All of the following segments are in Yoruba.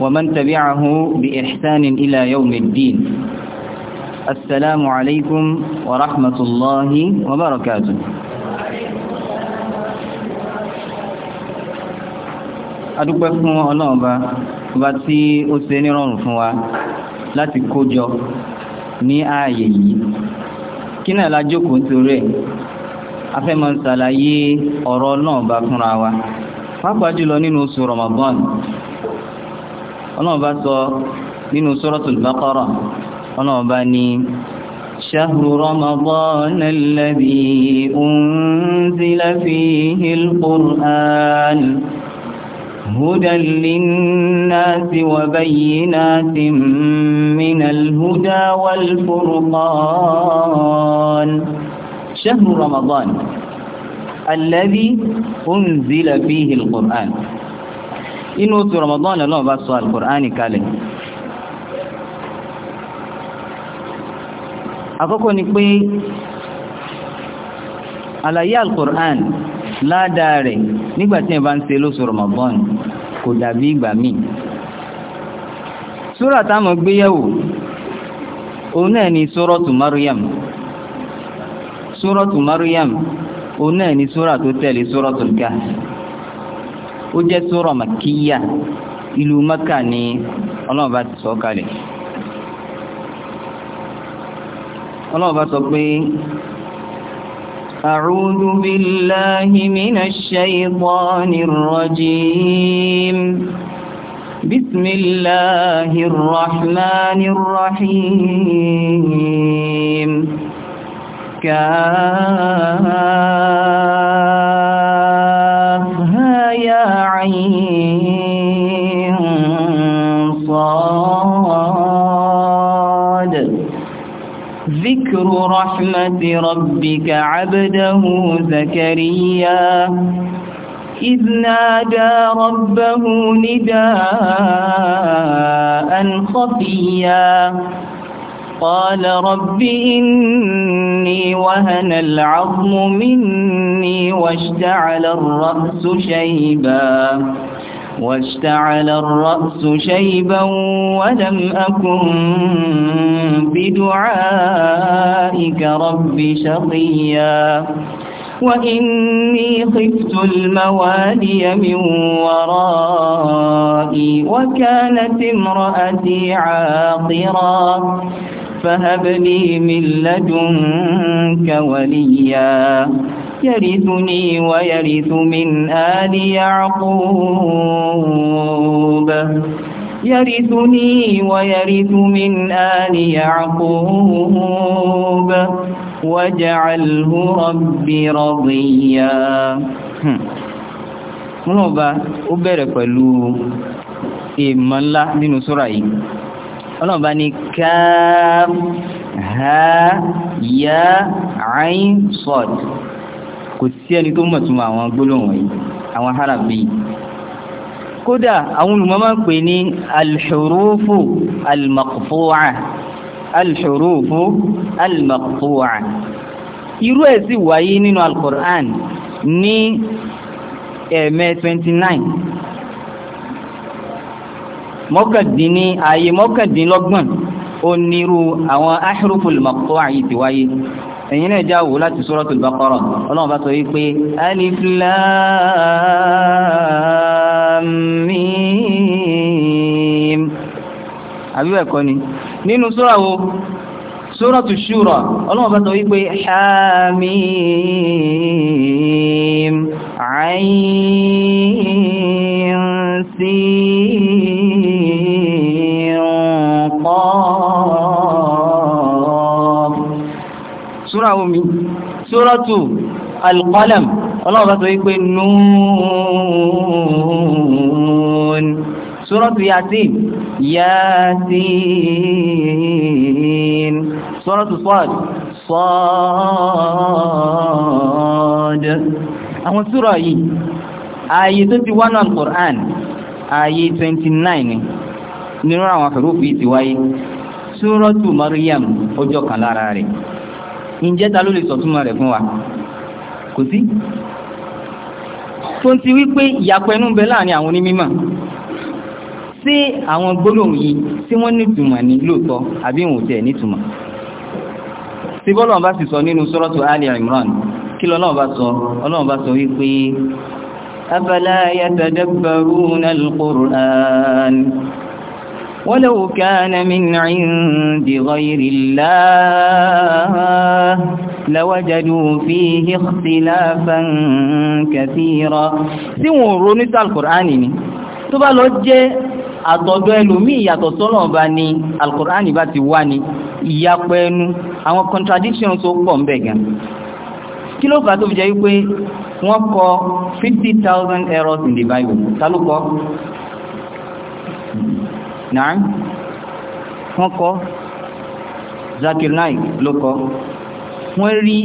ومن تبعه بإحسان إلى يوم الدين السلام عليكم ورحمة الله وبركاته adúpẹ́ fún ọlọ́run ba ọba tí ó ṣe nírọ̀rùn fún wa láti kójọ ní ààyè yìí kí náà la jókòó nítorí ẹ̀ a fẹ́ ọ̀rọ̀ náà fúnra wa pàápàá jùlọ nínú oṣù Ramadan ọlọ́ọ̀bá sọ nínú Suratul Baqara ọlọ́ọ̀bá ní شهر رمضان الذي أنزل فيه القرآن هدى للناس وبينات من الهدى والفرقان شهر رمضان الذي أنزل فيه القرآن inú oṣù Ramadan lọ́wọ́ bá sọ alukur'ani kalẹ̀ àkọ́kọ́ ni pé àlàyé alukur'an ládàá rẹ̀ nígbàtí ẹ̀bá ń ṣe lóṣù Ramadan kò dàbí ìgbà míì súrà táwọn gbéyẹ̀wò òun náà ni súrọ́tù Maryam súrọ́tù Maryam òun náà ni súrà tó tẹ̀lé súrọ́tù Kahf ó jẹ́ sura makkiya ìlú maka ni ọlọ́ọ̀bá ti sọ kalẹ̀ ọlọ́ọ̀bá sọ pé أعوذ بالله من الشيطان الرجيم بسم الله الرحمن الرحيم كان صاد ذكر رحمة ربك عبده زكريا إذ نادى ربه نداء خفيا قال رب إني وهن العظم مني واشتعل الرأس شيبا واشتعل الرأس شيبا ولم أكن بدعائك رب شقيا وإني خفت الموالي من ورائي وكانت امرأتي عاقرا فهب لي من لدنك وليا يرثني ويرث من آل يعقوب يرثني ويرث من آل يعقوب واجعله ربي رضيا wọ́n bá ó bẹ̀rẹ̀ pẹ̀lú ìmọ̀lá nínú súra ọlọ́run bá ní káàm ha yá àìn sọ́d kò sí ẹni tó mọ̀túnmọ̀ àwọn gbólóhùn wọ̀nyí àwọn harafi kódà àwọn olùmọ̀ máa ń pè ní alhurufu almaqfu'a alhurufu almaqfu'a irú ẹ̀ wáyé nínú alqur'an ní ẹ̀ẹ̀mẹ́ 29 mọ́kàndínní ààyè mọ́kàndínlọ́gbọ̀n onírú àwọn ahruful maqtu'a àyè ti wáyé ẹ̀yin náà já wò láti suratul Baqara ọlọ́run bá sọ wípé alif lam mim àbíwẹ̀ kọ́ ọlọ́run bá sọ wípé hamim ayin sin mi suratu al-qalam ọlọ́run bá sọ wípé nùún suratu yasin yasin suratu Sad Sad àwọn sura yìí ààyè tó ti wà náà quran ààyè 29 nínú àwọn àfẹ́rúfì ti wáyé suratu Maryam ọjọ́ kan lára rẹ̀ ǹjẹ́ ta ló lè sọ̀túnmọ̀ rẹ̀ fún wa kò sí tó ń ti wípé ìyàpẹ̀nú bẹ láàrin àwọn onímímọ̀ sí àwọn gbólóhùn yìí tí wọ́n nítumọ̀ ní lóòtọ́ àbí wọn tẹ̀ nítumọ̀ tí bọ́lọ̀ bá sì sọ nínú suratu Ali Imran kí lọ́lọ́wọ́ bá sọ ọlọ́wọ́ bá sọ wípé afala yatadabbaruna al-Qur'an ولو كان من عند غير الله لوجدوا فيه اختلافا كثيرا tí wọ́n القرآن؟ sí alkùránì ni tó bá lọ jẹ́ àtọ̀dọ̀ ẹlòmí ìyàtọ̀ sọ́lọ̀ bá ní alkùránì bá ti wá ní ìyapọ̀ ẹnu àwọn contradictions tó pọ̀ ń bẹ̀ gan kí ló fà tó fi 50,000 errors in the Bible ta ló náà wọ́n kọ́ Zakir Naik ló kọ́ wọ́n rí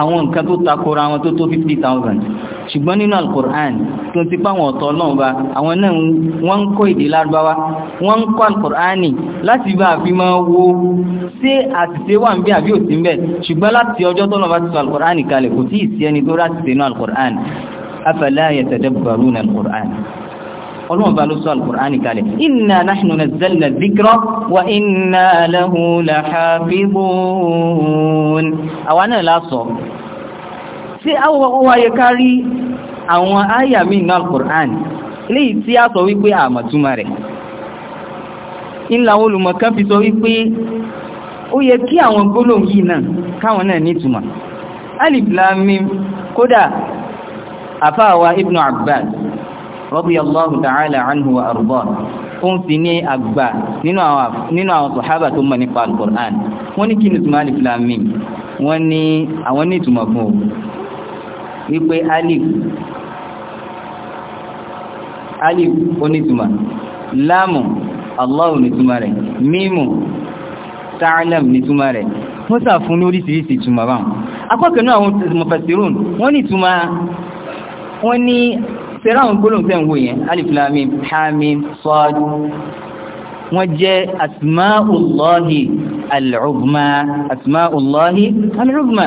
àwọn nǹkan tó takora wọn tó tó 50,000 ṣùgbọ́n nínú al-Qur'an tó ti pa wọn ọ̀tọ̀ náà bá àwọn náà wọ́n ń kọ́ èdè lárúbáwá wọ́n ń kọ́ al-Qur'ani láti bá àfi máa wo ṣé àtìṣe wà ń bí àbí òsì ń bẹ̀ ṣùgbọ́n láti ọjọ́ tó náà bá ti sọ al-Qur'ani kalẹ̀ kò tí ì sí ẹni tó rá ti sẹ́nu al-Qur'an afala yatadabbaruna al-Qur'an ọlọ́run bá ló sọ alukur'ani kalẹ̀ inna nahnu nazzalna dhikra wa inna lahu lahafidhun àwa náà lásọ̀ tí àwọn wáyé kárí àwọn àyà mi ní alukur'ani eléyìí tí a sọ wípé àmàtúmà rẹ̀ ńlá olùmọ̀kan fi sọ wípé ó yẹ kí alif lam mim kódà ibn abbas radiyallahu ta'ala anhu wa arda ó ń fi ní àgbà nínú àwọn sàhábà tó mọ̀ nípa al-Qur'an wọ́n ní kí ni túmọ̀ alif lam mim wọ́n ní àwọn ní ìtumọ̀ fún o wípé alif alif onítùmọ̀ láàmù Allahu nítùmọ̀ rẹ̀ mímù ta'lam nítùmọ̀ rẹ̀ wọ́n sà fún ní oríṣiríṣi ìtumọ̀ báwọn akọ́kẹ̀ẹ́ náà tẹ́rà àwọn gbólóhùn tẹ́ ń wò yẹn alif lam mim hamim sad wọ́n jẹ́ asma'ullahi al-uzma asma'ullahi al-uzma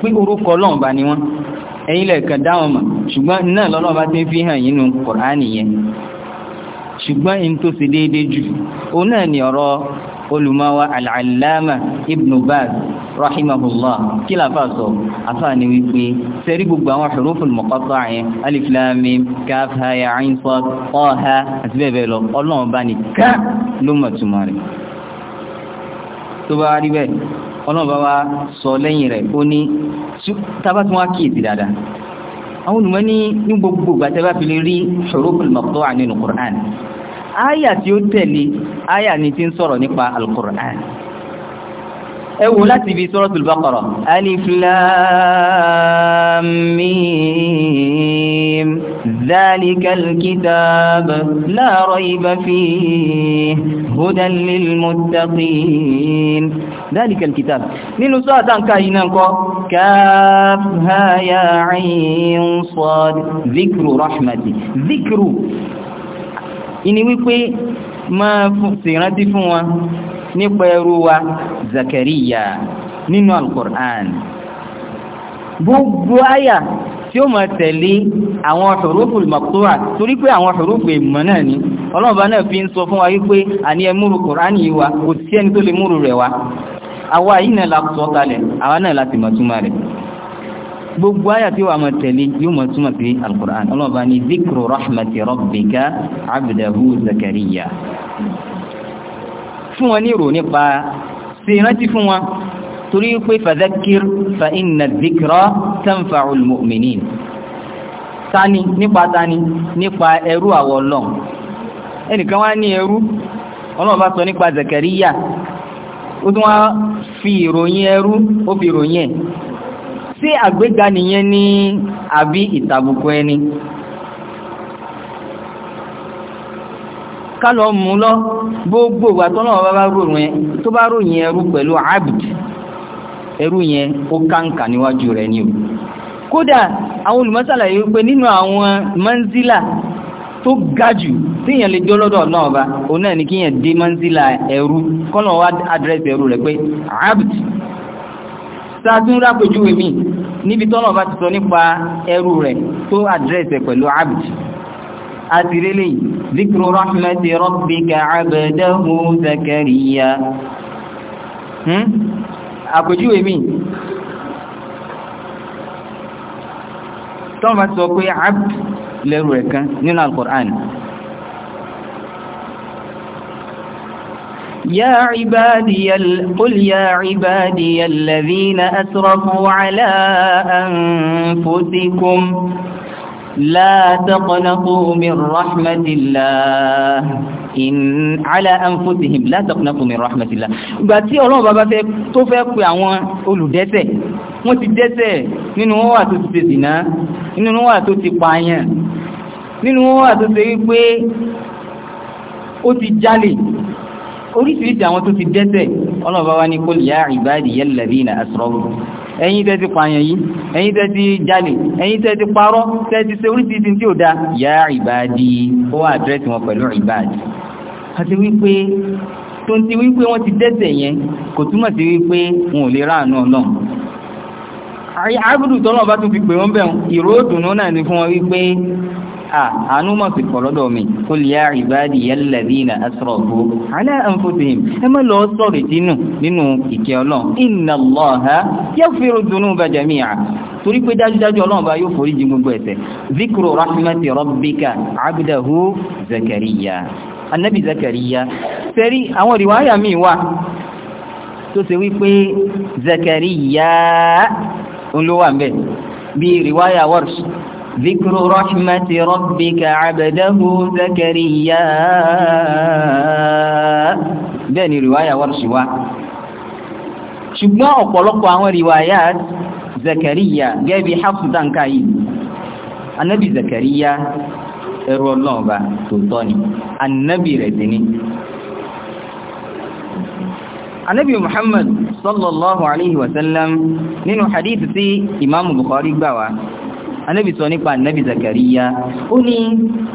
pé orúkọ ọlọ́run bá ní wọ́n ẹ̀yin lẹ́ẹ̀kan dáwọn mọ̀ ṣùgbọ́n náà lọ́lọ́run bá ti fi hàn yínú Kùránì yẹn ṣùgbọ́n in tó sì déédéé jù òun náà ni ọ̀rọ̀ olùmọ̀wá alàlámà ibn baz rahimahullah kí làfà sọ àfà ni wípé sẹ́rí gbogbo àwọn huruful muqatta'a àyẹn alif lam mim kaf ha ya ain sad ta ha àti bẹ́ẹ̀ bẹ́ẹ̀ lọ ọlọ́run bá nìkan ló mọ̀ túmọ̀ rẹ̀ tó bá rí bẹ́ẹ̀ ọlọ́run bá sọ lẹ́yìn rẹ̀ ó ní tábàtún wá kíyèsí dáadáa àwọn olùmọ̀ ní gbogbo ìgbà bá fi lè rí huruful muqatta'a nínú áyà tí ó tẹ̀lé áyà ni ti ń sọ̀rọ̀ nípa al-Qur'an ẹ wò láti ibi Suratul Baqara Alif Lam Mim zalikal kitab láàrọ̀ ibà fi hudan lil muttaqin zalikal kitab nínú sọ́rọ̀ táǹkà yí náà kọ́ كاف ها يا عين صاد ذكر rahmati ذكر ìní wípé máa ṣèrántí fún wa nípa ẹrú wa Zakariya nínú Al-Qur'an gbogbo àyà tí ó máa tẹ̀lé àwọn ṣòrófò ìmọ̀kútọ́wà torí pé àwọn ṣòrófò ìmọ̀ náà ni ọlọ́ọ̀bá náà fi ń sọ fún wa wípé àní ẹmúrù kòránì wa kò sí ẹni tó lè múrù rẹ̀ wa àwa yìí náà la sọ kalẹ̀ àwa náà láti mọ̀túnmọ̀ rẹ̀ gbogbo àyà tí wàá máa tẹ̀lé yóò máa túmọ̀ sí alukur'an ọlọ́ọ̀bá ní zikru rahmati rabbika abdahu zakariya fún wọn ní ìrò nípa sí ìrántí fún wọn torí pé fadhakir fa inna zikra tanfa'ul mu'minin tani nípa tani nípa ẹrú àwọn ọlọ́run ẹnìkan wá ní ẹrú ọlọ́run bá sọ nípa zakariya ó tún wá fi ìròyìn ẹrú ó fi ìròyìn sí àgbéga nìyẹn ní àbí ìtàbùkù ẹni kálọ̀ mú lọ gbogbo ìgbà tó ọba bá ẹ tó bá ròyìn ẹrú pẹ̀lú abd ẹrú yẹn ó káǹkà níwájú rẹ ni o kódà àwọn olùmọ́sàlà yìí pé nínú àwọn manzila tó ga jù tíyàn lè jọ́lọ́dọ̀ náà bá òun náà ní dé manzila ẹrú kọ́nà wá adírẹ́sì sáàtún rápèjúwe mi níbi tọ́nà bá ti sọ nípa ẹrú rẹ̀ tó àdírẹ́sẹ̀ pẹ̀lú abd àtìrẹ́lẹ̀ zikru rahmati rabbika abdahu zakariya hmm? àpèjúwe mi tọ́nà bá ti sọ pé abd lẹ́rú rẹ̀ kan nínú al يا عبادي قل يا عبادي الذين أسرفوا على أنفسكم لا تقنطوا من رحمة الله in ala anfusihim la taqnatu min rahmatillah ìgbà tí Ọlọ́run baba fẹ́ tó fẹ́ pè àwọn olùdẹ́ṣẹ̀ wọ́n ti dẹ́ṣẹ̀ nínú wọn wà tó ti ṣe zina nínú wọn wà tó ti pààyàn nínú wọn wà tó ṣe wípé ó ti jalè oríṣiríṣi àwọn tó ti dẹ́ṣẹ̀ ọlọ́ọ̀bá wá ní kul ya ibadiyal ladhina asrafu ẹ̀yin tẹ́ ti pààyàn yìí ẹ̀yin tẹ́ ti jalè ẹ̀yin tẹ́ ti parọ́ tẹ́ ti ṣe oríṣiríṣi tí ó dá ya ibadi ó wà àdírẹ́sì wọn pẹ̀lú ibadi àti wípé tó ń ti wípé wọ́n ti dẹ́ṣẹ̀ yẹn kò túmọ̀ sí wípé wọn àánú mọ̀ sí pọ̀ lọ́dọ̀ mi kó lè yá ìbáàdì yalladhina asrafu ala anfusihim ẹ má lọ sọ̀rọ̀ ìdínú nínú ìkẹ́ ọlọ́run inna Allaha yaghfiru dhunuba jami'a torí pé dájúdájú ọlọ́run bá yóò foríjì gbogbo zakariya anabi bí ìrìwáyà warsh ذكر رحمة ربك عبده زكريا بني رواية ورشوة ṣùgbọ́n ọ̀pọ̀lọpọ̀ àwọn riwaya zakariya gẹ́bí hafsudan káyí annabi zakariya ẹrù ọlọ́ọ̀bá tòótọ́ ni annabi rẹ̀ ti ní annabi muhammad sallallahu alaihi wasallam nínú hadith tí imam bukhari gbà wá anábì sọ nípa anábì zakariya ó ní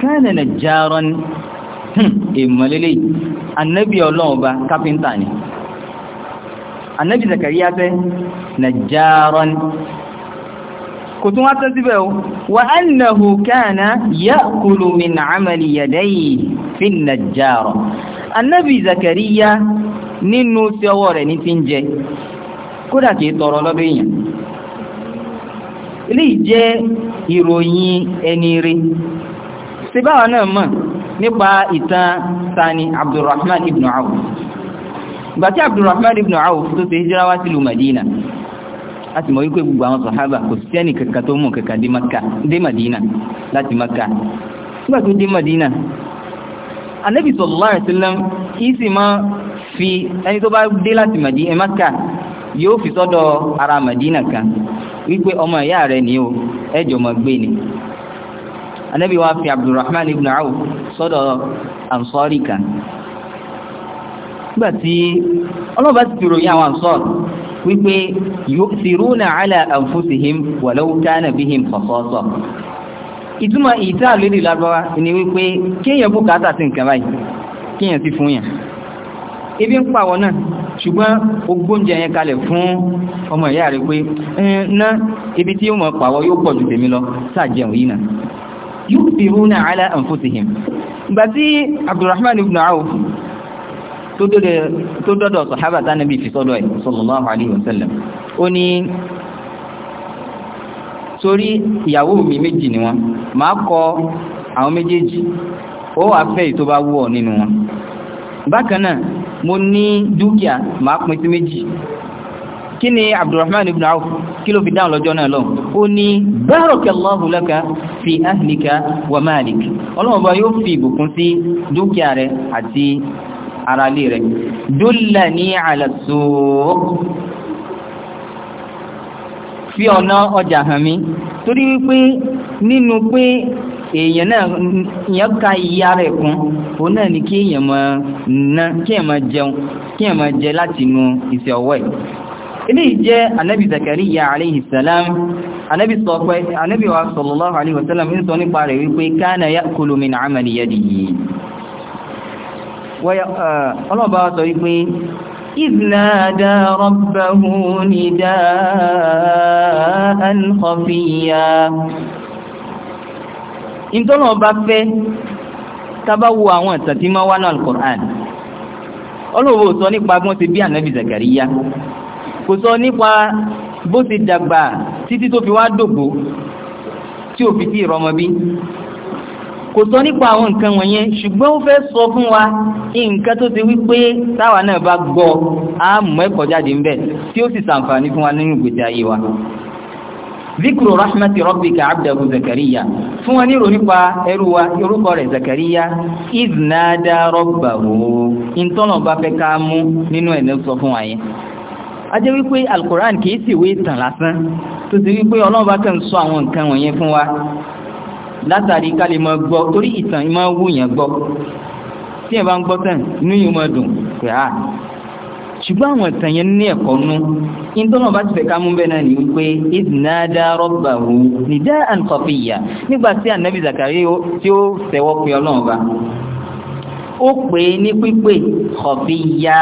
kana najjaran ìmọ̀lélẹ̀ anábì ọlọ́run ọba kápẹ́ntà ni anábì zakariya fẹ́ najjaran kò tún wá tán síbẹ̀ o wa annahu kana ya'kulu min 'amali yadayhi fi najjara anábì zakariya nínú sí ọwọ́ rẹ̀ ní ti ń jẹ kódà kìí tọrọ lọ́dọ̀ eléyìí jẹ́ ìròyìn ẹni rí síbáwà náà mọ̀ nípa ìtàn sani Abdurrahman ibn Awf gbàtí Abdurrahman ibn Awf tó ṣe hijira wá sílùú Madina a sì mọ̀ wípé gbogbo àwọn sàhábà kò sí ẹni kankan tó mú kankan dé Madina láti Makka nígbà tó dé Madina Ànábì sallallahu alaihi wasallam kìí sì máa wípé ọmọ ìyá rẹ̀ ní o ẹjọ́ mọ̀ gbé ni anábì wa fi abdulrahman ibn Awf sọ́dọ̀ ansọ́rì kan nígbàtí ọlọ́ba ti tìrò yín àwọn ansọ́rì wípé yu'thiruna ala anfusihim walau kana bihim khasasa ìtumọ̀ ìta lórí ni wípé kéèyàn bùkátà sí nǹkan báyìí kéèyàn sì fún yàn ibi ń pàwọ̀ náà ṣùgbọ́n ogbóúnjẹ yẹn kalẹ̀ fún ọmọ ìyá rẹ̀ pé ná ibi tí ó mọ̀ pàwọ̀ yóò pọ̀ ju tèmi lọ sáàjẹun yìí náà yóò fi rúnà ala anfusihim ìgbà tí Abdurrahman ibn Auf tó dọ́dọ̀ sọ̀hábà tánàbí fi sọ́dọ̀ ẹ̀ sallallahu alaihi wasallam ó ní sórí ìyàwó mi méjì ni wọn máa kọ àwọn méjèèjì ó wà fẹ́ ìtó bá wù ọ́ nínú wọn mo ní dúkìá máa pín sí méjì kí ni abdulrahman ibn auf kí ló fi dáhùn lọ́jọ́ náà lọ́n ó ní barakallahu laka fi ahlika wa malik ọlọ́run bá yóò fi ìbùkún sí dúkìá rẹ àti aráalé rẹ dullani ala suq fi ọ̀nà ọjà hàn mí torí wípé nínú pé èèyàn náà ìyẹn ka ìyá rẹ̀ kún òun náà ni kí èèyàn máa ná kí èèyàn máa jẹun kí èèyàn máa jẹ láti inú iṣẹ́ ọwọ́ ẹ̀ eléyìí jẹ́ anábì Zakariya alayhi salam anábì sọ pé anábì wa sallallahu alayhi wa sallam ń sọ nípa rẹ̀ wípé kana ya'kulu min amali yadihi ọlọ́ọ̀bá sọ wípé إذ نادى ربه نداء خفيا in tó náà bá fẹ́ tábá wo àwọn ìtàn tí máa wá náà al-Qur'an ọlọ́wọ́ sọ nípa gbọ́n ti bí ànábì Zakariya kò sọ nípa bó ti dàgbà títí tó fi wá dògbò tí ò fi tí ìrọmọ bí kò sọ nípa àwọn nǹkan wọ̀nyẹn ṣùgbọ́n ó fẹ́ sọ fún wa nǹkan tó ti wípé táwa náà bá gbọ́ a ẹ̀kọ́ jáde tí ó sì ṣàǹfààní fún wa nínú ìgbésí ayé wa zikru rahmati rabbika abdahu zakariya fún wa níro nípa ẹrú wa zakariya iznada rabbahu a wa látàrí ká lè máa gbọ́ torí ìtàn máa wù yẹn gbọ́ tí ẹ bá ń gbọ́ tẹ̀ inú yìí máa dùn pé à ah. ṣùgbọ́n àwọn ìtàn yẹn ní ẹ̀kọ́ nú in tó náà bá ti fẹ́ ká mú bẹ́ẹ̀ náà ní wípé ìdìnnádá rọ́bàwò nìdá àǹkọ̀fìyà nígbà tí ànábì zakari tí ó tẹ̀wọ́ pé ọlọ́run bá ó pè é ní pípé kọ̀fìyà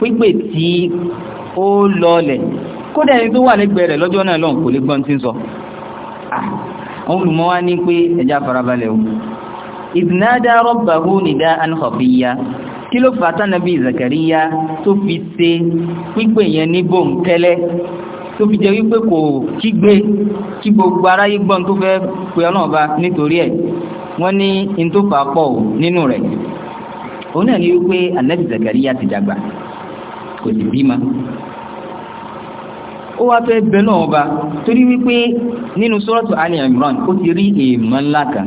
pípé tí ó lọlẹ̀ kódà ẹni tó wà lẹ́gbẹ̀ẹ́ lọ́jọ́ náà lọ́hùn kò lè gbọ́n tí ń sọ ah àwọn olùmọ̀ wá ní pé ẹja farabalẹ̀ o ìdínádá rọ́bàhú nìdá anhọ̀fíyá kí ló fàtà nàbí Zakariya tó fi ṣe pípè yẹn ní bòńkẹ́lẹ́ tó fi jẹ́ wípé kò kígbe kí gbogbo aráyé gbọ́n tó fẹ́ pè ọ́ nítorí ẹ̀ wọ́n ní in tó fà pọ̀ nínú rẹ̀ òun náà ní wípé anabi Zakariya ti dàgbà kò sì bímọ ó wá fẹ́ bẹ̀ náà ọba torí wípé nínú sọ́rọ̀tù Ali Imran ó ti rí èèmọ̀ ńlá kan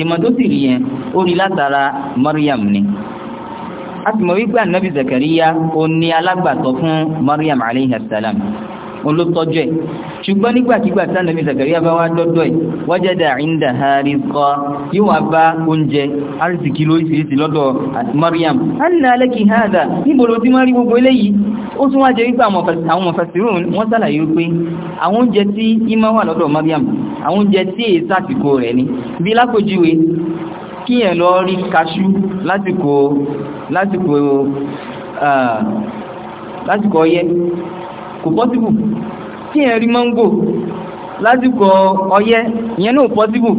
èèmọ̀ tó sì rí yẹn ó rí látara Maryam ni a ti mọ̀ wípé ànábì Zakariya ó ní alágbàtọ́ fún Maryam alayhi salam olótọ́jú ẹ̀ ṣùgbọ́n nígbàkigbà tí Ànábì Zakariya bá wá dọ́dọ̀ ẹ̀ wajada indaha rizqa yóò wá bá oúnjẹ arzikí lóríṣiríṣi lọ́dọ̀ Maryam anna laki hadha níbo ló ti máa rí gbogbo eléyìí ó tún wá jẹ́ wípé àwọn mọ̀fẹ́sìrún wọ́n sàlàyé wípé àwọn oúnjẹ tí ima wà lọ́dọ̀ Maryam àwọn oúnjẹ tí èyí sàtìkò rẹ̀ ni bí lápòjúwe kí ẹ̀ lọ rí kaṣú lásìkò lásìkò ah, kò pọ́síbù kí yẹn rí mọ́ngò lásìkò ọyẹ́ ìyẹn náà pọ́síbù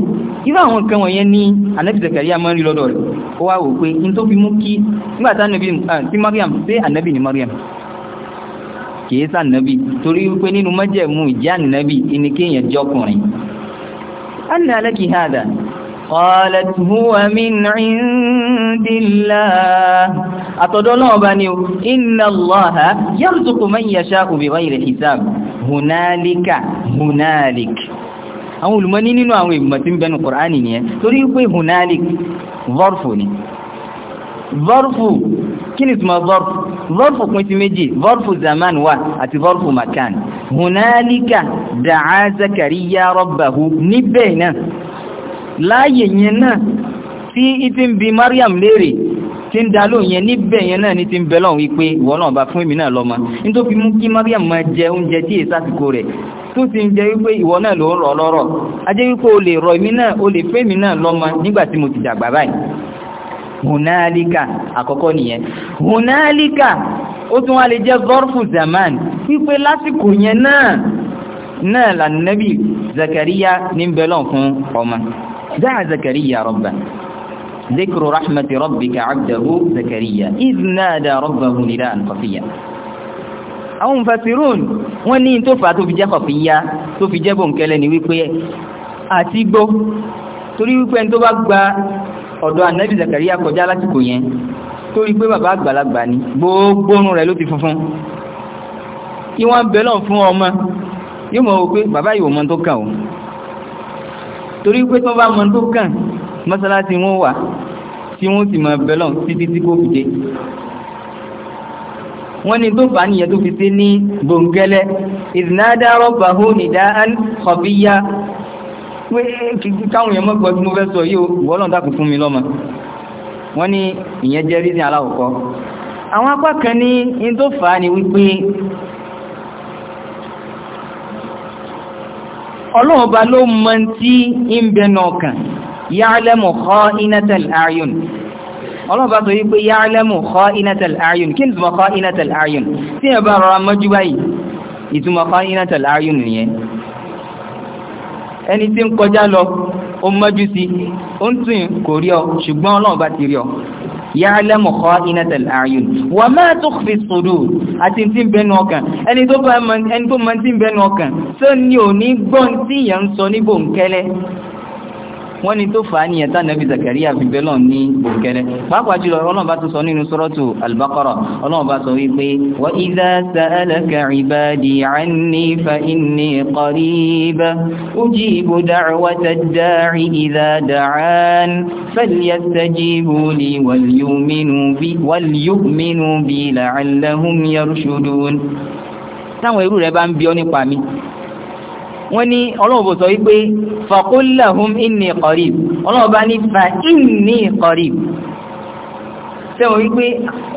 irú àwọn nǹkan wọ̀nyẹn ní anabi Zakariya máa ń rí lọ́dọ̀ rẹ̀ ó wá wò pé n tó fi mú kí nígbà tá anabi tí Mariam ṣé anabi ni Mariam kìí sá anabi torí wípé nínú májẹ̀mú ìjẹ́ anabi ìníkéèyàn jọkùnrin. anna alaki hada قالت هو من عند الله أتدلون بني إن الله يرزق من يشاء بغير حساب هنالك هنالك àwọn olùmọ́ ní nínú àwọn ìgbìmọ̀ tí ń bẹnu Kùránì ni ẹ torí pé hunalik zọ́rfù ni zọ́rfù kí ni túnmọ̀ zọ́rfù zọ́rfù pín sí méjì zọ́rfù zaman wà àti zọ́rfù makan hunalika da'a zakariya rabbahu níbẹ̀ náà láàyè yẹn náà tí ìtí ń bi Mariam léèrè tí ń dalò yẹn níbẹ̀ yẹn náà ní ti ń bẹ̀lọ̀ wípé ìwọ náà bá fún èmi náà lọ́mọ nítorí mú kí Mariam máa jẹ oúnjẹ tí èsì àsìkò rẹ̀ tó ti ń jẹ wípé ìwọ náà ló ń rọ̀ lọ́rọ̀ ajẹ́ wípé o lè rọ èmi náà o lè fẹ́ èmi náà lọ́mọ nígbà tí mo ti dàgbà báyìí hunalika àkọ́kọ́ hunalika ó tún wá zaman wípé lásìkò yẹn náà la lànàbí Zakariya ní bẹ̀lọ̀ fún ọmọ دعا زكريا ربه ذكر رحمة ربك عبده زكريا إذ نادى ربه نداء خفيا àwọn mufasirun wọ́n ní tó fà tó fi jẹ́ kọ̀fíyá tó fi jẹ́ bòǹkẹ́lẹ́ ni wípé àti gbọ́ torí wípé ẹni tó bá gba ọ̀dọ̀ ànábì Zakariya kọjá lásìkò yẹn torí pé bàbá àgbàlagbà ni gbogbo orun rẹ̀ ló ti funfun kí wọ́n bẹ̀lọ̀ fún ọmọ yóò mọ̀ wípé bàbá yìí ò mọ̀ tó kàn ó torí pé tó bá mọ tó kàn mọ́sálásí wọn wà tí wọ́n sì mọ bẹ́lọ̀ títí tí kò fìdé wọ́n ní tó bá níyẹ tó fi sí ní bòǹgẹ́lẹ́ ìdínádá rọ́bà hó nìdá án kọ̀bíyá pé kìí káwọn èèyàn mọ́gbọ́n tí mo fẹ́ sọ yóò wọ́lọ́n dákùn fún mi lọ́mọ wọ́n ní ìyẹn jẹ́ rí ní aláwọ̀kọ́ àwọn apá kan ní in tó fà á ni wípé ọlọ́run ọba ló mọ tí ń bẹ nà ọkàn ya'lamu kha'inatal a'yun ọlọ́run ọba sọ wípé ya'lamu kha'inatal a'yun kí ni ìtumọ̀ kha'inatal a'yun tí ẹ bá rọra mọ́jú báyìí ìtumọ̀ kha'inatal a'yun nìyẹn ẹni tí ń kọjá lọ ó mọ́jú sí ó ń tún kò rí ọ ṣùgbọ́n ọlọ́run ọba ti rí ọ يعلم خائنة الأعين وما تخفي الصدور أتنتين بين وكا أني دوبا أنتم منتين بين وكا سنيوني بونتين ينصني بونكالي wọ́n ní tó fà á nìyẹn tán nàbí Zakariya fi bẹ́lọ̀ ní bòkẹ́rẹ́ pàápàá jùlọ ọlọ́run bá tún sọ nínú suratu Al-Baqara ọlọ́run bá sọ wípé wa idha sa'alaka ibadi anni fa inni qarib ujibu da'wata wọ́n ní ọlọ́run bò sọ wípé faqul lahum inni qarib ọlọ́run bá ní fa inni qarib tẹ́wọ̀n wípé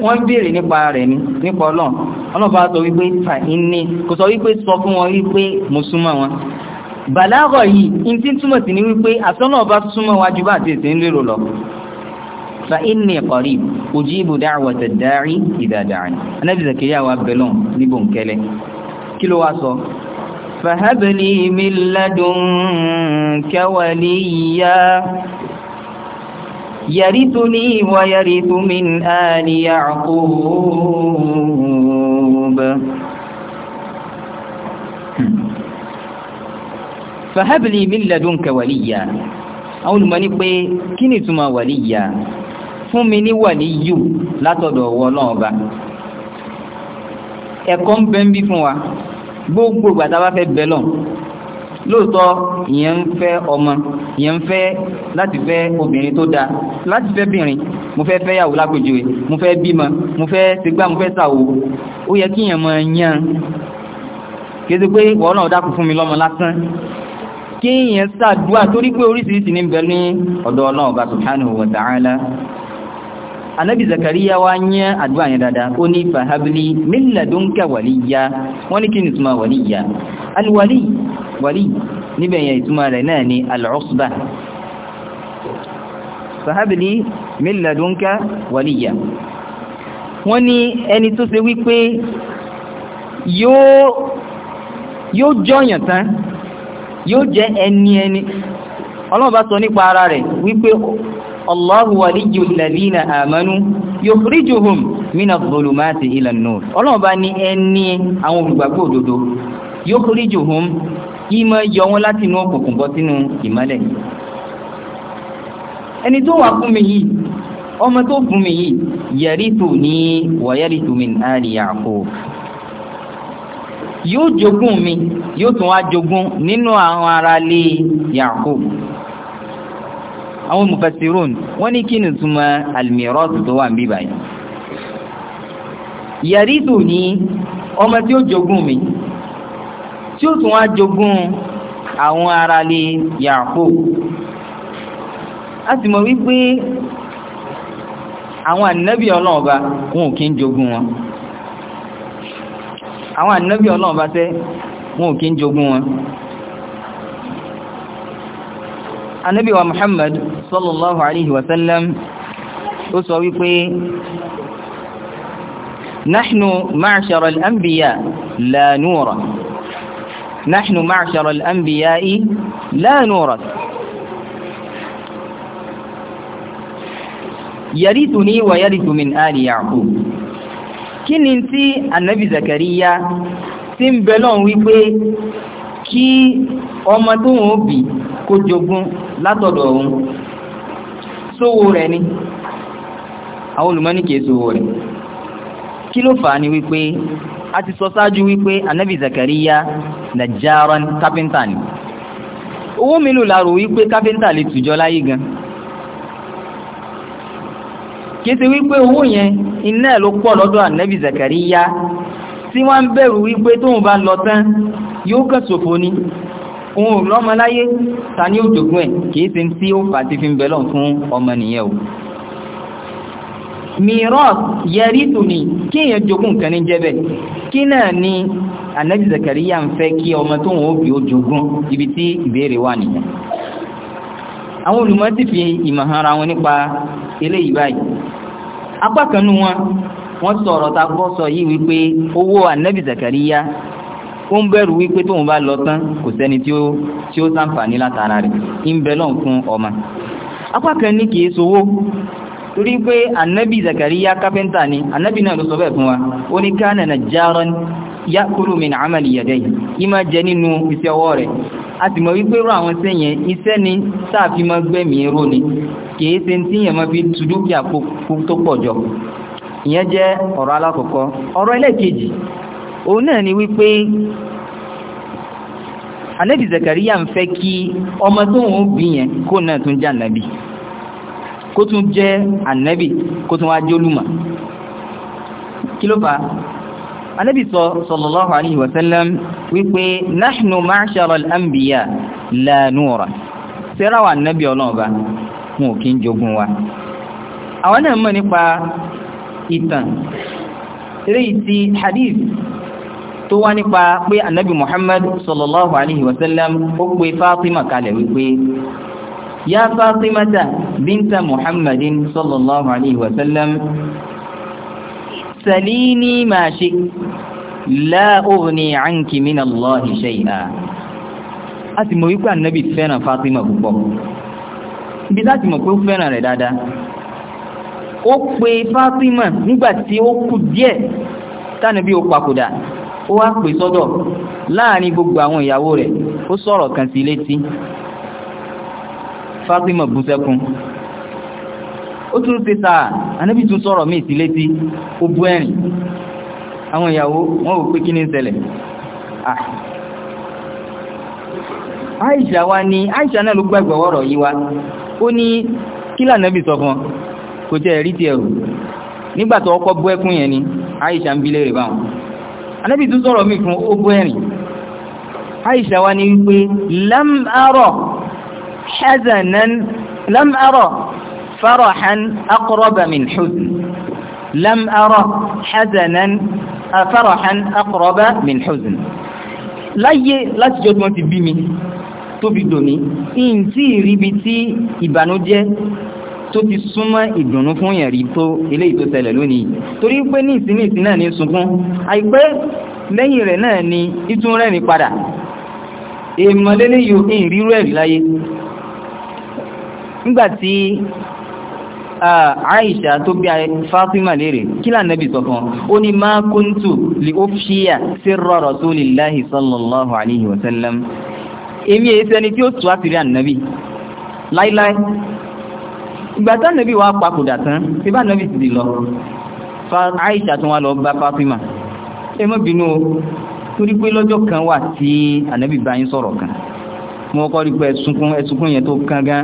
wọ́n béèrè nípa rẹ̀ ní nípa ọlọ́run ọlọ́run bá sọ wípé fa inni kò sọ wípé sọ fún wọn wípé mo súnmọ́ wọn bàlágọ̀ yìí in tí túmọ̀ sí ní wípé àtọ́nà ọba súnmọ́ wájú bá àti lérò lọ fa inni qarib ujibu da'wata da'i idha da'ani anábìsàkiri àwọn abẹ́lọ́n níbò ń kẹ́lẹ́ kí ló wá sọ فهب لي من لدنك وليا يرثني ويرث من آل يعقوب فهب لي من لدنك وليا àwọn olùmọ̀ ní pé kí ni ìtumọ̀ wàlíyà fún mi ní wàlíyù látọ̀dọ̀ ọwọ́ ẹ̀kọ́ ń bẹ ń bí fún wa gbogbo gbàtà bá fẹ́ bẹ́lọ̀ lóòótọ́ ìyẹn ń fẹ́ ọmọ ìyẹn ń fẹ́ láti fẹ́ obìnrin tó dáa láti fẹ́ bìnrin mo fẹ́ fẹ́yàwó lápèjúwe mo fẹ́ bímọ mo fẹ́ ṣègbà mo fẹ́ ṣàwò ó yẹ kí èèyàn mọ yan kéde pé wọ́n náà dákun fún mi lọ́mọ lásán kí èèyàn ṣàdúrà torí pé oríṣiríṣi ní bẹ ní ọ̀dọ̀ Ọlọ́run Ọba subhanahu wa ta'ala anabi zakariya wá yẹn àdúrà yẹn dáadáa ó ní fahabili mílẹ̀dúnkà wàlíyá wọ́n ní kí ni ìtumọ̀ wàlíyá alwali wàlí níbẹ̀ yẹn ìtumọ̀ rẹ̀ náà ni alọ́sùbà fahabili mílẹ̀dúnkà wàlíyá wọ́n ní ẹni tó ṣe wípé yóò jọyàn tán yóò jẹ́ ẹni ọlọ́ọ̀bá sọ nípa ara rẹ̀ wípé Allahu waliyyul ladina amanu yukhrijuhum mina dhulumati ila nur ọlọ́run bá ní ẹni àwọn olùgbàgbọ́ òdodo yukhrijuhum ìmọ̀ yọ wọn láti inú òkùnkùn bọ́ sínú ìmọ́lẹ̀ ẹni tó wà fún mi yìí ọmọ tó fún mi yìí yaritu ni wa yaritu min ali Yaqub yóò jogún mi yóò tún wá jogún nínú àwọn aráalé Yaqub àwọn mufassirun wọ́n ní kí ni túnmọ̀ almirọ́tù tó wà ń bí báyìí yàrítù ní ọmọ tí ó jogún mi tí ó tún wá jogún àwọn ará lè Yakub a sì mọ̀ wípé àwọn ànábì ọlọ́ọ̀ba wọn ò kí ń jogún wọn àwọn ànábì ọlọ́ọ̀ba tẹ́ wọn ò kí ń jogún wọn anábì wa Muhammad sallallahu alaihi wasallam ó sọ wípé nahnu ma'ashara al-anbiya la nura nahnu ma'ashara al-anbiya la nura yarithuni wa yarithu min ali ya'qub kí ni tí anábì Zakariya tí ń bẹ kí ọmọ tó wọ́n bí kó jogún látọ̀dọ̀ òun sówó rẹ̀ ni àwọn olùmọ́ní kìí sówó rẹ̀ kí ló fà á ní wípé a ti sọ sáájú wípé anabi zakariya najjaran kápẹ́ntà ni owó mi lò láàrò wípé kápẹ́ntà lè tùjọ láyé gan kìí ṣe wípé owó yẹn iná ẹ̀ ló pọ̀ lọ́dọ̀ anabi zakariya tí wọ́n ń bẹ̀rù wípé tóun bá lọ tán yóò kàn ṣòfò ni òun lọ́mọláyé ta ní òjògùn ẹ̀ kìí sí tí ó fà ti fi ń bẹ̀lọ̀ fún ọmọ nìyẹn o miros yẹrí tù ní kí èyàn jogún kan ní jẹ́bẹ̀ kí náà ni Ànábì Zakariya ń fẹ́ kí ọmọ tó wọn ó bí ó jogún ibi tí ìbéèrè wà nìyẹn àwọn olùmọ̀ ti fi ìmọ̀ hàn ara wọn nípa eléyìí báyìí apá kan nú wọn wọ́n sọ̀rọ̀ ta kọ́ sọ yìí wípé owó zakariya ó ń bẹ̀rù wípé tóun bá lọ tán kò sẹ́ni tí ó tí ó sàǹfààní látara rẹ̀ ń bẹ lọ́n fún ọmọ apá kan ní kìí sowó torí pé ànábì zakariya kápẹ́ntà ni ànábì náà ló sọ bẹ́ẹ̀ fún wa ó ní amali yadayhi yìí máa jẹ nínú iṣẹ́ ọwọ́ rẹ̀ a sì mọ̀ wípé rú àwọn ni sáà fi máa gbẹ̀mí ró ni kìí yẹn máa fi tó ìyẹn jẹ́ ọ̀rọ̀ alákọ̀ọ́kọ́ ọ̀rọ̀ ẹlẹ́ẹ̀kejì òun náà ni wípé anabi zakariya ń fẹ́ kí ọmọ tó ń bí yẹn kó náà tún jẹ́ anabi kó tún jẹ́ anabi kó tún wá jólúmọ̀ kí ló fà á anabi sọ sallallahu alayhi wa sallam wípé nahnu ma'shara al-anbiya la nura sẹ́ra wa anabi ọlọ́ọ̀ba wọn ò kí ń jogun wa àwọn náà mọ̀ nípa ìtàn eléyìí ti hadith tó wá nípa pé annabi muhammad sallallahu alaihi wasallam ó pe fatima kalẹ̀ wípé ya fatimata binta muhammadin sallallahu alaihi wasallam salini ma shi la ughni anki min allahi shay'a a ti mọ̀ wípé annabi fẹ́ràn fatima púpọ̀ ibi láti mọ̀ pé ó fẹ́ràn rẹ̀ dáadáa ó pe Fátímà nígbàtí ó kù díẹ̀ tánàbí ó papòdà ó wá pè sọ́dọ̀ láàrin gbogbo àwọn ìyàwó rẹ̀ ó sọ̀rọ̀ kan sí létí Fátímà bú sẹ́kún ó tún ti sáà anábì tún sọ̀rọ̀ míì sí létí ó bú ẹ̀rìn àwọn ìyàwó wọ́n wò pé kí ah. ní ṣẹlẹ̀ Àìṣà ni Àìṣà kò jẹ́ ẹ̀rí ti ẹ̀rù nígbà tó ọkọ̀ bú ẹkún yẹn ni Aisha ń bilé rẹ̀ báwọn anábì tún sọ̀rọ̀ mi fún ó bú ẹ̀rìn Aisha wa ni wípé lam ara hazanan lam ara farahan aqraba min huzn lam ara hazanan farahan láyé láti jọ́ tí bí mi tó fi dòní ìyìn tí ìríbi tí ìbànújẹ́ tó ti súnmọ́ ìdùnnú fún yẹ̀rí tó eléyìí tó tẹ̀lẹ̀ lónìí torí pé ní ìsinmi ìsin náà ní sunkún àìpẹ́ lẹ́yìn rẹ̀ náà ni ìtún rẹ̀ ní padà èèmọ̀lélé yóò ní ìrírú ẹ̀rí láyé nígbàtí Aisha tó bí Fatima lérè kí lánàbì sọ kan ó ní ma kuntu li ufshiya sirra rasulillahi sallallahu alaihi wasallam èmi èyí sẹni tí ó tù á sí rí ànàbì láíláí ìgbà tán nàbí wa papòdà tán tí bá nàbí ti lọ Aisha tún wá lọ bá Fatima ẹ má bínú torí pé lọ́jọ́ kan wà tí ànábì bá yín sọ̀rọ̀ kan mo kọ́ rí pé ẹ̀sùnkún ẹ̀sùnkún yẹn tó kán gan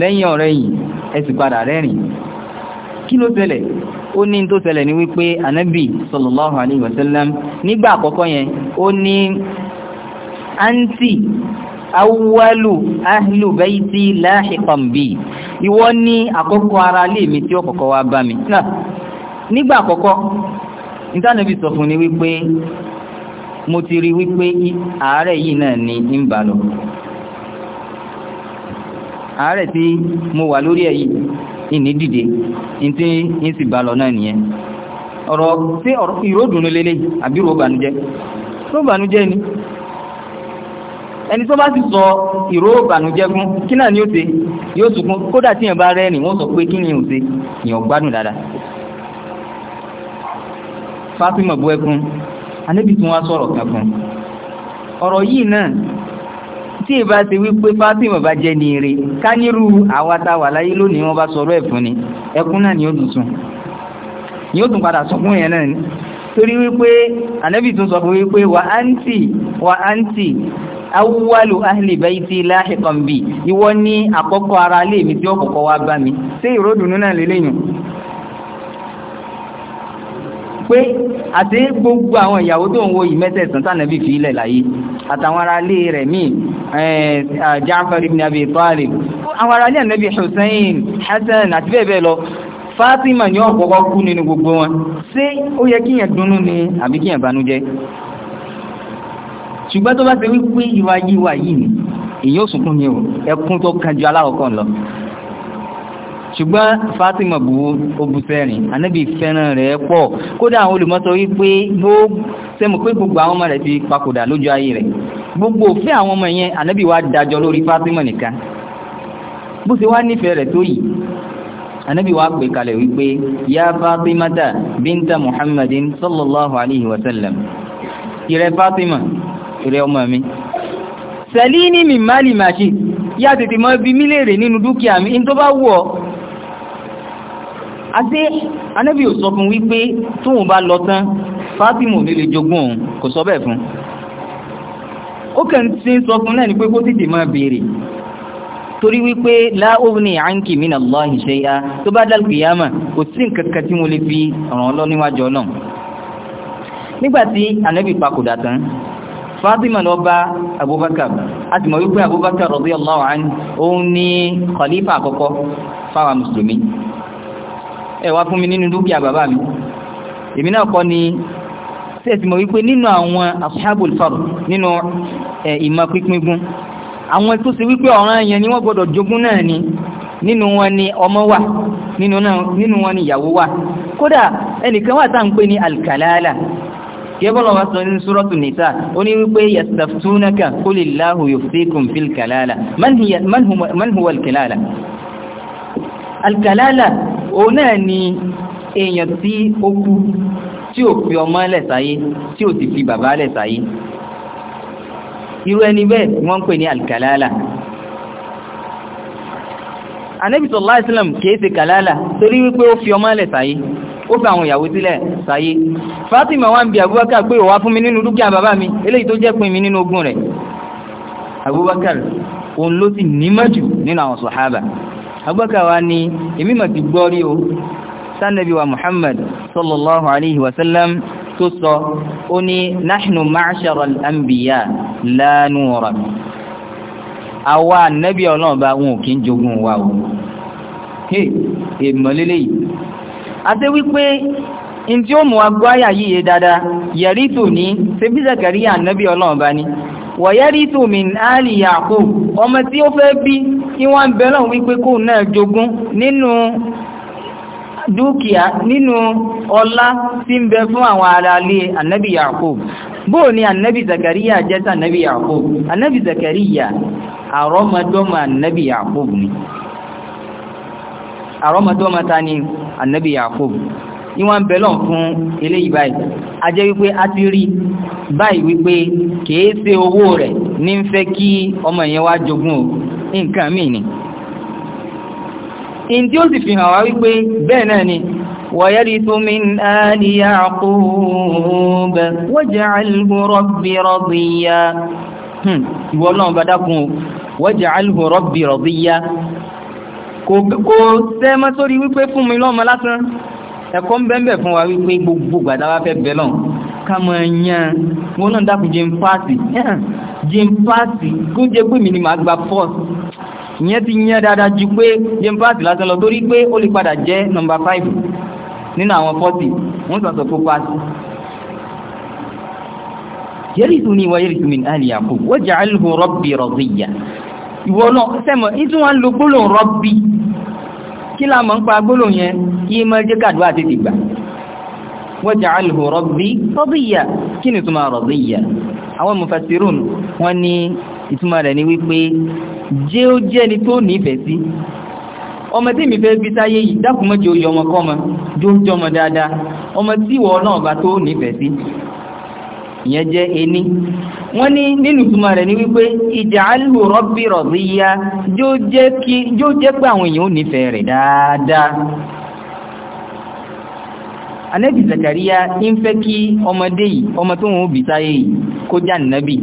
lẹ́yìn ọ̀rẹ́ yìí ẹ sì padà rẹ́rìn kí ló ṣẹlẹ̀ ó ní tó ṣẹlẹ̀ ní wípé ànábì sallallahu alaihi wasallam nígbà àkọ́kọ́ yẹn ó ní àǹtí a wlu a lu bá iti Iwọ ni akọkọ ara le mi ti ọkọkọ wa ba bami. N'igba akọkọ, internavi sọfụ n'ewipen. Mo ti ri wipe aarọ eyi na ni ịn ba lọ. mo wa lori eyi ịn dide ịntị ịnsi ba lọ na n'iyen. Ọrọ si iro dundunlele abiru o banujẹ? O banujẹ ni? ẹni tó bá sì sọ ìró ìbànújẹ́gún kí náà ni ó ṣe yóò sunkún kódà tí yẹn bá rẹ́ ni wọ́n sọ pé kí ni ò ṣe yẹn gbádùn dáadáa Fátímà bú ẹkún anábì tí wọ́n sọ̀rọ̀ kan fún ọ̀rọ̀ yìí náà tí ìbá ti wípé Fátímà bá jẹ́ ní ire ká nírú àwa tá láyé lónìí wọ́n bá sọ̀rọ̀ ẹ̀ ni ẹkún náà ni ó tuntun ni ó tún padà sọkún yẹn náà ni torí wípé anábì tún sọ fún wípé wà áǹtì wà áǹtì awúwálù ahìlì bẹ́ẹ̀ ti láhìkan bí ìwọ ní àkọ́kọ́ ara ilé mi tí ó kọ́kọ́ wá bá mi ṣé ìròdùnú náà lélẹ́yìn pé àti gbogbo àwọn ìyàwó tó ń wo yìí mẹ́tẹ̀ẹ̀sán tánàbí fi ilẹ̀ láyé àtàwọn ará ilé rẹ̀ míì eh, Ja'far ibn Abi Talib ni ọ̀pọ̀pọ̀ kú nínú gbogbo wọn ṣé ṣùgbọ́n tó bá ti wípé ìwà yíwa yìí ni ìyẹn òsùnkún ni o ẹkún tó kan ju aláwọ̀kọ́ lọ ṣùgbọ́n Fatima bu obu fẹ́rin anábì fẹ́ràn rẹ̀ pọ̀ kódà àwọn olùmọ́sọ wípé sẹ́mu pé gbogbo àwọn ọmọ rẹ̀ ti papòdà lójú ayé rẹ̀ gbogbo òfin àwọn ọmọ yẹn anábì wá dájọ́ lórí Fatima nìkan bó ṣe wá nífẹ̀ẹ́ rẹ̀ tó yìí anábì wá pè kalẹ̀ wípé ya Fatimata binta Muhammadin sallallahu alaihi wasallam ìrẹ Fatima ìrẹ ọmọ mi sẹ̀lí ní mìmálì màṣí yá tètè mọ́ bí mílèrè nínú dúkìá mi in tó bá wù ọ́ àti anábì ò sọ fún wípé tóun bá lọ tán fátìmù ní lè jogún òun kò sọ bẹ́ẹ̀ fún ó kàn ti sọ fún náà ni pé kó tètè máa béèrè torí wípé láòrùnì àǹkì mí nàlọ́ ìṣẹ́ ya tó bá dálùkì yámà kò sí nǹkankan Fátímà lọ bá Abubakar a ti mọ̀ wípé Abubakar radiyallahu anhu òun ní khalifa àkọ́kọ́ fáwọn mùsùlùmí ẹ wá fún mi nínú dúkìá bàbá mi èmi náà kọ́ ni ṣe ti mọ̀ wípé nínú àwọn ashabul fard nínú ìmọ̀ pínpín àwọn tó ṣe wípé ọ̀ràn yẹn ni wọ́n gbọ́dọ̀ jogún náà ni nínú wọn ni ọmọ wà nínú wọn ni ìyàwó wà kódà ẹnìkan wà tá ń pè ní alkalala kébọ̀lọ̀ wa sọ ní súrọ́tù nìta ó ní wípé yastaftunaka kulillahu yuftikum fil kalala man huwa alkalala alkalala ó náà ni èèyàn tí ó kú tí ò fi ọmọ lẹ́sàáyé tí ò ti fi bàbá lẹ́sàáyé irú ẹni bẹ́ẹ̀ wọ́n ń pè ní alkalala Ànábì sallallahu alaihi wasallam kèése kalala torí wípé ó fi ọmọ lẹ́sàáyé ó fi àwọn ìyàwó sílẹ̀ sáyé Fatima wá ń bi Abubakar pé òwá fún mi nínú dúkìá bàbá mi eléyìí tó jẹ́ pin mi nínú ogún rẹ̀ Abubakar òun ló ti nímọ̀ jù nínú àwọn sàhábà Abubakar wa ni èmi mà ti gbọ́ rí o sanabi wa Muhammad sallallahu alayhi wa sallam tó sọ ó ní nahnu ma'ashara al-anbiya la àwa nẹ́bí ọlọ́ọ̀bá wọn ò kí ń jogún wa o hey èèmọ̀ àti wípé in tí ó mú agbáyà yíye dáadáa yẹ̀rí tù ní ṣebí Zakariya ànábì ọlọ́run bá ní wọ̀yẹ́rí tù mí áàlì Yakub ọmọ tí ó fẹ́ bí kí wọ́n ń bẹ́lọ̀ wípé kó náà jogún nínú dúkìá nínú ọlá tí ń bẹ fún àwọn ará ilé ànábì Yakub bóò ni ànábì Zakariya jẹ́ sí ànábì Yakub ànábì Zakariya àrọ́mọdọ́mọ ànábì Yakub ni àrọ́mọdọ́mọta ni ànábì Yakub ní wọ́n ń bẹ lọ́n fún eléyìí báyìí a jẹ́ wípé a ti rí báyìí wípé kìí ṣe owó rẹ̀ ní ń fẹ́ kí ọmọ yẹn wá jogún o nǹkan míì ni in tí ó sì fi hàn wá wípé bẹ́ẹ̀ náà ni ويرث من آل يعقوب واجعله ربي رضيا ìwọ Ọlọ́run bá dákun واجعله ربي رضيا kò tẹ́ mọ́ sórí wípé fún mi lọ́mọ lásán ẹ̀kọ́ ń bẹ́ẹ̀ fún wa wípé gbogbo gbàdá wa fẹ́ bẹ̀ náà ká mọ̀ yán wọn náà dákun jẹ́ ń pààtì jẹ́ ń pààtì kó jẹ́ pé mi ni màá gba fọ́ọ̀sì ìyẹn ti yán dáadáa ju pé jẹ́ ń pààtì lásán lọ torí pé ó lè padà jẹ́ nọmba fáìfù nínú àwọn fọ́ọ̀tì wọ́n sọ̀tọ̀ kó pààtì yẹ́rìsùn ni wọ́n yẹ́rìsùn mi ní àlìyàkó wọ́n jẹ́ àlùhùn rọ́bì rọ̀dìyà ìwọ náà sẹ́mọ̀ ní tí wọ́n ń lo gbólóhùn rọ́bì kí la mọ̀ ń pa gbólóhùn yẹn kí mọ́ jẹ́ kàdúrà tètè gbà waj'alhu rabbi radiya kí ni ìtumọ̀ radiya àwọn mufassirun wọ́n ní ìtumọ̀ rẹ̀ ni wípé jẹ́ ó jẹ́ ni tó nífẹ̀ẹ́ sí ọmọ tí mi fẹ́ bí sáyé yìí dákùnmọ́jọ yọmọkọ́mọ jójọmọ dáadáa ọmọ tí ìwọ náà bá tó nífẹ̀ẹ́ sí ìyẹn jẹ́ ení wọ́n ní nínú ìtumọ̀ rẹ̀ ní wípé ij'alhu rabbi radiya jó jẹ́ pé àwọn èèyàn ò nífẹ̀ẹ́ rẹ̀ dáadáa anẹ́bì Zakariya ń fẹ́ kí ọmọdé yìí ọmọ tó wọn òbí sáyé yìí kó já nìnábì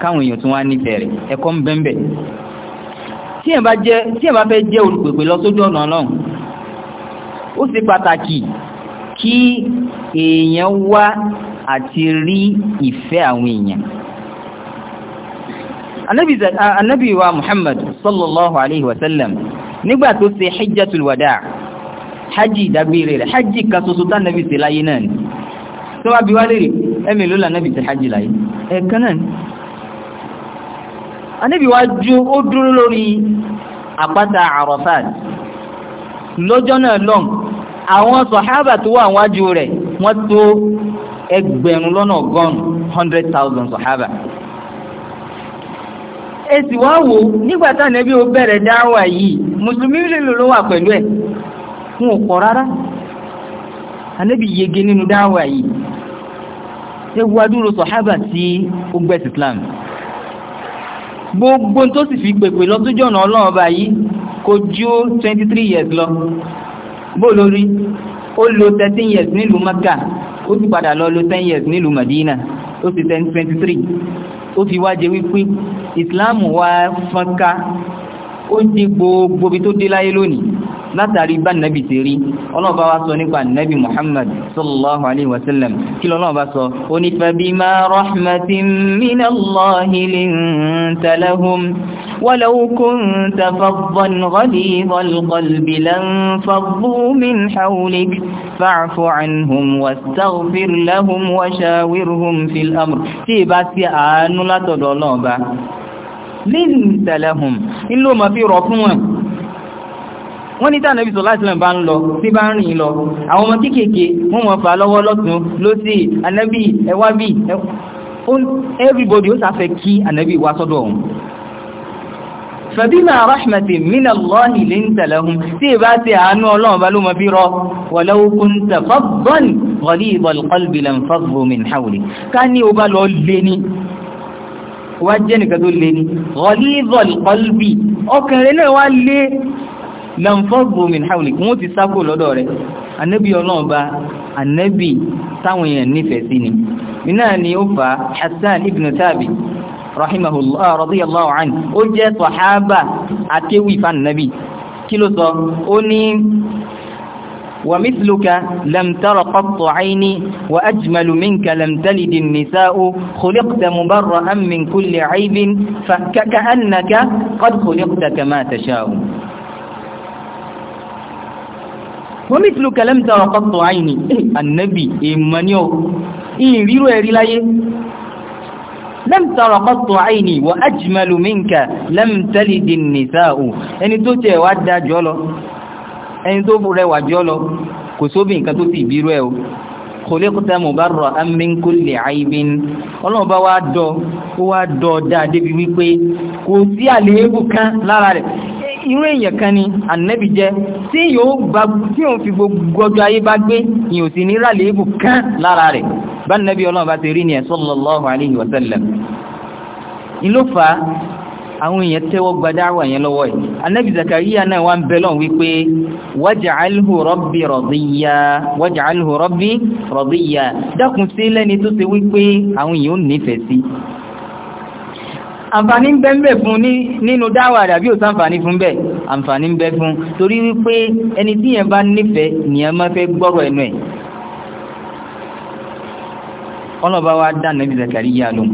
káwọn èèyàn tún wá nífẹ̀ẹ́ rẹ̀ ẹ̀kọ́ ń bẹ́ńbẹ̀ tí ẹ̀ bá fẹ́ jẹ́ olùpèpè lọ sójú ọ̀nà ọlọ́run ó sì pàtàkì kí èèyàn wá àti rí ìfẹ́ àwọn èèyàn anábì wa muhammad sallallahu alaihi wasallam nígbà tó ṣe hajjatul wada hajji ìdágbére rẹ̀ hajji kan ṣoṣo tá nàbì ṣe láyé náà ni tó wá bí wá lè rí ẹmì ló là nàbì ṣe hajji láyé ẹ̀ẹ̀kan náà ni anábì wa ó dúró lórí àpáta Arafat lọ́jọ́ náà lọ́n àwọn sọ̀hábà tó wà wájú rẹ̀ wọ́n tó ẹgbẹ̀rún lọ́nà ọgọ́rùn hundred thousand sọ̀hábà. ẹ sì wá wò nígbà tá ànábì ó bẹ̀rẹ̀ dáwà yìí mùsùlùmí lèlò ló wà pẹ̀lú ẹ̀ fún ọ̀pọ̀ rárá ànábì yege nínú dáwà yìí ẹ wá sọ̀hábà tí ó gbẹ́ Islam gbogbo tó sì fi pèpè lọ́túnjọ́ ọ̀nà ọlọ́run ọba yìí kò ju twenty three years lọ bó lórí ó lo thirteen years nílùú Mẹ́kà ó ti padà lọ lo ten years nílùú Madina ó ti ten twenty three ó fi wá jẹ wípé Islam wá fọ́nká ó ń di gbogbo ibi tó dé láyé lónìí látàrí bá nàbì ti rí ọlọ́ọ̀bá wá sọ nípa nàbì muhammad sallallahu alaihi wasallam kí lọ́ọ̀bá sọ ó ní fabima rahmatin minallahi linta lahum ولو كنت فظا غليظ القلب لانفضوا من حولك فاعف عنهم واستغفر لهم وشاورهم في الأمر تيبا سيئان لا تدولون با لنت لهم إلو ما في رفوان wọ́n ní tànàbí sọ láti lẹ́n bá ń lọ sí bá ń rìn lọ àwọn ọmọ kéékèèké wọ́n mọ̀ fà lọ́wọ́ lọ́tún lósì ànábì ẹwà bí everybody ó sáfẹ́ kí ànábì wá sọ́dọ̀ ọ̀hún fàbímà rahmatin min Allah linta lahum tí ìbá ti àánú ọlọ́run bá ló mọ bí rọ walau kunta faddan ghalidal qalbi lanfaddu min ká ní o bá lọ lé wá jẹ́ nìkan tó lé ní ghalidal lẹ́nfọ́gbò min haúlì wọ́n ti sákò lọ́dọ̀ rẹ̀ anẹ́bí ọlọ́ọ̀bá anẹ́bí táwọn èèyàn nífẹ̀ẹ́ sí ni iná ni ó fa hassan ibn thabi rahimahullah radiyallahu anhu ó jẹ́ sọ̀hábà akéwì fánàbí ومثلك لم تر قط وأجمل منك لم تلد النساء خلقت مبرأ من كل عيب فكأنك قد خلقت كما تشاء wọ́n mi tìlú kẹlẹ́ mi ta ọkọ̀ tó àyìn ní ànábì èèmọ̀ ni ó ìrírò ẹ̀rí láyé lẹ́m tọrọ kọ́tù àìní wọ ajmalu minka lẹ́m tẹ́lìdì nìsáàù ẹni tó tẹ́ wá dá jọlọ ẹni tó rẹwà jọlọ kò sóbì nǹkan tó ti irú èèyàn kan ni ànábì jẹ́ tí yóò bá tí òun fi gbogbo ọjọ́ ayé bá gbé ìyàn sí ní ràlẹ̀ èébù kán lára rẹ̀ bá nàbí ọlọ́run bá ti rí ní ẹ̀ sallallahu alaihi wa sallam ìlú àwọn èèyàn tẹ́wọ́ gbadáwà yẹn lọ́wọ́ ẹ̀ anábì zakariya náà wá ń bẹ lọ́n wípé waj'alhu rabbi radiya waj'alhu sí lẹ́ni tó ṣe wípé àwọn èèyàn ò nífẹ̀ẹ́ sí àǹfààní ń bẹ ń bẹ fún ní nínú dáwà àdàbí òsán àǹfààní fún bẹ́ẹ̀ àǹfààní ń bẹ fún torí wípé ẹni tí yẹn bá nífẹ̀ẹ́ nìyẹn máa fẹ́ gbọ́rọ̀ ẹnu ẹ̀ ọlọ́ba wa dá nàbí Zakariya lò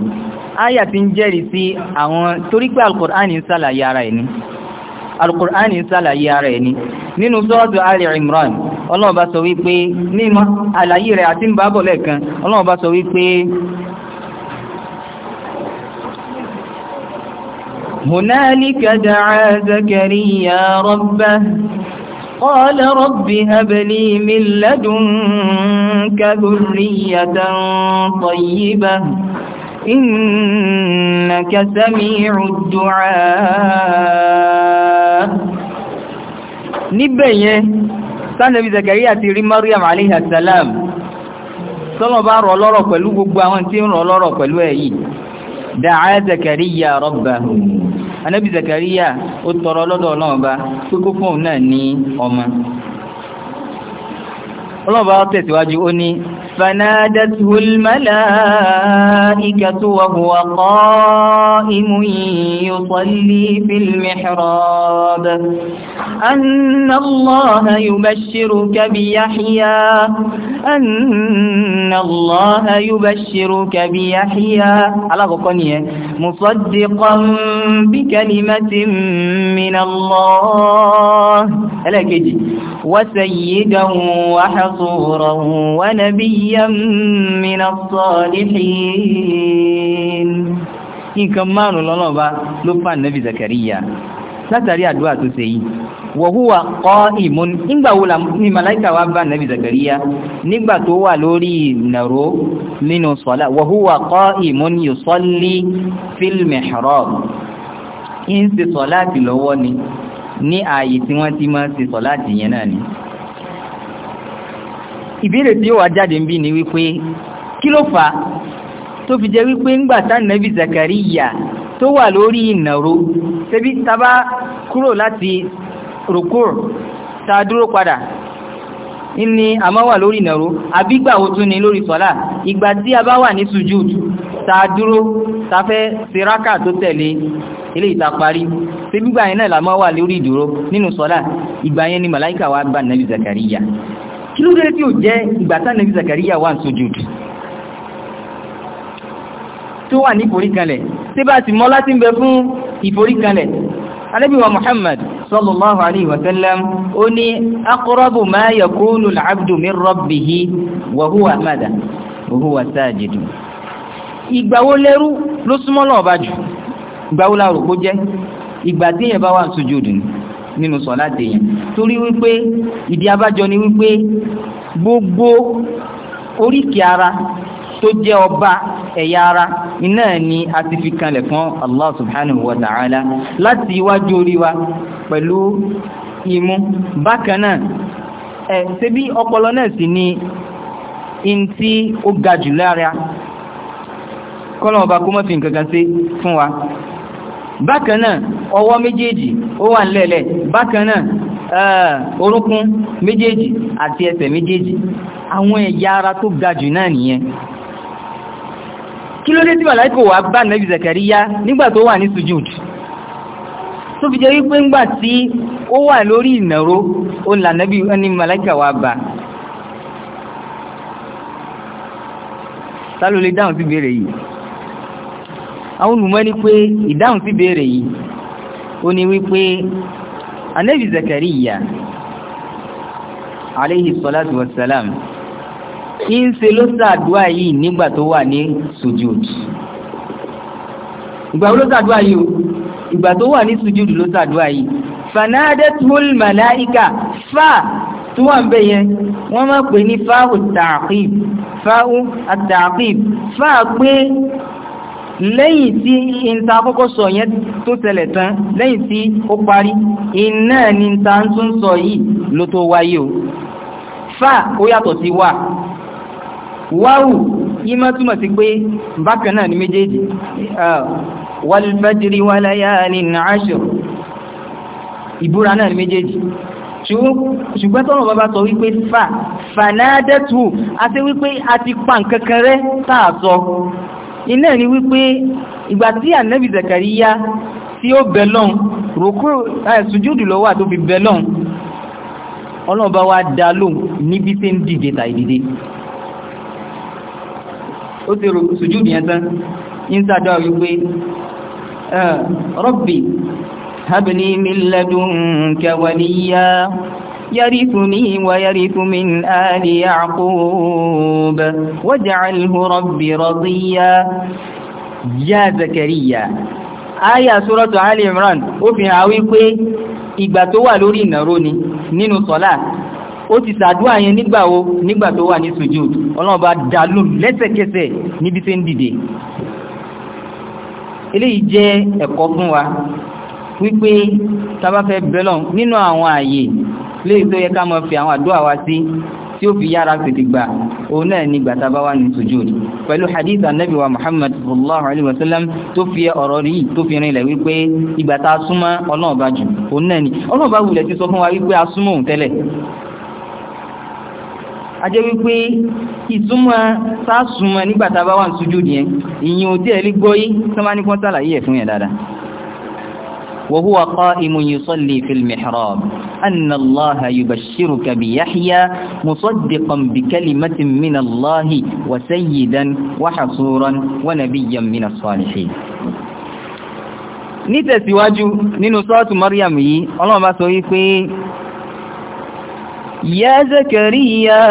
áyà ti ń jẹ́rìí sí àwọn torí pé Al-Qur'ani ń sàlàyé ara ẹ̀ ni Al-Qur'ani ń Ali Imran ọlọ́ọ̀bá sọ wípé nínú àlàyé rẹ̀ àti ń هنالك دعا زكريا ربه قال رب هب لي من لدنك ذرية طيبة إنك سميع الدعاء نبيه sánàbí Zakariya ti rí Maryam alayhi salam tọ́lọ̀ bá rọ̀ lọ́rọ̀ pẹ̀lú gbogbo àwọn tí ń rọ̀ lọ́rọ̀ pẹ̀lú èyí dàá zakariya rabbahu anábì zakariya ó tọrọ lọ́dọ̀ ọlọ́run ọba pé kó náà ní ọmọ ọlọ́bàá tẹ̀síwájú ó ní فنادته الملائكة وهو قائم يصلي في المحراب أن الله يبشرك بيحيى أن الله يبشرك بيحيى على قنية مصدقا بكلمة من الله ألا كجي وسيدا وحقا نصورا ونبيا من الصالحين nǹkan márùn-ún lọ́lọ́ba ló fà nẹ́bì Zakariya látàrí àdúrà tó ṣe yìí wọ̀húwà kọ́ ìmú nígbàwó ní màláìkà wá bá nẹ́bì Zakariya nígbà tó wà lórí ìnàró nínú sọ́lá wọ̀húwà kọ́ ìmú yusalli fil mihrab ń ṣe sọ́láàtì lọ́wọ́ ni ní ààyè tí wọ́n ti máa ṣe sọ́láàtì yẹn náà ni ìbéèrè tí ó wà jáde ń bí ni wípé kí ló fà á tó fi jẹ́ wípé ńgbà tánàbí Zakariya tó wà lórí ìnàró tẹ́bí tàbá kúrò láti rùkúr ta dúró padà ní a wà lórí ìnàró àbígbà ó tún ni lórí sọ́lá ìgbà tí a bá wà ní sujud ta dúró ta fẹ́ siraka tó tẹ̀lé ilé ìta parí tí gbígbà yẹn náà la máa wà lórí ìdúró nínú sọ́lá ìgbà yẹn ni màláìkà wá bá nàbí Zakariya kí ló dé tí ó jẹ́ ìgbàtà nẹ́bí Zakariya wà ń sojúd tó wà ní ìforíkanlẹ̀ tí bá ti mọ́ láti ń bẹ fún ìforíkanlẹ̀ Ànábì wa Muhammad sallallahu alaihi wasallam ó ní aqrabu ma yakunu al-abdu min rabbihi wa nínú sọ̀lá dèyàn torí wípé ìdí abájọ ni wípé gbogbo oríkì ara tó jẹ́ ọba ẹ̀yà ara iná ni a ti fi kanlẹ̀ fún Allah subhanahu wa ta'ala láti iwájú orí wa pẹ̀lú imú bákan náà ẹ̀ ṣebí ọpọlọ náà sì ni in tí ó ga jù lára kọ́lọ̀ ọba kó mọ́ fi sí fún wa bákanáà ọwọ́ méjèèjì ó wà nílẹ̀lẹ̀ bákanáà eh, orúnkún méjèèjì àti ẹsẹ̀ méjèèjì àwọn ẹ̀yà ara tó ga náà nìyẹn kí ló tí màláìkò wà bá nẹ́bí Zakariya nígbà tó wà ní sujud tó fi jẹ́ wípé ńgbà tí ó wà lórí ìnàró ó là nẹ́bí ẹni màláìkà wà bá dáhùn sí yìí àwọn olùmọ̀ ní pé ìdáhùn sí béèrè yìí ó ní wípé Ànábì Zakariya alayhi salatu wassalam ń ṣe ló ṣàdúrà yìí nígbà tó wà ní sujud ìgbà wo ló ṣàdúrà yìí ìgbà tó wà ní sujud ló ṣàdúrà yìí fanadatul malaika fa tó wà ń bẹ yẹn wọ́n máa pè ní fáwù tààkìb fáwù àtààkìb fáà pé lẹ́yìn tí ìta àkọ́kọ́ sọ yẹn tó tẹ̀lẹ̀ tán lẹ́yìn tí ó parí iná ni ta ń tún sọ yìí ló tó wáyé o fà ó yàtọ̀ sí wà wáwù yí má túmọ̀ sí pé bákan náà ni méjèèjì wàlfẹ́jìrí wà layalin ashr ìbúra náà ni méjèèjì ṣùgbọ́n tọ́nà bàbá sọ wípé fà fà náà dẹ́tù àti wípé a ti pa nǹkankan rẹ́ tààtọ́ iná ni wípé ìgbà tí ànábì Zakariya tí ó bẹ̀lọ́n rúkú sùjúdù lọ́wọ́ àtó fi bẹ̀lọ́n ọlọ́ọ̀bá wá dá lóhùn níbi tí ń dìde tàìdìde ó ti sùjúdù yẹn tán ń sàdá wípé Rabbi habni min ladunka waliya يرثني ويرث من آل يعقوب واجعله رب رضيا يا زكريا آية سورة آل عمران وفي عويقه ìgbà tó wà lórí ìnàró ni nínú sọ́lá ó ti sàdúwà yẹn nígbàwo nígbà tó wà ní sujud ọlọ́ọ̀bá dàlú lẹ́sẹ̀kẹsẹ̀ níbi tí ń dìde eléyìí jẹ́ ẹ̀kọ́ fún wa wípé tàbáfẹ́ bẹ́lọ̀ nínú àwọn ààyè lè tó yẹ ká mọ́ fi àwọn àdúwà wá sí tí ó fi yára tètè gbà òun náà ní gbà tàbá wà ní pẹ̀lú hadith anabi wa muhammad sallallahu alaihi wasallam tó fi ọ̀rọ̀ rí tó fi rinlẹ̀ wípé ìgbà tá a súnmọ́ ọlọ́run bá jù òun náà ni ọlọ́run bá wulẹ̀ ti sọ fún wa wípé a súnmọ́ òun tẹ́lẹ̀ a jẹ́ wípé ìsúnmọ́ وهو قائم يصلي في المحراب أن الله يبشرك بيحيى مصدقا بكلمة من الله وسيدا وحصورا ونبيا من الصالحين نتسي واجو ننصات مريم الله ما سويفي يا زكريا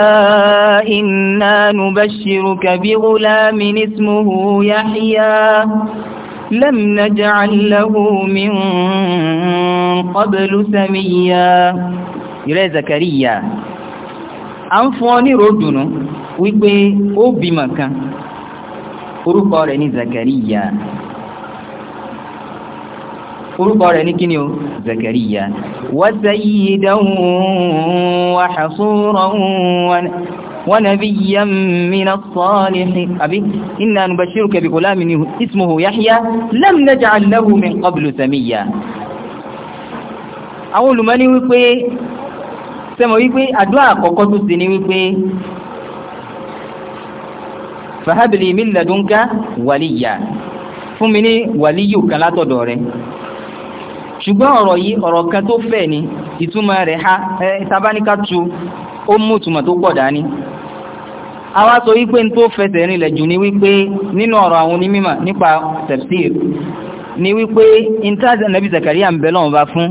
إنا نبشرك بغلام اسمه يحيى لم نجعل له من قبل سميا ìrẹ́ Zakariya a ń fún ọ ní ròdùnú wípé ó bímọ kan orúkọ rẹ̀ ní Zakariya orúkọ rẹ̀ ní kíni o Zakariya wa sayyidan wa hasuran ونبيا من الصالحين أبي إنا نبشرك بغلام اسمه يحيى لم نجعل له من قبل سميا àwọn olùmọ̀ ní wípé sẹ́mọ̀ wípé àdúrà àkọ́kọ́ tó sì ní wípé fàhábìlì mílẹ̀dúnká wàlíyà fún mi ní wàlíyù kan látọ̀dọ̀ rẹ̀ ṣùgbọ́n ọ̀rọ̀ yìí ọ̀rọ̀ kan tó fẹ̀ ni ìtumọ̀ rẹ̀ ha ẹ̀ tabaníkà tu ó mú ìtumọ̀ tó pọ̀ dání àwa sọ wípé ní tó fẹsẹ̀ rinlẹ̀ jù ní wípé nínú ọ̀rọ̀ àwọn onímọ̀ nípa tafsir ni wípé intanet nàbí Zakaria ń bẹ lọ́wọ́ bá fún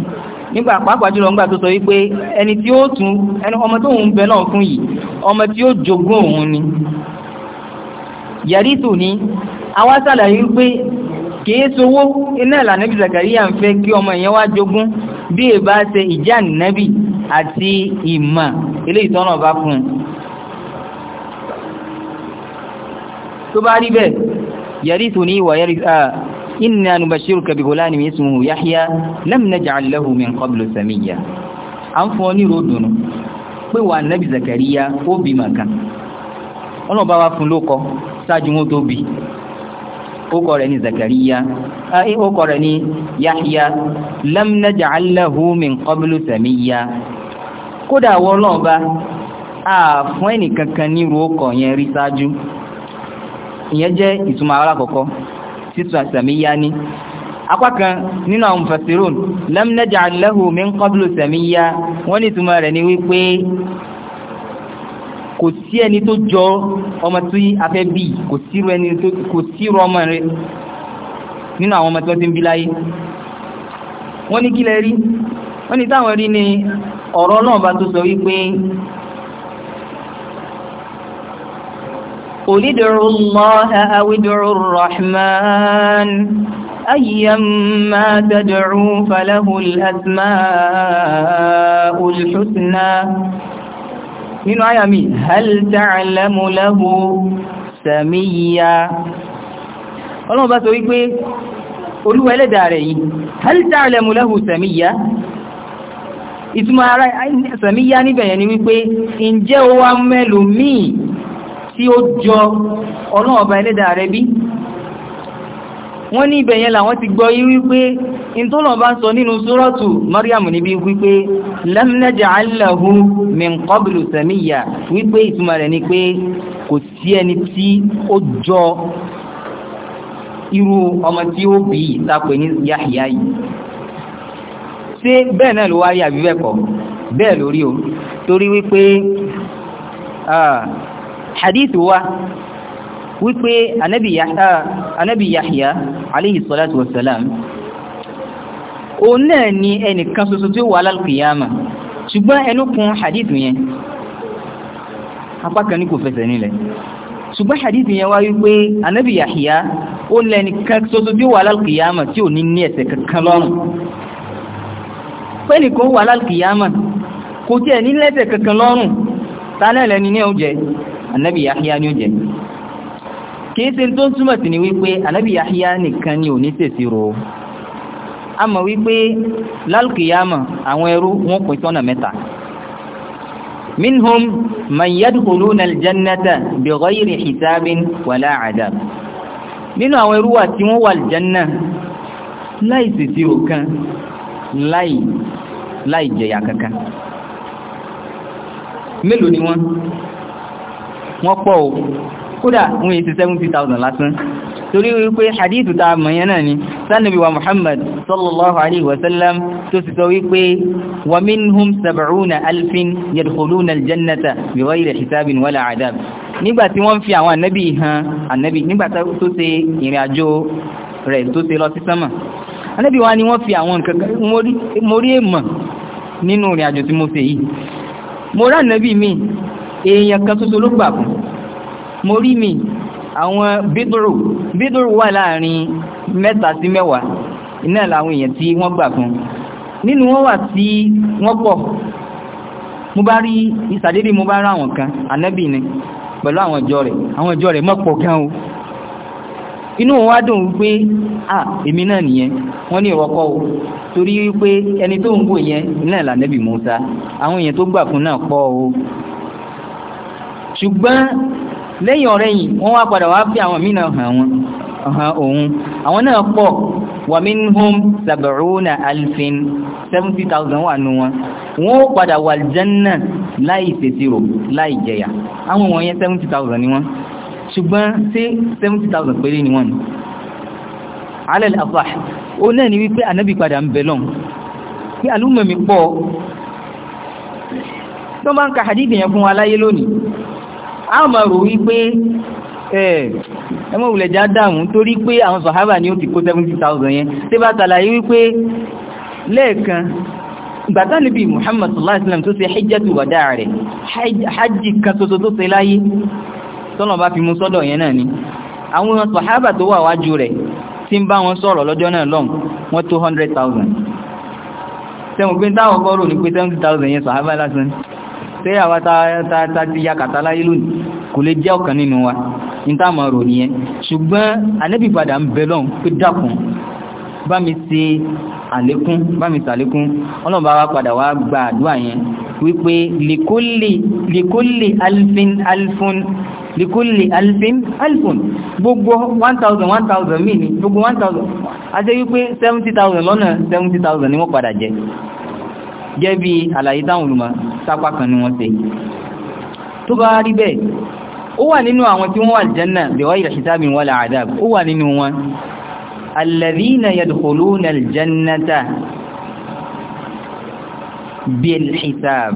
nígbà pàápàá jùlọ ńgbà tó sọ wípé ẹni tí ó tún ẹni ọmọ tó ń bẹ lọ́wọ́ fún yìí ọmọ tí ó jogún òun ni yàrí tò ní àwa sàlàyé wípé kìí sowó iná ìlànà bí Zakaria ń fẹ́ kí ọmọ ìyẹn wá jogún bí èbá ṣe ìjà nẹ́bì àti ìmọ̀ eléyìí tọ́nà bá fún un tó bá rí bẹ́ẹ̀ yarithuni wa yarith ah, inna nubashiruka bi ghulamin ismuhu Yahya lam naj'al lahu min qablu samiyya à ń fún ọ ní ròdùnú pé wà nábì Zakariya ó bí màkà ọlọ́ọ̀bá wa fún lókọ ṣáájú wọn tó bí ókọ rẹ̀ ní Zakariya eh, ókọ rẹ̀ ní Yahya lam naj'al lahu min qablu samiyya kódà wọ́n lọ́ọ̀bá àfún ẹnìkankan ní ròókọ̀ yẹn rí ṣáájú ìyẹn jẹ́ ìtumọ̀ alákọ̀ọ́kọ́ títù àsàmíyá ní apákan nínú àwọn mufassirun lam naj'al lahu min qablu samiyya wọ́n ní ìtumọ̀ rẹ̀ ni wípé kò sí ẹni tó jọ ọmọ tí a fẹ́ bí kò sírò ọmọ rẹ̀ nínú àwọn ọmọ tó ti ń bí láyé wọ́n ní kílẹ̀ rí wọ́n ní táwọn rí ni ọ̀rọ̀ náà bá tó sọ wípé قل ادعوا الله أو ادعوا الرحمن أيما تدعوا فله الأسماء الحسنى من آيامي هل تعلم له سميا ọlọ́run bá sọ wípé olúwa ẹlẹ́dàá rẹ̀ yìí hal ta'lamu lahu samiyya ìtumọ̀ ara sàmíyá níbẹ̀yẹn ni wípé ǹjẹ́ o wá mẹ́lòmíì tí ó jọ ọlọ́run ọba ẹlẹ́dà rẹ̀ bí wọ́n ní ibẹ̀ yẹn làwọn ti gbọ́ yí wípé ìtọ́lọ̀ bá sọ nínú sórọ́tù Maryam níbi wípé lam naj'al lahu min qablu samiyya wípé ìtumọ̀ rẹ̀ ni pé kò sí ẹni tí ó jọ irú ọmọ tí ó bí ìtàpẹ̀ ní Yahya yìí ṣé bẹ́ẹ̀ náà ló wáyé àbíbẹ̀kọ̀ bẹ́ẹ̀ lórí o torí wípé ah, hadith wa wípé anabi yahya anabi yahya alayhi salatu wassalam òun náà ni ẹnìkan ṣoṣo tí ó wà lálùkìyàmà ṣùgbọ́n ẹnu kún hadith yẹn apá kan ní kò fẹsẹ̀ nílẹ̀ ṣùgbọ́n hadith yẹn wá wípé anabi yahya ó lẹ́nìkan ṣoṣo tí ó wà lálùkìyàmà tí ò ní ní ẹ̀ṣẹ̀ kankan lọ́rùn pẹ́nìkan wà lálùkìyàmà kò tiẹ̀ ní lẹ́ṣẹ̀ kankan lọ́rùn tálẹ̀ ní oúnjẹ anabi yahya ni ó jẹ́ kìí ṣe tó ń túmọ̀ sí ni wípé anabi yahya nìkan ni ò ní tẹ̀síro a mọ̀ wípé lálùkìyàmà àwọn ẹrú wọn pín sọ́nà mẹ́ta minhum man yadkhuluna aljannata bighayri hisabin wala adab nínú àwọn ẹrú wa tí wọ́n wà aljanna láì ṣèṣirò kan láì láì jẹ̀yà kankan mélòó ni wọ́n wọ́n pọ̀ o kódà wọ́n èsì 70,000 lásán torí wípé hadithu ta mọ̀yán náà ni sánàbí wa muhammad sallallahu alaihi wasallam tó sì sọ wípé wa minhum sab'una alfin yadkhuluna aljannata bi ghayri hisabin wala adab nígbàtí wọ́n fi àwọn ànábì hàn ànábì nígbàtí tó ṣe ìrìn àjò rẹ̀ tó ṣe lọ sí sánmà ànábì wa ni wọ́n fi àwọn nǹkan mo èèmọ̀ nínú ìrìn tí mo ṣe yìí mo rá ànábì mi èèyàn kan tuntun ló gbà fún mo rí mi àwọn bídúrù bídúrù wà láàrin mẹ́ta sí mẹ́wàá iná làwọn èèyàn tí wọ́n gbà fún nínú wọn wà tí wọ́n pọ̀ mo bá rí ìsàdédé mo bá rá àwọn kan ànábì ni pẹ̀lú àwọn ìjọ rẹ̀ àwọn ìjọ rẹ̀ mọ́pọ̀ gan o inú wọn wá dùn wípé à èmi náà nìyẹn wọ́n ní ìrọ́kọ́ o torí wípé ẹni tó ń gbò yẹn náà lànẹ́bì Mùsá àwọn èèyàn tó gbà fún náà pọ̀ o ṣùgbọ́n lẹ́yìn ọ̀rẹ́ yìí wọ́n wá padà wá bí àwọn mìíràn hàn wọn hàn òun àwọn náà pọ̀ wà minhum sab'una alfin 70,000 wà nù wọn wọ́n padà wà jẹ́nà láì ṣèṣirò láì jẹyà àwọn wọ̀nyẹn 70,000 ni wọ́n ṣùgbọ́n sí 70,000 péré ni wọ́n ni alal afah ó náà ni wípé anábì padà ń bẹ̀ lọ́n pé alúmọ̀mí pọ̀ tó bá ń ka hadith yẹn fún wa láyé lónìí a máa rò wípé ẹmọ òwúlẹ̀ já dáhùn torí pé àwọn sọ̀hábà ni ó ti kó 70,000 yẹn tí bá tàlàyé wípé lẹ́ẹ̀kan gbàtà níbi Muhammad sallallahu alaihi wasallam tó ṣe hajjatu wada rẹ̀ hajji kan tó tó ṣe láyé tọ́nà bá fi mú sọ́dọ̀ ni àwọn sàhábà tó wà wájú rẹ̀ tí ń bá wọn sọ̀rọ̀ lọ́jọ́ náà lọ́m wọ́n tó 100,000 tẹ́mù pé táwọn kọ́rò ní pé 70,000 yẹn sàhábà lásán ṣé àwa ta ti ya kàtà láyé lónìí kò lè jẹ́ ọ̀kan nínú wa ní tá àmọ́ rò nìyẹn ṣùgbọ́n ànábì padà ń bẹ lọ́hùn pé dákun bá mi ṣe àlékún bá mi ṣàlékún ọlọ́run bá padà wá gba àdúrà yẹn wípé lèkólè lèkólè alfin alfin alfun gbogbo one thousand one thousand mí ni gbogbo one thousand àti wípé seventy thousand lọ́nà seventy thousand ni wọ́n padà jẹ gẹ́ bí àlàyé táwọn olùmọ̀ sápá kan ni wọ́n ṣe tó bá rí bẹ́ẹ̀ ó wà nínú àwọn tí wọ́n wà aljanna bighayri hisabin wala adab ó wà nínú wọn alladhina yadkhuluna aljannata bilhisab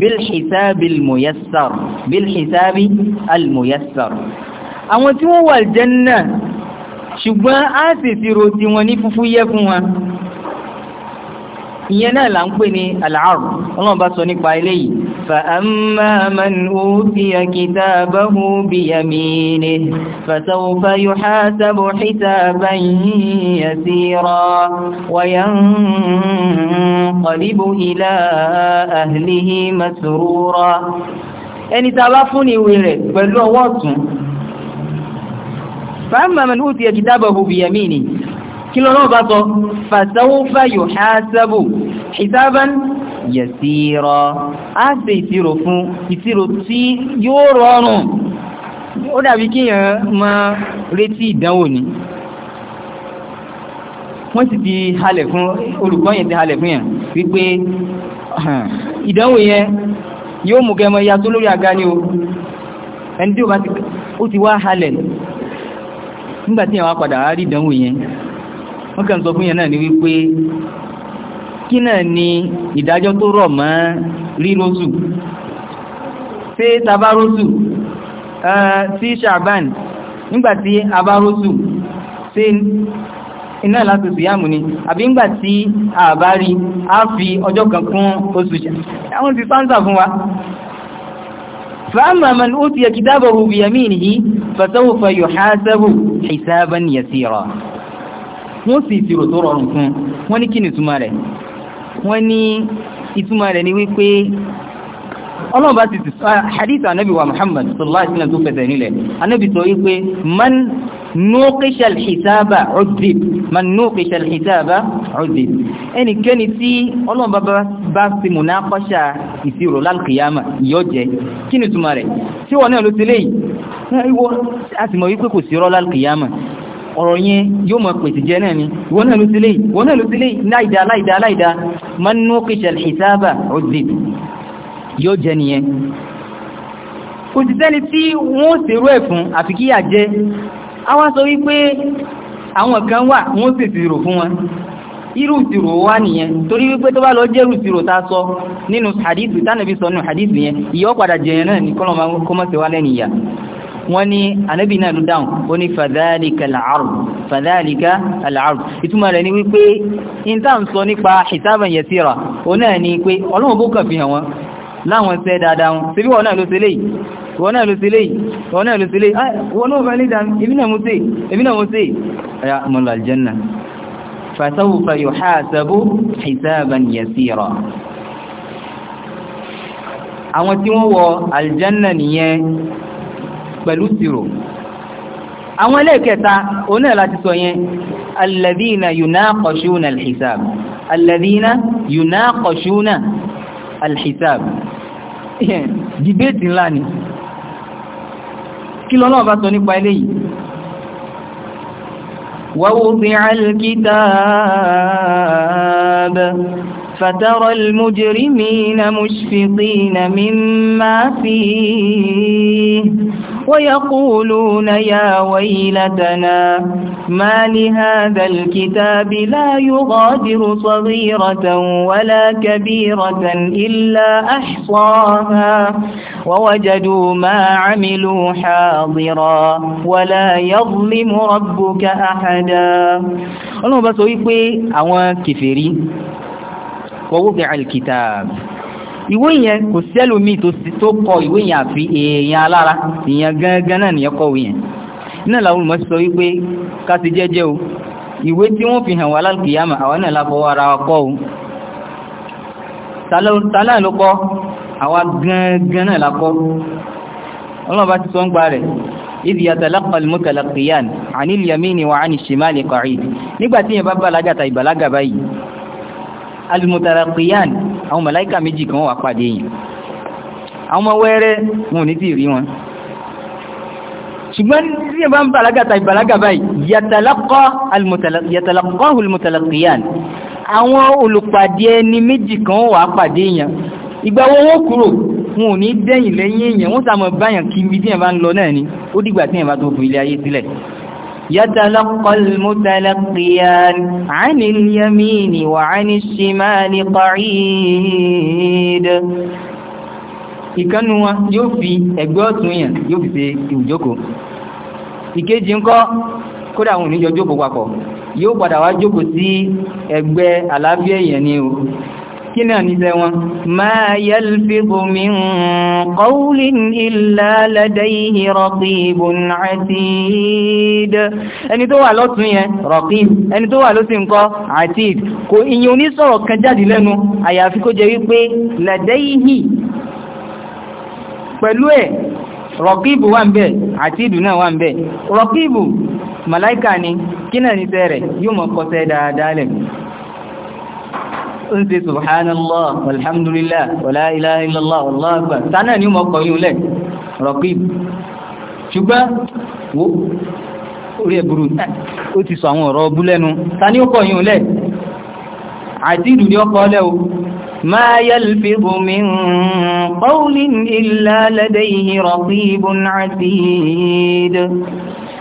bilhisab ṣùgbọ́n á sì ti ro ti wọn ní fúfúyẹ́ fún wọn ìyẹn náà là ń pè ní al-'arḍ ọlọ́run bá sọ nípa eléyìí fa amma man utiya kitabahu biyaminihi fa sawfa yuhasabu hisaban yasira wa yanqalibu ila ahlihi ní ìwé rẹ̀ pẹ̀lú ọwọ́ ọ̀tún fa amma man utiya kí lọ́nà bá sọ fasawfa yuhasabu hisaban yasira á ṣe ìṣirò fún ìṣirò tí yóò rọrùn ó dàbí kí èèyàn máa retí ìdánwò ni wọ́n sì ti halẹ̀ fún olùkọ́ yẹn ti halẹ̀ fún yẹn wípé ìdánwò yẹn yóò mú kẹmọ ẹni tí ó bá ti wá halẹ̀ nígbàtí àwọn padà rí ìdánwò yẹn wọ́n kàn sọ fún yẹn náà ni wípé kí náà ni ìdájọ́ tó rọ̀ mọ́ rírósù ṣé tabarósù sí ṣàbán nígbàtí abárósù ṣé iná láti síyàmù ni àbí nígbàtí àbárí á fi ọjọ́ kan kún oṣù ṣe àwọn ti sáńsà fún wa فأما من أوتي كتابه بيمينه فسوف يحاسب حسابا يسيرا wọ́n sì ìṣirò tó rọrùn fún wọ́n ní kí ni ìtumọ̀ rẹ̀ wọ́n ní ìtumọ̀ rẹ̀ ni wípé ọlọ́ọ̀bá ti ti hadith anabi wa muhammad sallallahu alaihi wasallam tó fẹsẹ̀ nílẹ̀ anabi sọ wípé man nuqisha al-hisaba udhib man nuqisha al-hisaba udhib ẹnikẹ́ni tí ọlọ́ọ̀bá bá ti munaqasha ìṣirò lálkìyàmà yóò jẹ kí ni ìtumọ̀ rẹ̀ tí wọ́n náà ló ti léyìí a sì mọ̀ wípé kò sí rọ́ lálkìyàmà ọ̀rọ̀ yẹn yóò mọ̀ pèsè jẹ́ náà ni wọ́n náà ló sílé wọ́n náà ló sílé láìdá láìdá láìdá man nuqisha al-hisaba udhib yóò jẹ́ nìyẹn kò sì sẹ́ni tí wọ́n ṣèrú ẹ̀fún àfi kí yà jẹ́ àwọn sọ wípé àwọn kan wà wọ́n sì fún wọn irú wá nìyẹn torí wípé tó bá lọ sọ nínú hadith tánàbí sọ nínú hadith yẹn ìyọ́ padà wọ́n ní anábì náà ló dáhùn ó ní fàdálíkà al-'ard fàdálíkà al-'ard ìtumọ̀ rẹ̀ ni wípé ìntà ń sọ nípa hisaban yasira ó náà ni pé ọlọ́run bó kàn fi hàn wọ́n láwọn ṣẹ́ dáadáa wọn síbí wọ́n wọ́n náà ah, àwọn tí wọ́n wọ aljanna nìyẹn pẹ̀lú tìrò àwọn ilé ìkẹta òun náà láti sọ yẹn alladhina yunaqashuna alhisab alladhina yunaqashuna alhisab dìbẹ́tì ńlá ni kí lọ́nà bá sọ nípa eléyìí ووضع الكتاب فترى المجرمين مشفقين مما فيه ويقولون يا ويلتنا ما لهذا الكتاب لا يغادر صغيرة ولا كبيرة إلا أحصاها ووجدوا ما عملوا حاضرا ولا يظلم ربك أحدا ọlọ́run bá sọ wípé كفري ووضع الكتاب ìwé yẹn kò sẹ́lòmíì tó kọ ìwé yẹn àfi èèyàn alára ìyẹn gangan náà nìyẹn kọ̀wé yẹn náà làwọn olùmọ̀ sọ wípé ká ti jẹ́jẹ́ o ìwé tí wọ́n fi hàn wá lálùkìyàmà àwọn náà láfọwọ́ ara wa kọ́ o tààlà ló kọ́ àwa gangan náà lákọ́ ọlọ́run bá ti sọ ń gba rẹ̀ idh yatalaqqa al-mutalaqqiyani 'ani al-yamini alimutarakiyan àwọn màláíkà méjì kan wà pàdé yìí àwọn ọmọ wẹ́rẹ́ wọn ò ní tí rí wọn ṣùgbọ́n tí ẹ bá ń bàlágà tàbí bàlágà báyìí yàtàlákọ́ alimutarakiyan àwọn olùpàdé ẹni méjì kan wà pàdé yìí ìgbà wo wọ́n kúrò wọn ò ní dẹ́yìn lẹ́yìn èèyàn wọ́n sàmọ̀ báyàn kí ibi tí ẹ bá ń lọ náà ni ó dìgbà tí ẹ bá tó fi ilé ayé sílẹ̀ يتلقى المتلقيان عن اليمين وعن الشمال قعيد ìkánu wa yóò fi ẹgbẹ́ ọ̀tún yẹn yóò fi ṣe ìjókòó ìkejì ńkọ́ kódà àwọn oníjọ jókòó papọ̀ yóò padà wá jókòó sí ẹgbẹ́ àlàáfíà èèyàn ni o kí náà níṣẹ́ wọn máa yalfidu min qawlin illa ladayhi raqibun atid ẹni tó wà lọ́tún yẹn raqib ẹni tó wà ló sì ń kọ́ atid kò ìyìn onísọ̀rọ̀ kan jáde lẹ́nu àyàfi kó jẹ́ wípé ladayhi pẹ̀lú ẹ̀ rọ̀kíbù wà ń bẹ̀ àti ìdù náà wà ń bẹ̀ rọ̀kíbù màláìkà ni kí náà ní tẹ́rẹ̀ yóò mọ̀ kọsẹ̀ dáadáa lẹ̀ ó ṣe subhanallah alhamdulillah wala ilaha illallah wallahu akbar tánà ní mọ́ kọ́ yín lẹ̀ rọ̀kìb ṣùgbọ́n wo orí ẹ̀bùrù ó ti sọ àwọn ọ̀rọ̀ ọbú lẹ́nu ta ní ó kọ́ yín lẹ̀ àti ìdù ní ọkọ̀ lẹ́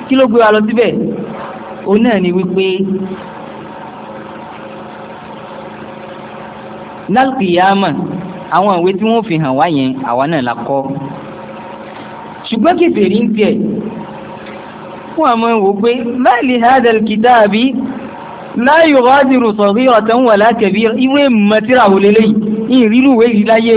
kí ló gbé wa lọ síbẹ̀ ó náà ni wípé nálùkìyàmà àwọn ìwé tí wọ́n fi hàn wá yẹn àwa náà la kọ́ ṣùgbọ́n kèfèrí ń tiẹ̀ fún àmọ́ ìwò pé máa lè hádàl kìtàbí la yughadiru saghiratan wala kabira ìwé mẹ́tíra wò lélẹ́yìn ìrírú ìwé ìláyé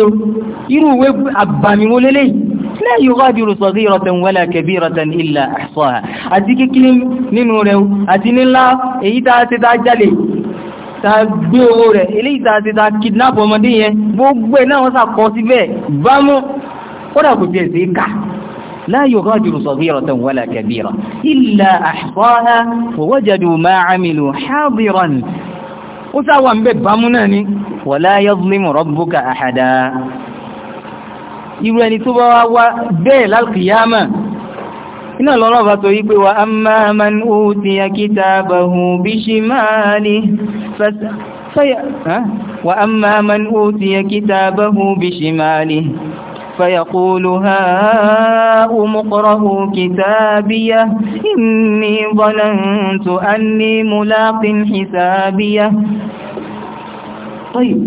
irú ìwé àbàmì wò lélẹ́yìn la yughadiru saghiratan wala kabiratan illa ahsaha àti kékeré nínú rẹ̀ àti nílá èyí tá a ti tá jálè ta gbé owó rẹ̀ eléyìí ta ti ta kidnap ọmọdé yẹn gbogbo ẹ̀ náà wọ́n sàkọ síbẹ̀ bámú kódà kò tiẹ̀ sí ká لا يغادر صغيرة ولا كبيرة إلا أحصاها ووجدوا ما عملوا حاضرا وسوى بيت بامناني ولا يظلم ربك أحدا يقول أن تبوا بيل القيامة iná lọ́rọ̀ bá tó yígbé wa amma man utiya kitabahu bishimalihi wa amma man utiya kitabahu bishimalihi فيقول هاؤم اقرءوا كتابيه إني ظننت أني ملاق حسابيه طيب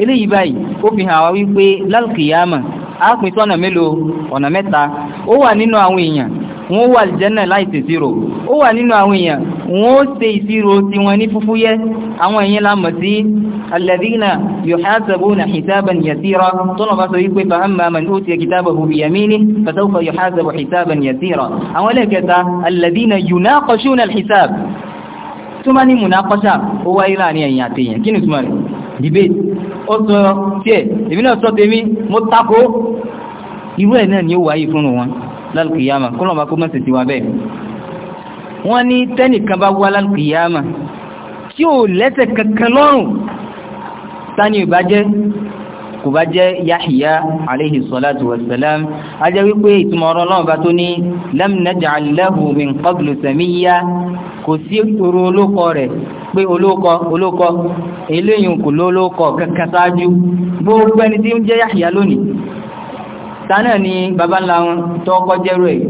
eléyìí báyìí ó fi hàn wá wípé lálùkìyàmà á pín mélòó ọ̀nà mẹ́ta ó wà nínú àwọn èèyàn wọ́n wà àlìjẹ́nà láì tèsírò ó wà nínú àwọn èèyàn wọ́n ó ṣe ìṣirò tí wọ́n ní fúfúyẹ́ àwọn èèyàn la mọ̀ sí alladhina yuhasabuna hisaban yasira tọ́nà bá sọ wípé fahamma debate ó sọ tí ẹ̀ èmi sọ tèmi mo tako irú náà ni ó wáyé fún wọn lálùkìyàmà kọ́lọ̀ bá kó mọ́ sí ti wà bẹ́ẹ̀ wọ́n ní tẹ́nìkan bá wá lálùkìyàmà tí ò lẹ́sẹ̀ kankan lọ́rùn tani ìbájẹ́ kò bá jẹ́ Yahya alayhi salatu wassalam a jẹ́ wípé ìtumọ̀ ọ̀rọ̀ tánà ni bàbá ńlá wọn tó kọjẹ́rò ẹ̀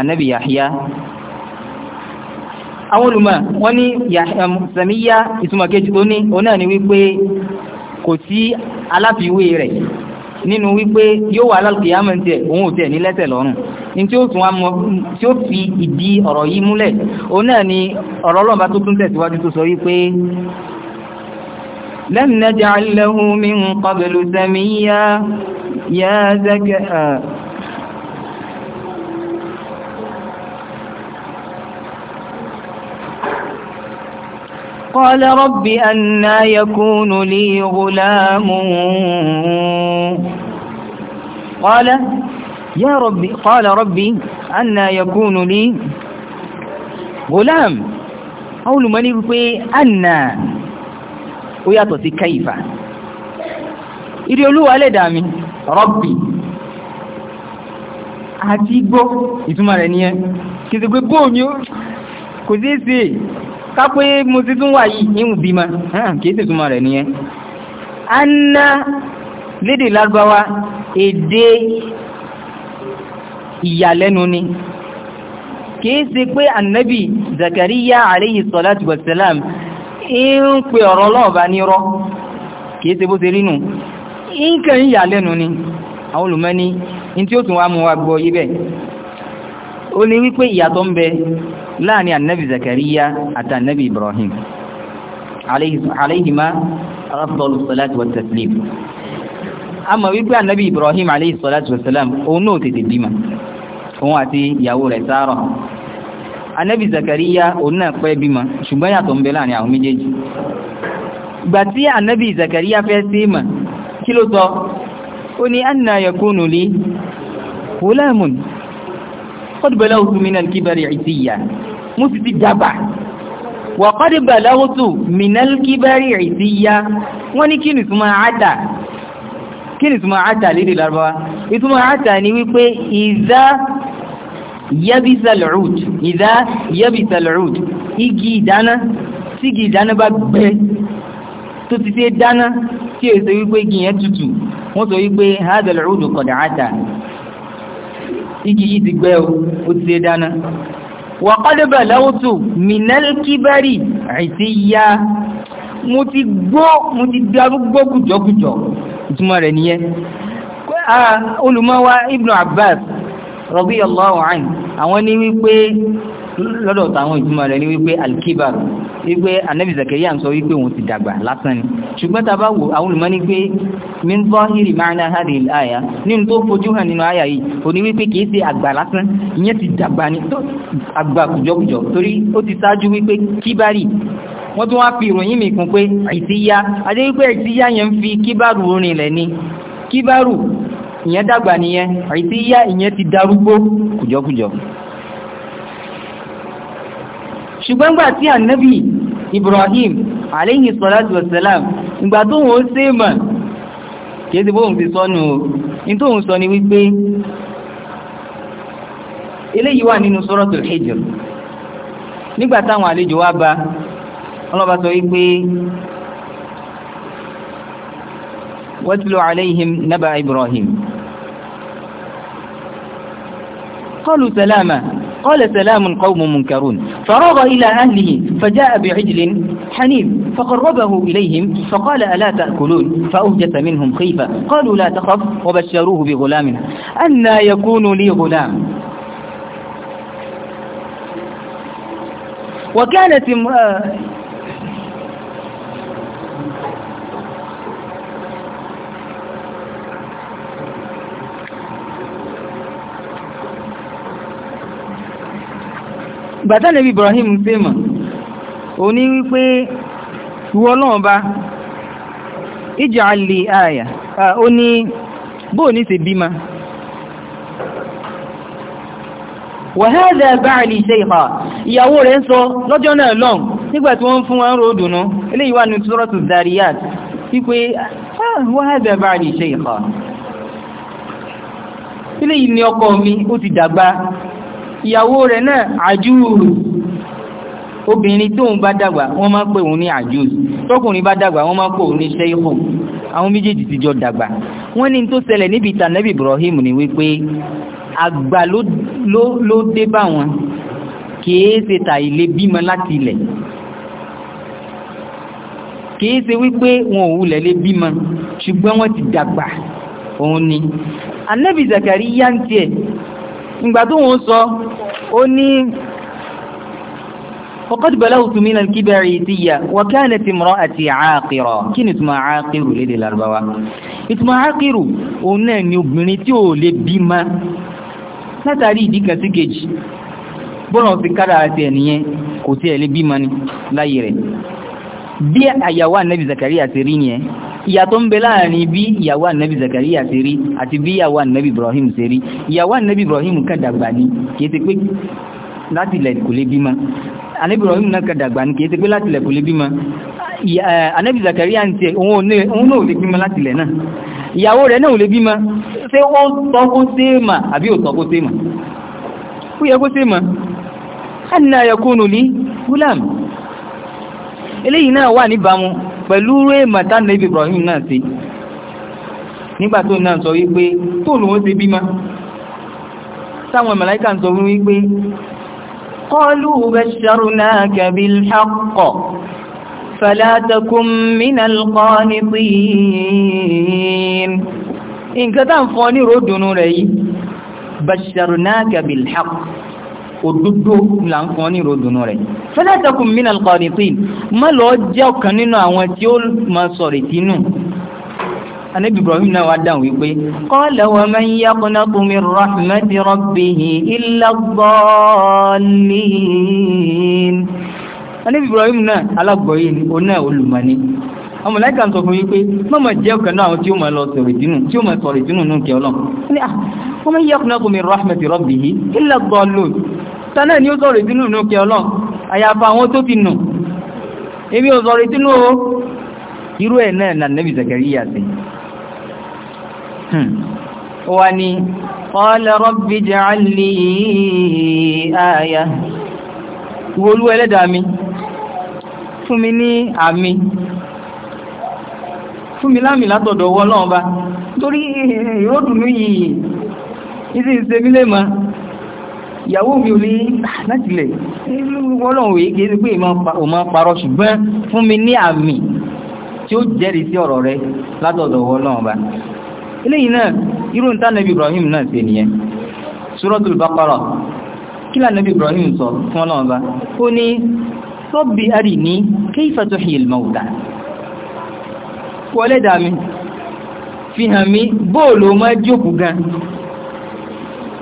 ànábì Yahya àwọn olùmọ̀ wọ́n ní um, Sàmíyà ìtumọ̀ kejì tó ní òun náà ni wípé kò sí aláfiwé rẹ̀ nínú wípé yóò wà lálùkìyàmọ̀ tí ẹ̀ òun ò tẹ̀ ní lẹ́sẹ̀ lọ́rùn ní tí ó tún wá tí ó fi ìdí ọ̀rọ̀ yìí múlẹ̀ òun náà ni ọ̀rọ̀ ọlọ́ọ̀bá tó tún tẹ̀síwájú tó sọ wípé لم نجعل له من قبل سميا يا زكاء قال رب أنا يكون لي غلام قال يا ربي قال ربي أنا يكون لي غلام أول من يقول أنا ó yàtọ̀ sí kaifa ìrí olúwa lè dà mí rọ́bì àti igbó ìtumọ̀ rẹ̀ nìyẹn kì sí pé bóò ní ó kò sí sí kápé mo ti tún wà yìí níhùn bímọ kì í sì túmọ̀ rẹ̀ nìyẹn a ná lédè lágbáwá èdè ìyàlẹ́nu ni kì í sí pé annabi zakariya alayhi salatu wassalam ń pe ọ̀rọ̀ lọ́ọ̀bá ní rọ́ kìí ṣe bó ṣe rínú nǹkan ń yà lẹ́nu ni àwọn olùmọ́ni ní tí ó tún wá mú wa gbọ́ yíbẹ̀ ó ní wípé ìyàtọ̀ ń bẹ láàrin annabi zakariya àti annabi ibrahim alayhima rafdọlu salatu wa taslim a mọ̀ wípé anabi zakariya òun náà pẹ́ bímọ ṣùgbọ́n yàtọ̀ ń bẹ láàrin àwọn méjèèjì gbà tí anabi zakariya fẹ́ sí mà kí ló sọ ó ní anna yakunu li ghulamun qad balawtu min al-kibari ti dàgbà wa qad balawtu min al wọ́n ni kí ni súnmọ́ àádà lédè yabisa al-ud ìdá yabisa al-ud igi ìdáná tí igi ìdáná bá gbẹ tó ti ṣe dáná tí èso wípé igi yẹn tutù wọ́n sọ wípé hadha al-ud qad ata igi yìí ti gbẹ o ó ti ṣe dáná wa qad balawtu min al-kibari mo ti gbó mo ti darúgbó kùjọkùjọ ìtumọ̀ rẹ̀ nìyẹn ah, olùmọ́wá Ibn Abbas radiyallahu anhu àwọn ní wípé lọ́dọ̀ táwọn ìtumọ̀ rẹ̀ ní wípé alkibar wípé anabi zakariya ń sọ wípé òun ti dàgbà lásán ni ṣùgbọ́n ta bá wò àwọn olùmọ́ ní pé min zahiri ma'na hadhihi al-aya nínú tó fojú hàn nínú àyà yìí ò ní wípé kìí ṣe àgbà lásán ìyẹn ti dàgbà ní àgbà kùjọkùjọ torí ó ti ṣáájú wípé kíbárì wọ́n tún wá fi ìròyìn mi kún pé àìsíyá adé wípé àìsíyá yẹn ń fi kíbárù orin lẹ̀ ni kíbárù ìyẹn dàgbà nìyẹn àìsí yá ìyẹn ti darúgbó kùjọkùjọ ṣùgbọ́n gbà tí ànábì Ibrahim alayhi salatu wassalam ìgbà tó wọ́n ṣe mọ̀ kìí sí bóhùn ti sọ́nù ní tóhùn sọ ni wípé eléyìí wà nínú suratul Hijr nígbà táwọn àlejò wá bá ọlọ́ba sọ wípé واتل عليهم نبأ إبراهيم قالوا سلاما قال سلام قوم منكرون فراغ إلى أهله فجاء بعجل حنيف فقربه إليهم فقال ألا تأكلون فأوجس منهم خيفة قالوا لا تخف وبشروه بغلام أنا يكون لي غلام وكانت امرأة bàtà nàbí Ibrahim fèmà ó ní wípé ìwọ ọlọ́run bá ij'al li aya ó ní bóò ní ṣe bímá wa hadha ba'li shaykha ìyàwó rẹ̀ ń sọ lọ́jọ́ náà lọ́n nígbàtí wọ́n fún wọn rò dùnú eléyìí wà ní Suratu Dhariyat wípé wa hadha ba'li shaykha ni ọkọ mi ó ti dagba. ìyàwó rẹ̀ náà àjúùrù obìnrin tóun bá dàgbà wọ́n máa ń pè òun ní àjúùrù tọkùnrin bá dàgbà wọ́n máa ń pè òun ní ṣẹ́yìkù àwọn méjèèjì ti jọ dàgbà wọ́n ní tó ṣẹlẹ̀ níbi ìtànẹ́bì Ibrahim ni wípé àgbà ló dé bá wọn kìí ṣe tà ilé bímọ láti ilẹ̀ kìí ṣe wípé wọn ò wulẹ̀ lé bímọ ṣùgbọ́n wọ́n ti dàgbà òun ni ìgbà tó ń sọ ó ní faqad balawtu min al-kibari ìdíyà wa kanat imra'ati àákìrọ̀ kí ni ìtumọ̀ àákìrù lédè Lárúbáwá ìtumọ̀ àákìrù òun náà ni obìnrin tí ò lè bímọ látàrí ìdí kan sí kejì bọ́nà fi kádà àti ẹ̀nìyẹn kò tí ẹ̀ lè bímọ ni láyé rẹ̀ bí àyàwó ànẹ́bì Zakaria ti rí yẹn ìyàtọ̀ ń bẹ láàrin bí ìyàwó ànẹ́bì Zakaria ti rí àti bí ìyàwó ànẹ́bì Ibrahim ti rí ìyàwó ànẹ́bì Ibrahim kan dàgbà ní kìí ti pé láti ilẹ̀ bímọ ànẹ́bì Ibrahim náà kan dàgbà ní kìí ti pé láti ilẹ̀ kò lè bímọ ànẹ́bì Zakaria ń tiẹ̀ òun náà ò lè bímọ láti ilẹ̀ náà ìyàwó rẹ̀ náà ò lè bímọ ṣé ó eléyìí náà wà níbàámu pẹ̀lú rẹ̀ màtá nàbí Ibrahim náà sí nígbà tó náà sọ wípé tó lòun ti bímọ táwọn màláíkà ń sọ wípé qalu basharnaka bil haqq fala takum minal qanitin ní ròdùnú òdodo là ń fún ọ ní ìròdùnú rẹ̀ fala takun minal qanitin má lọ jẹ́ ọ̀kan nínú àwọn tí ó máa sọ̀rọ̀ ìtinú anabi ibrahim náà wá dáhùn wípé qala wa man yaqnatu min rahmati rabbih illa ad-dallin anabi ibrahim náà alágbọ̀yé ni ó náà olùmọ̀ni ọmọ láìka ń sọ fún wípé mọ́mọ̀ jẹ́ ọ̀kan náà tí ó máa sọ̀rọ̀ ìdínú tí ó máa sọ̀rọ̀ tánà ni ó sọ̀rọ̀ ìdínú ìnú kẹ ọlọ́ àyàfà àwọn tó ti nù ebi ò sọ̀rọ̀ ìdínú o irú ẹ̀ náà nà nẹ́bì Zakariya sí hmm. wà ní qala rabbi ij'al li máa ìyàwó mi ò ní láti lẹ̀ ọlọ́run wèé kìí sí pé ò máa parọ́ ṣùgbọ́n fún mi ní àmì tí ó jẹ́rìí sí ọ̀rọ̀ rẹ látọ̀dọ̀ ọlọ́run ọba eléyìí náà irú ń tánàbí Ibrahim náà ṣe nìyẹn Suratul Baqara kí lánàbí Ibrahim sọ fún ọlọ́run ọba ó fi hàn mí bóòlù máa jókòó gan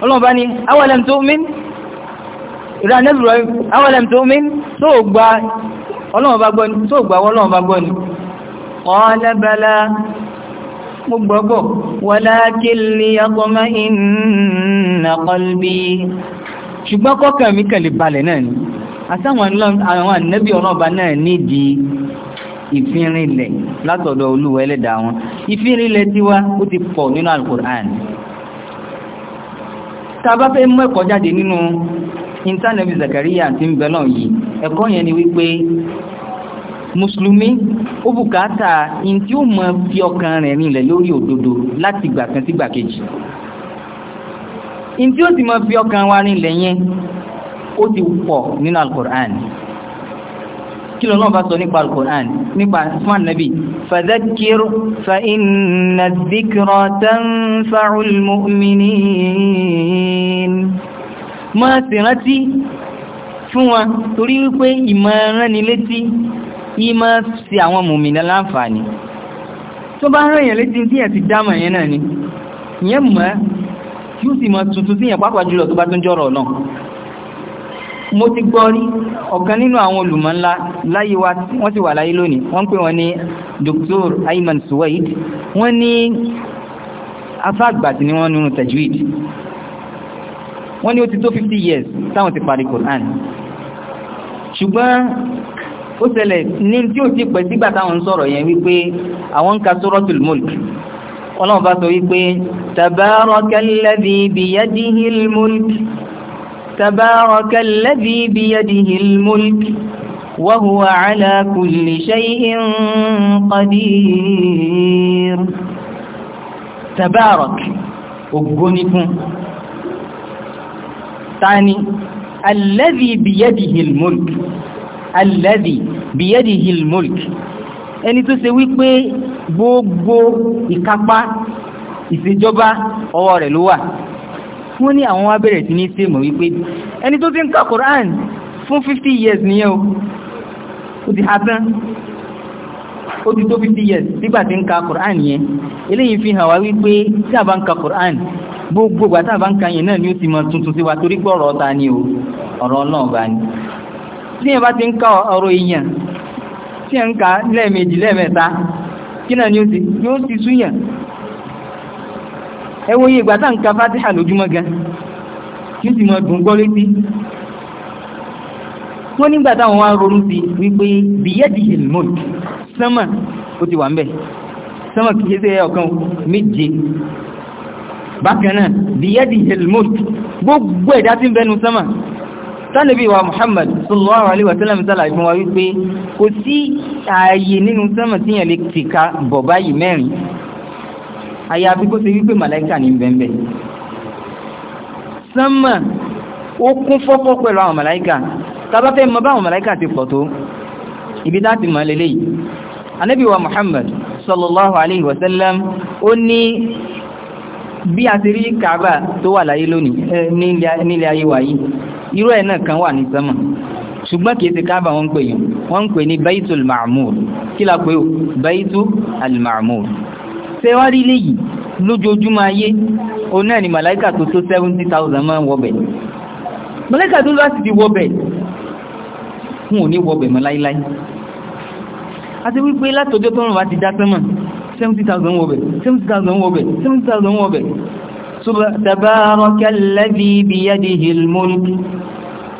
ọlọ́run ọba ní awalam tu'min ìrà nẹ́bùrọ̀ àwọn ẹ̀m tó mí tó gba ọlọ́run bá gbọ́ ni tó gba ọlọ́run bá gbọ́ ni ọ̀ọ́lẹ́bẹ̀lá mo gbọ́gbọ́ wọlá kí lè ọkọ̀mọ́ ìnà kọlbí ṣùgbọ́n kọ́kàn mi kàn lè balẹ̀ náà ni àtàwọn àwọn ànẹ́bí ọlọ́ọ̀bá náà nídìí ìfinrinlẹ̀ látọ̀dọ̀ olúwa ẹlẹ́dàá wọn ìfinrinlẹ̀ tiwa ó ti pọ̀ nínú alukur'an tá bá fẹ́ mú ẹ̀kọ́ jáde nínú intanẹ̀bí Zakariya ti ń bẹ náà yìí ẹ̀kọ́ yẹn ni wípé mùsùlùmí ó bùkátà in tí ó mọ fi ọkàn rẹ̀ rinlẹ̀ lórí òdodo láti gbà kan sí gbàkejì in tí ó ti mọ fi ọkàn wa rinlẹ̀ yẹn ó ti pọ̀ nínú alukur'an kí lọ́nà bá sọ nípa alukur'an nípa usman nabi fadakir fa inna dhikra tanfa'ul mu'minin máa ṣèrántí fún wọn torí wípé ìmọ̀ ránni létí yìí máa ṣe àwọn mòmìnà láǹfààní tó bá rán èèyàn létí tí èèyàn ti dámọ̀ yẹn náà ni ìyẹn mọ̀ kí ó sì mọ̀ tuntun sí èèyàn pàápàá jùlọ tó bá tún jọ̀rọ̀ náà mo ti gbọ́ rí ọ̀kan nínú àwọn olùmọ̀ ńlá láyé wa wọ́n sì wà láyé lónìí wọ́n pè wọ́n ní Dr. Ayman Suwaid wọ́n ní afá àgbà ni wọ́n nínú tajwid wọ́n ní ó ti tó 50 years táwọn ti parí Quran ṣùgbọ́n ó ṣẹlẹ̀ ní tí ó ti pẹ̀ sígbà táwọn ń sọ̀rọ̀ yẹn wípé àwọn ń ka Suratul Mulk ọlọ́run bá sọ wípé tabarakalladhi biyadihil mulk tabarakalladhi biyadihil mulk tani alladhi biyadihi al-mulk alladhi biyadihi al-mulk ẹni tó ṣe wípé gbogbo ìkápá ìṣèjọba ọwọ́ rẹ̀ ló wà wọ́n ní àwọn wá bẹ̀rẹ̀ ní ṣe wípé ẹni tó ti ń ka Qur'an fún 50 years nìyẹn o ó ti ha tán ó ti tó 50 years nígbà tí ń ka Quran yẹn fi hàn wá wípé tí a bá ń ka Quran gbogbo ìgbà tá a yẹn náà ni ó ti mọ tuntun sí wa torí pé ọ̀rọ̀ ta ni o ọ̀rọ̀ náà bá ní tí yẹn bá ti ń ka ọ̀rọ̀ èèyàn tí ń ka lẹ́ẹ̀mejì lẹ́ẹ̀mẹ́ta kí náà ni ó ni ó ti ẹ wo iye ìgbà nka fatih ń ka Fatiha lójúmọ́ gan kí ó mọ dùn gbọ́ létí wọ́n nígbà táwọn wá ronú sí wípé Sama, ó ti wà ń bẹ̀ sánmà kìí ṣe ọ̀kan méje bákan náà bíyẹ́dì helmut gbogbo ẹ̀dá tí ń bẹnu sánmà tánàbí wa Muhammad sallallahu alaihi wa sallam sálà ìfún wa wípé kò sí ààyè nínú sánmà tí yẹn lè tìka bọ̀ báyìí mẹ́rin àyàfi kó ṣe wípé màláìkà ní bẹ́ẹ̀ sánmà ó kún fọ́fọ́ pẹ̀lú àwọn màláìkà tàbá fẹ́ mọ báwọn màláìkà ti pọ̀ tó ibi dáti mọ̀ lélẹ̀ yìí Ànábì wa Muhammad sallallahu alaihi wasallam ó ní bí a ti rí Kaaba tó wà láyé lónìí nílé ayé wa yìí irú ẹ̀ náà kan wà ní sánmà ṣùgbọ́n kìí ti Kaaba wọ́n pè yìí wọ́n pè ní Baitul Ma'mur kí la pè ó Baitul Ma'mur tẹwárí léyìí lójoojúmọ́ ayé òun náà ni màláíkà tó tó 70,000 máa wọ́bẹ̀ màláíkà tó lọ́sì àti wípé látọjọ́ tó rùn wá ti dápẹ́ mọ̀ 70,000 wọ́bẹ̀ 70,000 wọ́bẹ̀ 70,000 wọ́bẹ̀ tabarakalladhi biyadihil mulk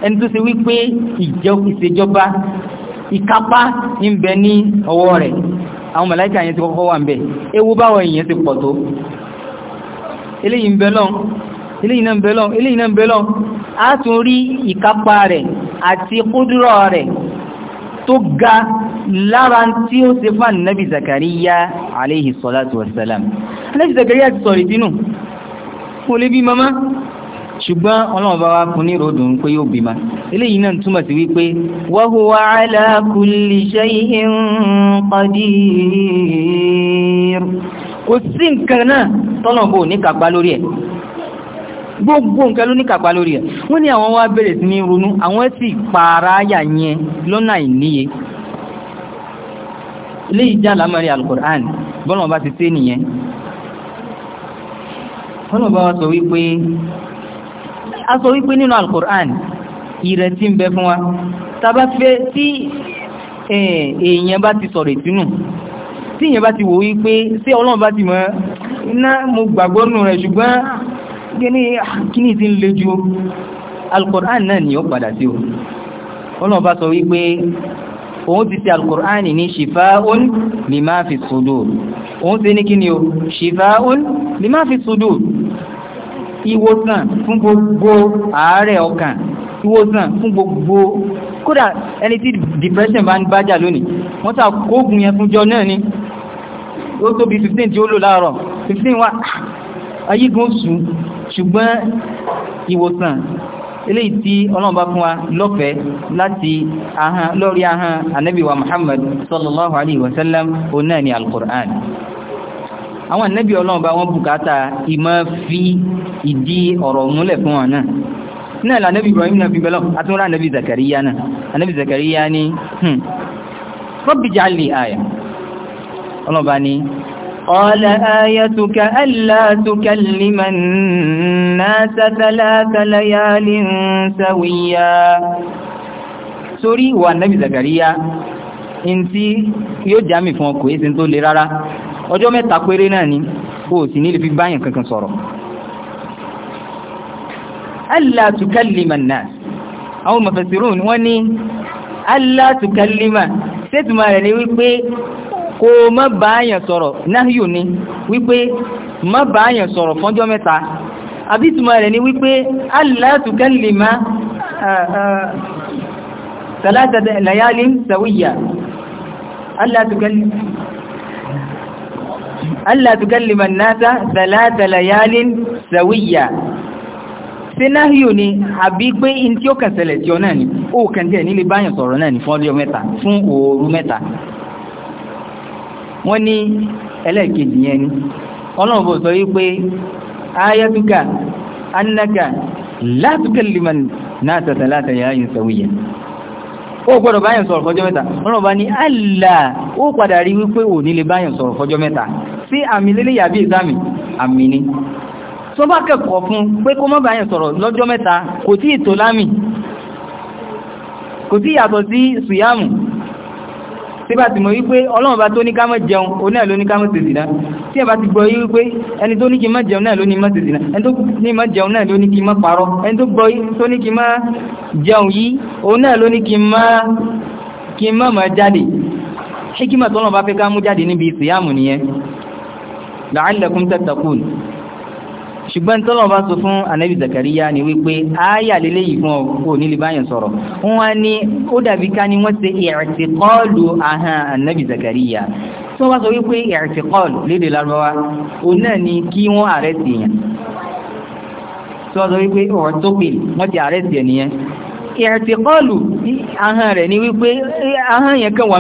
ẹni tó ṣe wípé ìṣèjọba ìkápá ń bẹ ní ọwọ́ rẹ̀ àwọn màláíkà yẹn ti kọ́kọ́ wà ń bẹ ewu báwọ̀ èèyàn ti pọ̀ tó eléyìí ń bẹ lọ́n eléyìí náà ń bẹ lọ́n eléyìí náà ń bẹ lọ́n á tún rí ìkápá rẹ̀ àti kúdúrọ̀ rẹ̀ tó ga lára tí ó ṣe fún ànábì zakariya aléhì sọ́látù wasalam aléhì zakariya ti sọ̀rọ̀ ìbínú kò lè bí mama ṣùgbọ́n ọlọ́run bá wá fún ní ròdùn pé yóò bímọ eléyìí náà túmọ̀ sí wípé wa gbogbo nǹkan ló ní kàpá lórí ẹ̀ wọ́n ní àwọn wá bẹ̀rẹ̀ sí ní ronú àwọn sì pààrà yà yẹn lọ́nà ìníye ilé ìjà lámàrí alukur'an bọ́lọ̀ bá ti tẹ́ nìyẹn bọ́lọ̀ bá wá sọ wípé a sọ wípé nínú alukur'an ìrètí ń bẹ fún wa tàbá fẹ́ tí èèyàn bá ti sọ̀rọ̀ ìtínú tí èèyàn bá ti wò wípé sí ọlọ́run bá ti mọ̀ iná mo gbàgbọ́ rẹ̀ ṣùgbọ́n kíní ti ń le ju alukur'an náà ni ó padà sí o ọlọ́run bá sọ wípé òun ti ṣe alukur'an ní ṣìfáún lè máa fi sudur òun ti ní kíni o ṣìfáún lè máa fi sudur ìwòsàn fún gbogbo àárẹ̀ ọkàn ìwòsàn fún gbogbo kódà ẹni tí depression bá ń bájà lónìí wọ́n sà kóògùn yẹn fún jọ náà ni ó tóbi 15 tí ó lò láàárọ̀ 15 wà ayígun sùn ṣùgbọ́n ìwòsàn eléyìí tí ọlọ́run bá fún wa lọ́fẹ̀ẹ́ láti ahán lórí ahán ànábì wa muhammad sallallahu alayhi wa sallam òun náà ni al-Qur'an àwọn ànábì ọlọ́run bá wọn bùkátà ìmọ̀ fi ìdí ọ̀rọ̀ múlẹ̀ fún wọn náà náà la ànábì ibrahim náà fi bẹ́lọ̀ àtúnrà ànábì zakariya náà hmm, قال آيتك ألا تكلم الناس ثلاث ليال سويا sórí wa nabi Zakariya ntí yóò jámì fún ọkùnrin sí tó lè rárá ọjọ́ mẹ́ta péré náà ni ó sì nílé fi báyàn kankan sọ̀rọ̀ alla tukallima an-nas àwọn mufassirun wọ́n ní alla tukallima kó má báyàn sọ̀rọ̀ náhíyù ni wípé má báyàn sọ̀rọ̀ fọ́njọ́ mẹ́ta àbítùmọ̀ rẹ̀ ni wípé alátùkẹ́lìmá ثلاثة ليال سوية ألا تكلم ألا تكلم الناس ثلاث ليال سوية sinahiyo ni àbí pé in tí ó kẹsẹ̀lẹ̀ tí ọ náà ni ó kẹntẹ́ nílé báyàn sọ̀rọ̀ náà ni fún ọdún mẹ́ta fún òru mẹ́ta wọ́n ní ẹlẹ́ẹ̀kejì yẹn ni ọlọ́run bò sọ wípé ayatuka annaka la tukalliman nasa talata yayin sawiya ó gbọ́dọ̀ báyàn sọ̀rọ̀ fọ́jọ́ mẹ́ta ọlọ́run bá ní àlà ó padà rí wípé ò nílé báyàn sọ̀rọ̀ fọ́jọ́ mẹ́ta sí àmì lélé yàbí ìsámi àmì ni tó bá kẹ́kọ̀ọ́ fún pé kó má báyàn sọ̀rọ̀ lọ́jọ́ mẹ́ta kò tí ìtò lámì kò tí yàtọ̀ sí sùyàmù síbà ti mọ̀ wípé ọlọ́run bá tó ní ká má jẹun òun náà ló ní ká má ṣe zìnà tí ẹ bá ti gbọ́ wípé ẹni tó ní kí má jẹun náà ló ní má ṣe zìnà ẹni tó ní má jẹun náà ló ní kí má parọ́ ẹni tó gbọ́ tó ní kí má jẹun yìí òun náà ló ní kí má kí jáde ṣé kí mà ṣùgbọ́n tọ́lọ̀ bá sọ fún anabi zakariya ni wípé ayà lélẹ́ yìí fún ọkọ̀ nílé báyìí sọ̀rọ̀ wọ́n ní ó dàbí ká ní wọ́n ṣe i'tiqalu ahán anabi zakariya tí wọ́n sọ wípé i'tiqalu lédè lárúbáwá òun náà ni kí wọ́n ààrẹ sí yẹn tí wọ́n sọ wípé ọ̀rọ̀ tó pè wọ́n ti ààrẹ sí ẹnìyẹn i'tiqalu ahán rẹ̀ ni wípé ahán yẹn kàn wà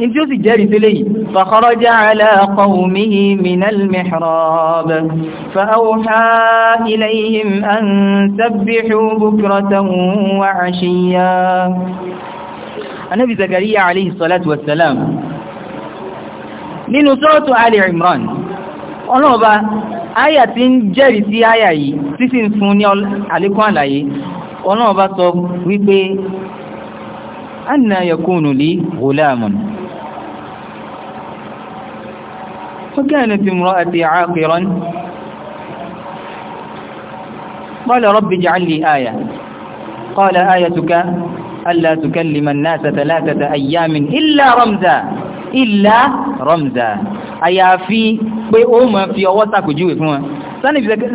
in tí ó sì jẹ́rìí sílé yìí fàkọ́rọ́já aláàkọ̀wùmíhì minal mihrab fa'auha ilayhim an sabbihu bukratan wa ashiya anábi zakariya alayhi salatu wassalam nínú suratu ali imran ọlọ́ọ̀ba áyà tí ń jẹ́rìí sí áyà yìí títí fún ní àlékún àlàyé ọlọ́ọ̀ba sọ wípé anna yakunu li ghulamun فكانت امرأتي عاقرا قال رب اجعل لي آية قال آيتك ألا تكلم الناس ثلاثة أيام إلا رمزا إلا رمزا àyàfi pé ó mọ̀ fi ọwọ́ sàkójúwé fún wọn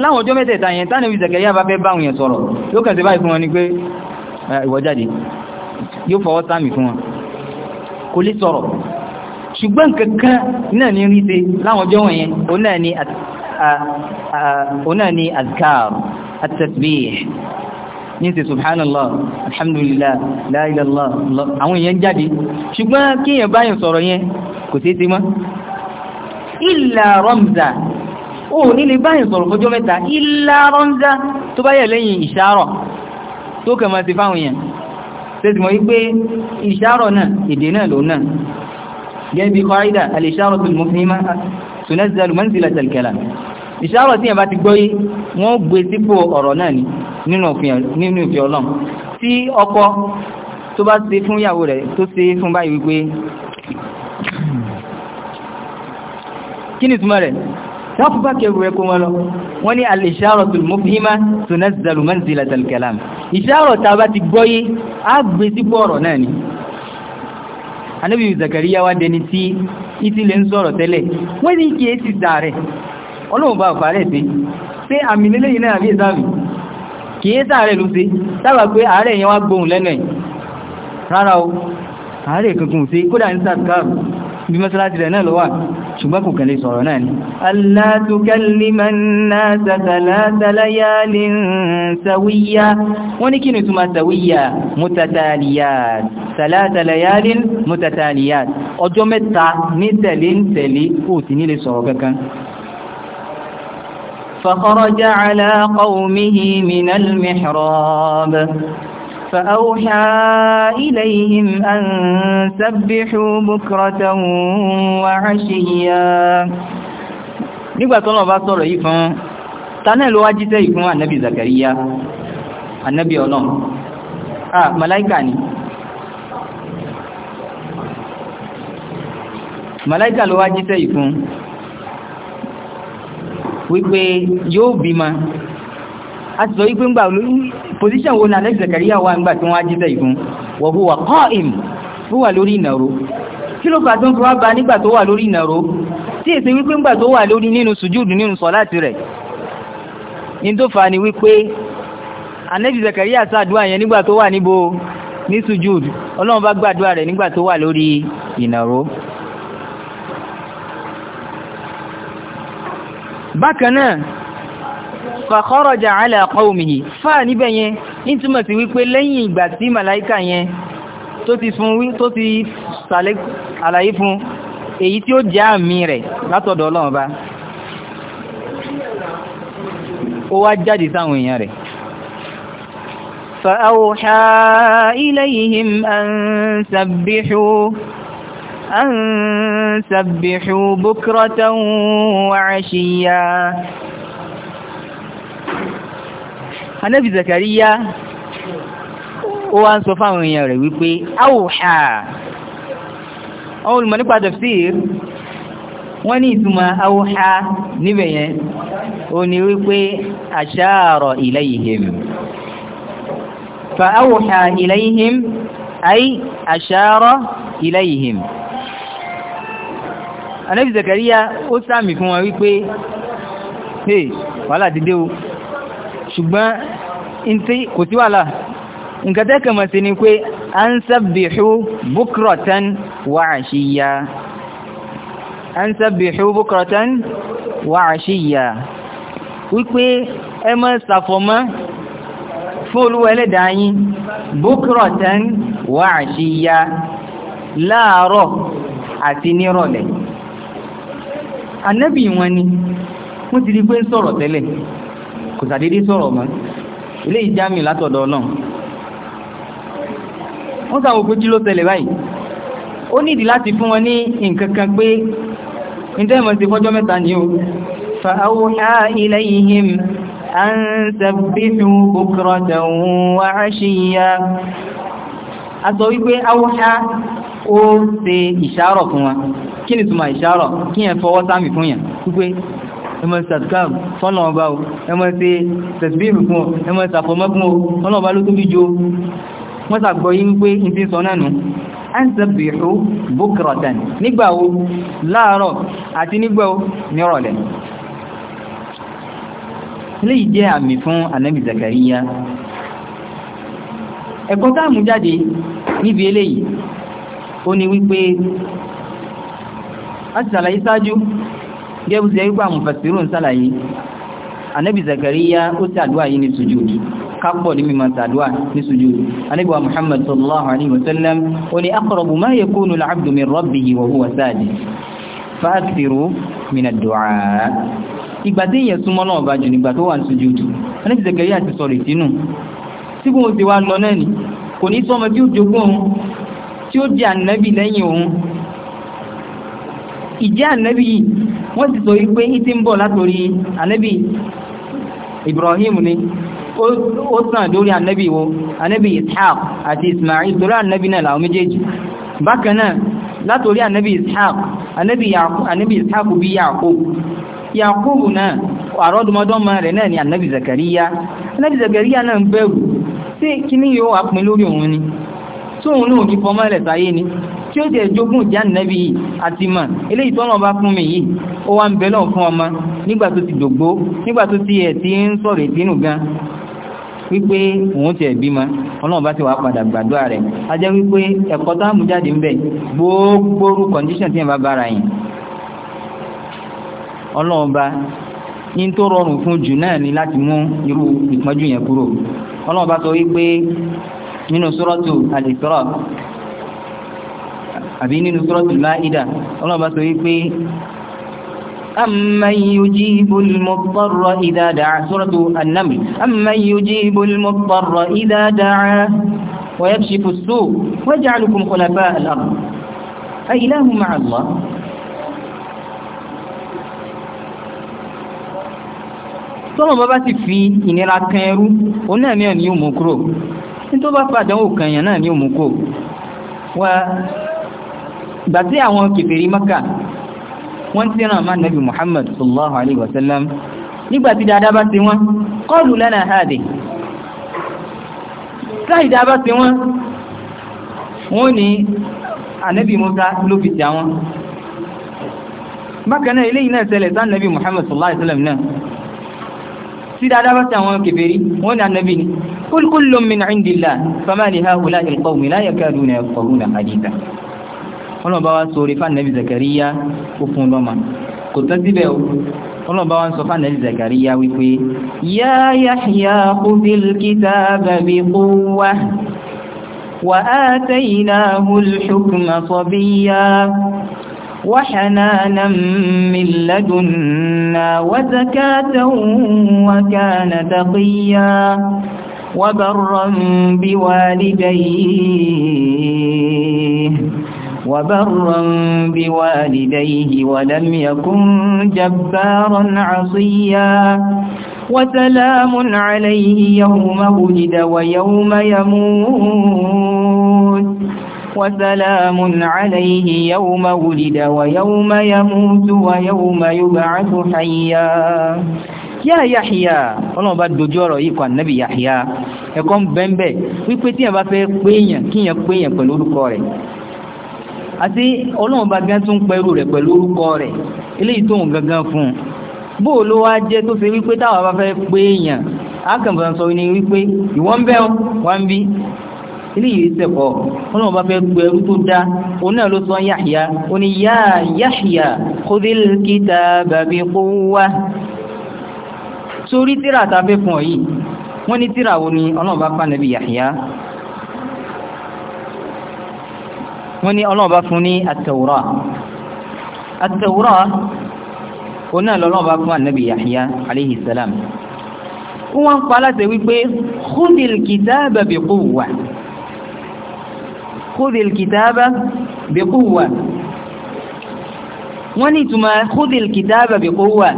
láwọn ọjọ́ mẹ́tẹ̀ẹ̀ta yẹn tánà ìbìsẹ̀kẹ̀ yá bá fẹ́ bá òyìn sọ̀rọ̀ yóò kàn sí báyìí fún wọn ni pé ìwọ jáde yóò fọwọ́ sáàmì fún wọn kò lè sọ̀rọ̀ ṣùgbọ́n kankan náà ní rí ṣe láwọn ọjọ́ wọ̀nyẹn òun náà ni azkar at-tasbih ní ṣe subhanallah alhamdulillah la ilaha illallah àwọn èèyàn jáde ṣùgbọ́n kí èèyàn báyìí sọ̀rọ̀ yẹn kò sí ti mọ́ illa ramza ó nílé báyìí sọ̀rọ̀ fọjọ́ mẹ́ta illa ramza tó bá yẹ lẹ́yìn ìṣàrọ̀ tó kẹ gẹ́gẹ́ bí kọ́ídà alìṣàrọ̀ tó mú fi máa tunazzalu manzilatal kalam ìṣàrọ̀ tí ẹ̀bá ti gbọ́yé wọ́n gbé sípò ọ̀rọ̀ náà ni nínú ìfẹ́ ọlọ́m tí ọkọ tó bá ṣe fún ìyàwó rẹ̀ tó ṣe fún báyìí wípé kí ni túmọ̀ rẹ̀ wọ́n fún bá kẹrù anábì zakariya wá dẹni tí ìtìlẹ̀ ń sọ̀rọ̀ tẹ́lẹ̀ wọ́n ní kí é ti dà rẹ̀ ọlọ́run bá fàárẹ̀ sí pé àmì lélẹ́yìn náà bí ìsáàmì kì í sáàrẹ̀ ló sí sábà pé àárẹ̀ yẹn wá gbóhùn lẹ́nà o àárẹ̀ kankan sí kódà ń sàkáàrù bí mọ́sálásí rẹ̀ náà ló wà ṣùgbọ́n kò kẹ̀lé sọ̀rọ̀ náà ni Allah tukalliman nasa thalatha layalin sawiyya wọ́n ní kí ni túnmà sawiyya mutataliyat thalatha layalin mutataliyat ọjọ́ mẹ́ta فخرج على قومه من المحراب فأوحى إليهم أن سبحوا بكرة وعشيا nígbà tó lọ́wọ́ bá sọ̀rọ̀ yìí fún tánẹ̀ ló wá jíṣẹ́ yìí fún ànábì Zakariya ànábì ọlọ́m à màláìkà ni màláìkà ló wá jíṣẹ́ yìí fún wípé yóò bímọ a ti sọ wípé ń gbà pòsíṣàn wo ní Alex Zakaria ń gbà tí wọ́n á jíṣẹ́ ìfún wa huwa qa'im ó wà lórí ìnàró kí ló fà tó ń fi wá ba nígbà tó wà lórí ìnàró tí èsì wípé ń gbà tó wà lórí nínú sùjúdù nínú sọ̀láàtì rẹ̀ ní tó fà ní wípé Anabi Zakaria yẹn nígbà tó wà níbo ní sùjúdù Ọlọ́run bá gbàdúrà rẹ̀ nígbà tó wà lórí ìnàró bákan náà fàkọ́rọ̀jà ala qawmihi fà níbẹ̀ yẹn ní túnmọ̀ sí wípé lẹ́yìn ìgbà tí màláíkà yẹn tó ti fún wí tó ti sàlẹ̀ àlàyé fún èyí tí ó jẹ́ àmì rẹ̀ látọ̀dọ̀ ọlọ́run bá ó wá jáde sáwọn èèyàn rẹ̀ anábì Zakariya ó wá ń sọ fáwọn èèyàn rẹ̀ wípé áwùhà àwọn olùmọ̀ nípa tafsir wọ́n ní ìtumọ̀ áwùhà níbẹ̀ yẹn ó ní wípé ashara ilayhim fa áwùhà ilayhim ay ashara ilayhim anábì Zakariya ó sàmì fún wọn wípé hey wàhálà dídé o ṣùgbọ́n ntí kò sí wàhálà nǹkan tẹ́kẹ̀ mọ̀ sí ni pé an sabbihu bukratan wa ashiya an sabbihu bukratan wa ashiya wípé ẹ máa ṣàfọ̀mọ́ fún olúwa ẹlẹ́dàá yín bukratan wa ashiya láàárọ̀ àti nírọ̀lẹ́ anábì wọn ni wọ́n ti di pé sọ̀rọ̀ tẹ́lẹ̀ kò sàdédé sọ̀rọ̀ mọ́ ilé ìjámi látọ̀dọ̀ náà wọ́n sàwọn òpójí ló tẹ̀lẹ̀ báyìí ó nídìí láti fún wọn ní nǹkankan pé ìtẹ́mọ̀ sí fọ́jọ́ mẹ́ta ni ó fa'áwọ́há ilayhim an sabbihu bukratan wa 'ashiyya a sọ wípé awọ́há ó ṣe ìṣàrọ̀ fún wọn kí ni túnmà ìṣàrọ̀ ẹmọ sàtkáàmù fọ́nà ọba o ẹmọ sí tẹ̀síbíìmù fún ọ ẹmọ sàfọ́mọ́kún o fọ́nà ọba ló tún bí jo wọ́n sàgbọ́ yí wípé ní ti sọ náà nù an sàbìhù bukratan nígbàwo láàárọ̀ àti nígbàwo nírọ̀lẹ́ ilé ìjẹ́ àmì fún anábì zakariya ẹ̀kọ́ táàmù jáde níbi eléyìí sáájú gẹ́gẹ́ bí sẹ́yìn pàmò fẹ̀sìrún sàlàyé anabi zakariya ó sàdúwà yìí ní sujúdù kápọ̀ ní mímọ̀ sàdúwà ní sujúdù anabi wa muhammad sallallahu alaihi wasallam ó ní aqrabu ma yakunu al-abdu min rabbihi wa huwa sajid ni kò ní sọmọ tí ó jogún òun tí ó di ànábì lẹ́yìn ìjẹ́ ànábì yìí wọ́n ti sọ wípé ìtí ń bọ̀ látòrí ànábì Ibrahim ni ó sàn lórí ànábì wo ànábì Ishaq àti Ismail torí ànábì náà làwọn méjèèjì bákan náà látòrí ànábì Ishaq ànábì Ishaq bí Yaqub Yaqub náà àrọ́dúnmọ́dọ́mọ rẹ̀ náà ni ànábì Zakariya ànábì Zakariya náà ń bẹ̀rù sí kíní yóò apin lórí òun ni tóun náà ní fọmọ́ ẹ̀lẹ̀ sáyé ni tí ó jẹ́ ìjogún ìjà nẹ́bí yìí àti ma eléyìí tọ́nà bá fún mi yìí ó wá ń fún ọmọ nígbà tó ti dògbó nígbà tó ti ń sọ̀rọ̀ ìbínú gan wípé òun ti ẹ̀bí ma ọlọ́run bá ti wà padà gbàdúrà rẹ̀ a jẹ́ wípé ẹ̀kọ́ tó ń bẹ̀ condition tí ẹ̀ bá bára bá ní tó fún jù náà ni láti mú irú yẹn kúrò ọlọ́run bá sọ wípé nínú àbí nínú suratul Maida ọlọ́ọ̀bá sọ wípé أمن يجيب المضطر إذا دعا سورة النمل أمن يجيب المضطر إذا دعا ويكشف السوء ويجعلكم خلفاء الأرض أإله مع الله tọ́nà bá bá ti fi ìnira kan ẹrú o náà ní ọ̀nà yóò mú kúrò tó bá fàdánwò kan yàn náà ní òmùkò wà ìgbà tí àwọn kèfèrí Mákà wọ́n ti ràn máa nàbì Muhammad sallallahu alaihi wasallam nígbà tí dáadáa bá ti wọ́n qalu lana hadi táìdá bá ti wọ́n wọ́n ní ànábì Mùsá ló fi ti àwọn bákanáà eléyìí náà ṣẹlẹ̀ sáà nàbì Muhammad sallallahu alaihi wasallam náà tí dáadáa bá ti àwọn kèfèrí wọ́n ní ọlọ́run bá wá sórí fánàbí Zakariya ó fún lọ́mọ kò tán síbẹ̀ o ọlọ́run bá wá ń sọ fánàbí Zakariya wípé yá Yahya khudhil kitaba bi quwwa wa atainahu al-hukma sabiyya وحنانا من لدنا وزكاة وكان تقيا وبرا بوالديه وبرا بوالديه ولم يكن جبارا عصيا وسلام عليه يوم ولد ويوم يموت وسلام عليه يوم ولد ويوم يموت ويوم يبعث حيا yá yáhíyá ọlọ́run bá dojú ọ̀rọ̀ yìí kọ ànábì yáhíyá ẹ̀kọ́ ń bẹ́ńbẹ́ wípé tí èèyàn bá fẹ́ péyàn kíyàn péyàn pẹ̀lú orúkọ rẹ̀ àti ọlọ́run bá gán tún pẹ̀rù rẹ̀ pẹ̀lú orúkọ rẹ̀ eléyìí tó ń gangan fún un bó ló wá jẹ́ tó ṣe wípé táwa bá fẹ́ pé èèyàn akànbà sọ ní wípé ìwọ́n ń bẹ́ wá ń bí eléyìí sẹ̀kọ́ ọlọ́run bá fẹ́ pé ẹrú tó dá òun náà ló sọ Yahya ó ní yá Yahya khudhil kitaba bi quwwa sórí tíra tàbí fún ọ yìí wọ́n ní tíra wo ni ọlọ́run wọ́n ní ọlọ́run bá fún ní àtẹ̀wúrà àtẹ̀wúrà òun náà lọ́lọ́run bá fún ànábì Yahya aleyhi salam wọ́n ń pa láti wípé khudil kìtàbà bi quwwa khudil kìtàbà bi quwwa wọ́n ní ìtumọ̀ khudil kìtàbà bi quwwa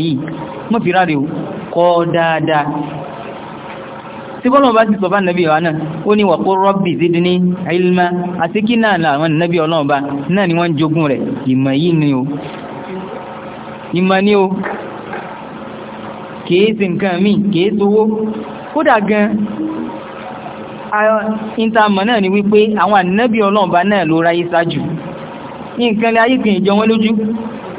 yìí mọ́ fi ráre kọ́ dáadáa tí bọ́lọ̀ bá ti sọ bá nàbí wa náà ó ní wàkó rọ́bì zidni ilma àti kí náà làwọn nàbí ọlọ́ọ̀bá náà ni wọ́n jogún rẹ̀ ìmọ̀ yìí ni o ìmọ̀ ni o kìí sí nǹkan mi kìí sówó kódà gan ìntàmọ̀ náà ni wípé àwọn ànábì ọlọ́ọ̀bá náà ló ráyé sáájú nǹkan lè ayé kìí jọ wọ́n lójú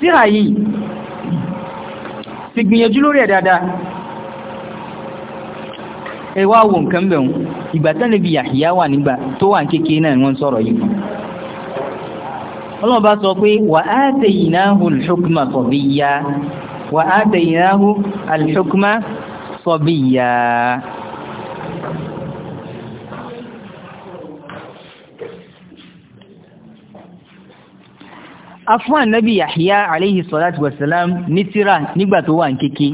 tíra yìí ti gbìyànjú lórí ẹ̀ ẹ wo nǹkan bẹ̀ wọn níbi Yahya wà nígbà tó wà kékeré náà wọ́n sọ̀rọ̀ yìí ọlọ́run bá sọ pé wa ataynahu al-hukma a fún ànábì Yahya alayhi salatu wasalam ní tírà nígbà tó wà ń kéke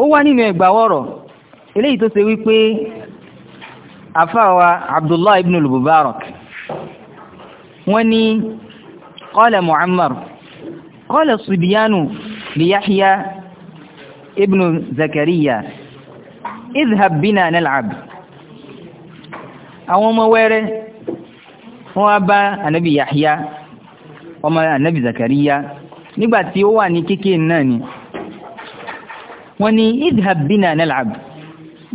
ó wá nínú ẹgbàwọ́rọ̀ eléyìí tó ṣe wípé àfáwa Abdullahi ibn al-Mubarak wọ́n ní qala Muammar qala sibiyanu li Yahya ibn Zakariya idhhab bina nal'ab àwọn ọmọ wẹ́rẹ́ wọ́n wá bá anabi yahya ọmọ anabi zakariya nígbà tí ó wà ní kékeré náà ni wọ́n ní idhab bina nal'ab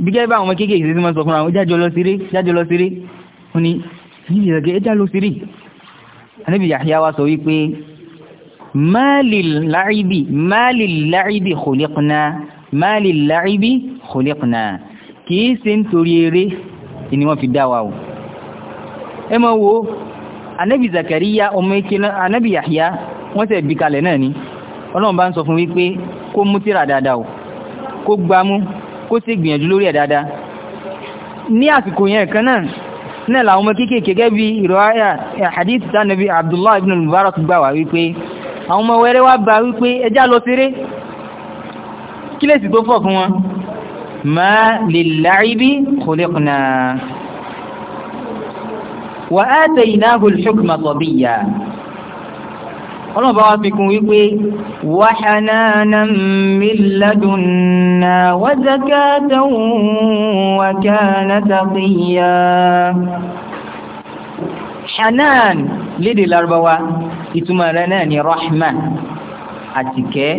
bí gẹ́gẹ́ bá àwọn ọmọ kékeré ìsinmi sọ fún àwọn jájọ lọ sírí jájọ lọ sírí wọ́n ní níbi ìrẹ̀gẹ́ ẹjá lọ sírí anabi yahya eré ni fi dá wa ẹ máa wo anabi zakariya ọmọ ekele anabi yahya wọ́n tẹ̀ bí kalẹ̀ náà ni ọlọ́run bá ń sọ fún wípé kó mú tíra dáadáa o kó gbámú kó sì gbìyànjú lórí ẹ̀ dáadáa ní àsìkò yẹn kan náà náà làwọn ọmọ kéékèèké gẹ́gẹ́ bí ìrọ̀áyà hadith wà á tẹ ìnáhù ṣùgbọ́n tọ̀bí yá ọlọ́bà wá fi kún wípé wà hànáàna míládùnà wà zakátàun wà kánà tàbíyà hanan lédè larbawa ìtumọ̀ rẹ̀ ni rahma àtìkẹ́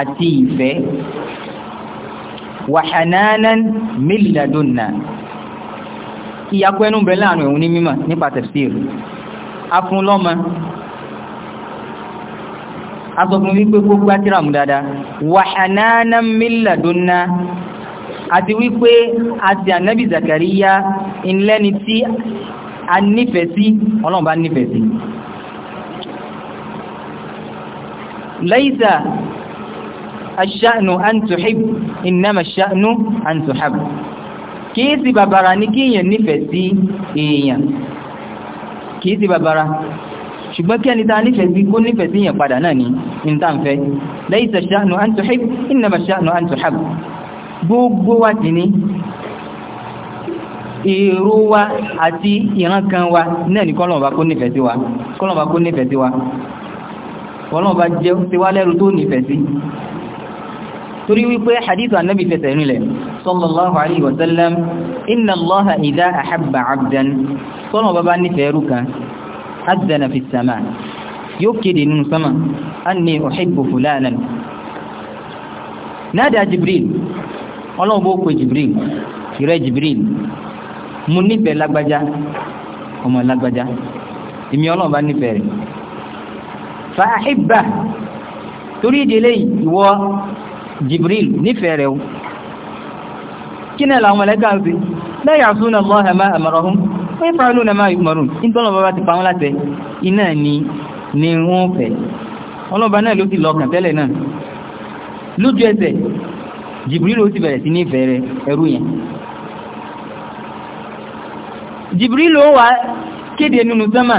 àti ìfẹ́ wà hànáàna míládùnà ìyàkó ẹnu bẹ̀rẹ̀ láàrin òun ní mímọ̀ nípa tẹ̀síìrì afúnlọ́mọ asọ̀fún wípé gbogbo àtìràmù dáadáa wàhánánà mílàdúnná àti wípé àti ànábì zakariya ìlẹ́ni tí a nífẹ̀ẹ́ sí ọlọ́run bá nífẹ̀ẹ́ sí laisa aṣáànù an tuhib innama aṣáànù kìí sí bàbàrà ní kí èèyàn nífẹ̀ẹ́ sí èèyàn kìí sí bàbàrà ṣùgbọ́n kí ẹni ta nífẹ̀ẹ́ sí kó nífẹ̀ẹ́ sí èèyàn padà náà ní ìntànfẹ́ laysa sha'nu an tuhib innama sha'nu an tuhab gbogbo wa ti ní èrò wa àti ìran kan wa náà ní kọ́lọ̀ọ̀bá torí wípé hadith annabi fẹsẹ̀ nílẹ̀ sallallahu alaihi wasallam inna allaha idha ahabba abdan sọ́nà bàbá nífẹ̀ẹ́ rúkà adana fi sama yóò kéde nínú sama anni uhibbu fulanan nada jibril ọlọ́run bó pe jibril ìrẹ́ jibril mo nífẹ̀ẹ́ lágbájá ọmọ lágbájá èmi ọlọ́run bá nífẹ̀ẹ́ rẹ̀ fa ahibba torí ìdílé ìwọ jibril nífẹ̀ẹ́ rẹ̀ o kí náà làwọn mọ̀lẹ́kà ń fi lẹ́yìn àsúnà lọ́hẹ̀ máa àmọ̀rọ̀hún wọ́n fà lónà máa ìmọ̀rún nítorí bàbá ti pàwọn láti iná ni ni wọ́n fẹ́ ọlọ́ba náà ló ti lọ́kàn tẹ́lẹ̀ náà lójú ẹsẹ̀ jibril ó ti bẹ̀rẹ̀ sí nífẹ̀ẹ́ ẹrú yẹn jibril ó wá kéde nínú sánmà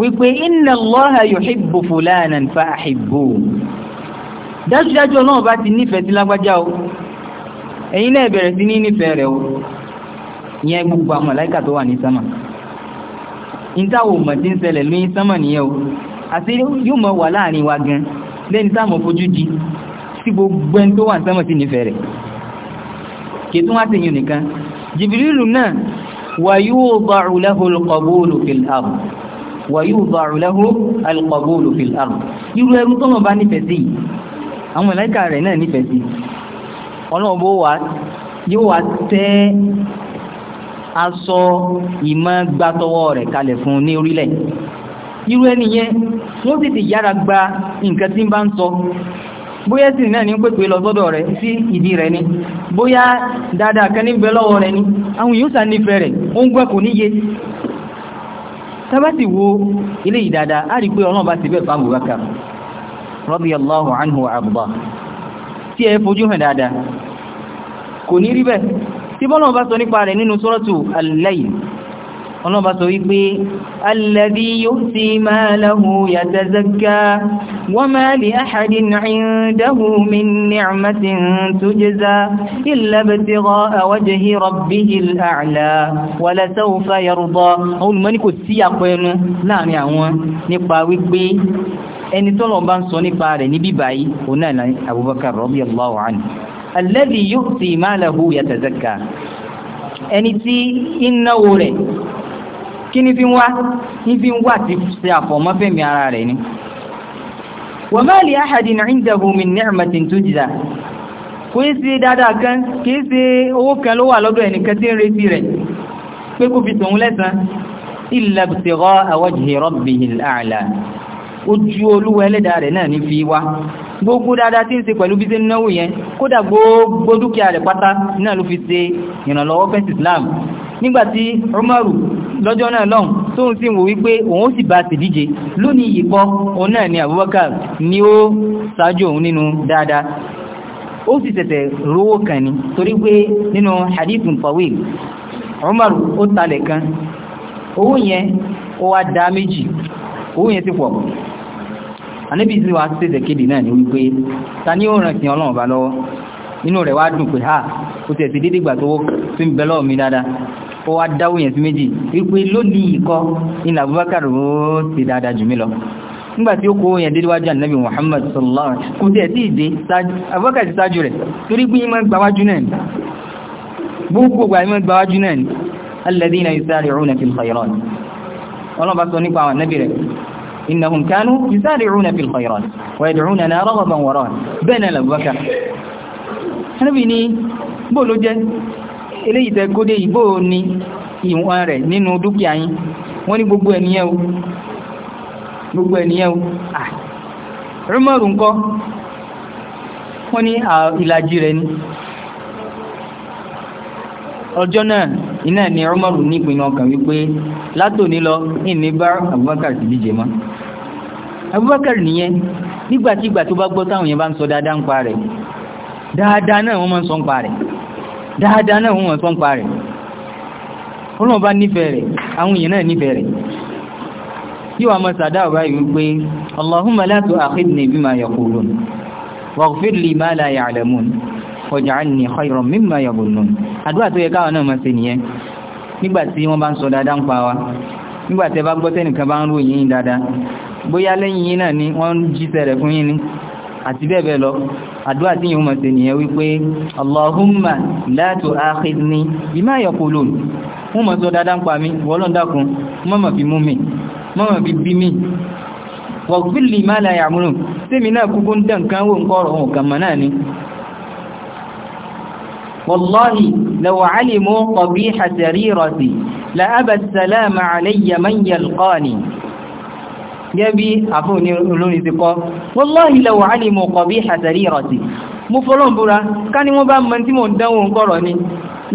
wípé inna allaha dájúdájú ọlọ́run bá ti nífẹ̀ẹ́ sí lágbájá o ẹ̀yin náà bẹ̀rẹ̀ sí ní nífẹ̀ẹ́ rẹ̀ o ìyẹn gbogbo àwọn màláíkà tó wà ní sámà ìtawò mọ̀ tí ń ṣẹlẹ̀ lóyún sámà nìyẹn o àti yóò mọ̀ wà láàrin wa gan lẹ́ni táàmù fojú di sí gbogbo ẹni tó bá lahu al-qabulu fil-ard wà yóò bá nífẹ̀ẹ́ sí àwọn mọ̀lẹ́kà rẹ̀ náà nífẹ̀ẹ́ sí ọlọ́run bó wà yóò wá tẹ́ aṣọ ìmọ̀ gbàtọwọ́ rẹ̀ kalẹ̀ fún ní orílẹ̀ irú ẹni yẹn wọ́n sì ti yára gba nǹkan tí ń bá ń sọ bóyá sì náà ní pèpè lọ sọ́dọ̀ rẹ̀ sí ìdí rẹ̀ ni bóyá dáadáa kan ní bẹ́lọ́wọ́ rẹ̀ ni àwọn yóò sàn nífẹ̀ẹ́ rẹ̀ ó ń gbẹ́ kò níye tábà sì wo ilé ìdáadáa á rí pé ọlọ́run ti bẹ́ẹ̀ fáwọn bùbákà radiyallahu anhu wa àbúgbà tí ẹ fojú hàn dáadáa kò ní rí bẹ́ẹ̀ tí bọ́lọ̀ bá sọ nípa rẹ̀ nínú suratu al-Layl ọlọ́ba sọ wípé alladhi yu'ti malahu yatazakka wa ma li ahadin 'indahu min ni'matin tujza illa ibtigha'a wajhi rabbihil a'la wa la sawfa yarda olùmọ́ni kò sí àpẹẹnu láàrin àwọn nípa wípé ẹni tọ́lọ̀ bá ń sọ nípa rẹ̀ níbí báyìí òun náà ní Abubakar radiyallahu anhu alladhi yu'ti malahu yatazakka ẹni tí ń rẹ̀ kí ní fi ń wá ní fi ń wá ti ṣe àfọ̀mọ́fẹ̀mí ara rẹ̀ ni wa ma li ahadin indahu min ni'matin tujza kò í ṣe dáadáa kan kì í ṣe owó kan ló wà lọ́dọ̀ ẹnìkan tí ń retí rẹ̀ pé kó fi tòun lẹ́san illa ibtigha'a ojú olúwa rẹ̀ náà ní fi wá gbogbo dada tí ń se pẹ̀lú bí ń náwó yẹn kódà gbogbo dúkìá rẹ̀ pátá náà ló fi se ìrànlọ́wọ́ Islam nígbàtí Umaru lọ́jọ́ náà lọ́n tó ń sì wò wípé òun sì bá ti díje lónìí ìpọ́ òun ni Abubakar ni ó kan ni ànábì sí wa ṣe tẹ̀kéde náà ni wípé ta ni ó ràn sí ọlọ́run bá lọ́wọ́ nínú rẹ̀ wá dùn pé ha ó tẹ̀ sí dédé ìgbà tó fi ń bẹ lọ́wọ́ mi dáadáa ó wá dáwó yẹn sí méjì wípé lónìí ikọ́ ní Abubakar ó ti dáadáa jù mí lọ nígbàtí ó kó yẹn dédé wájú ànábì Muhammad sallallahu alaihi kò tẹ́ sí ìdé Abubakar ti sáájú rẹ̀ torí pé ìmọ̀ gbáwájú náà gbogbo gbà ìmọ̀ gbáwájú náà alladhina yusari'una fil khayrat إنهم كانوا يسارعون في الخيرات ويدعوننا رغبا ورهبا بين الأبوكة Ànábì ní bó ló jẹ́ eléyìí tẹ́ kó dé ìbò ní ìwọ̀n rẹ̀ nínú dúkìá yín wọ́n ní gbogbo ẹ̀nìyàn o gbogbo ẹ̀nìyàn o ah Umaru ńkọ́ wọ́n ní ìlàjì rẹ̀ ni ọjọ́ náà iná ni Umaru ní ìpinnu ọkàn wípé látòní lọ ìní bá Abubakar ti díje mọ́ Abubakar nìyẹn nígbàtígbà tó bá gbọ́ táwọn yẹn bá ń sọ dáadáa ń pa rẹ̀ dáadáa náà wọ́n máa ń sọ ń pa rẹ̀ dáadáa náà wọ́n máa ń sọ ń pa rẹ̀ ọlọ́run bá nífẹ̀ẹ́ rẹ̀ àwọn èèyàn náà nífẹ̀ẹ́ rẹ̀ yíò àmọ́ sàdá ọ̀rá ìwípé Allahumma la tu'akhidhni bima yaqulun waghfir li ma la ya'lamun waj'alni khayran mimma yabunnun àdúrà tó yẹ káwọn náà máa ṣe nìyẹn nígbà tí wọ́n bá ń sọ dáadáa ń pa wa nígbà tí ẹ bá gbọ́ tẹ́nìkan bá ń ròyìn yín dáadáa bóyá lẹ́yìn yín náà ni wọ́n ń jíṣẹ́ rẹ̀ ni àti bẹ́ẹ̀ bẹ́ẹ̀ lọ àdúrà tí yíò máa ṣe nìyẹn wípé Allahumma la tu'akhidhni bima yaqulun wọ́n máa sọ dáadáa ń pa mi wọ́lọ́n dákun mọ́mọ̀ fi mú mi mọ́mọ̀ fi bí mi waghfir li ma la ya'malun náà kúkú ń dẹ̀ nǹkan kọ́rọ̀ ọ̀hún kan mọ́ náà ni والله لو علموا قبيح سريرتي لأبى السلام علي من يلقاني gẹ́bí àfún ní olórin ti kọ́ wallahi law alimu qabiha sarirati mú fọ́lọ́mbúra ká ní wọ́n bá mọ́ tí mò ń dánwò ń kọ́rọ̀ ni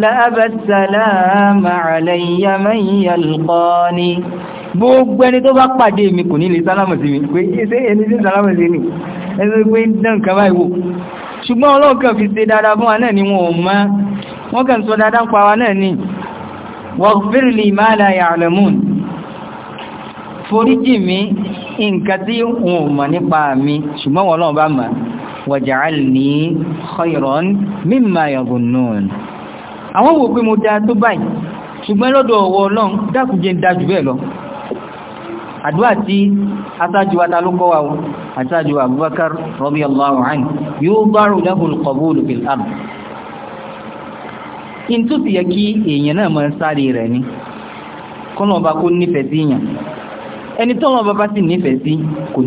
la aba salama alayya man yalqani gbogbo ẹni tó bá pàdé mi kò ní lè sálámù sí mi pé ṣe ẹni tí sálámù sí ni ẹni tó gbé ń dán kàbáyìwò ṣùgbọ́n ọlọ́run kàn fi ṣe dáadáa fún wa náà ni wọn ò mọ̀ wọ́n kàn sọ dáadáa ń pa wa náà ni waghfir li ma la ya'lamun foríjì mi nǹkan tí wọn ò mọ̀ nípa mi ṣùgbọ́n wọn bá mọ̀ waj'alni àdúwà tí asájúwà ta ló kọ́wà o asájúwà abubakar radiyallahu anhu yóò bárò lahul qabulu fil ard in tó ti yẹ kí èèyàn náà mọ́ sáré rẹ̀ ni kọ́nà ọba kó nífẹ̀ẹ́ sí yàn ẹni tọ́nà ọba bá sì nífẹ̀ẹ́ sí kò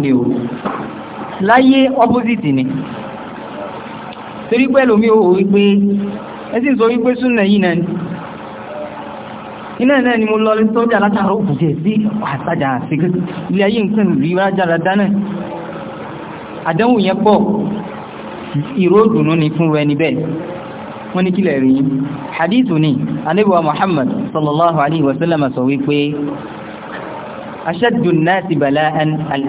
ni o láyé opposite ni torí pẹ́lú mi ò wípé ẹsìn sọ wípé súnà yìí náà ni iná náà ni mo lọ rí sọ́jà látàrọ òkùnkè sí àtàjà àṣíkí ilé ayé nǹkan rí rájára dáná àdánwò yẹn pọ̀ ìró dùnú ni fún rẹ níbẹ̀ wọ́n ní kílẹ̀ rí hadithu ni anábíwa Muhammad sallallahu alaihi wasallam sọ wípé ashaddu an bala'an al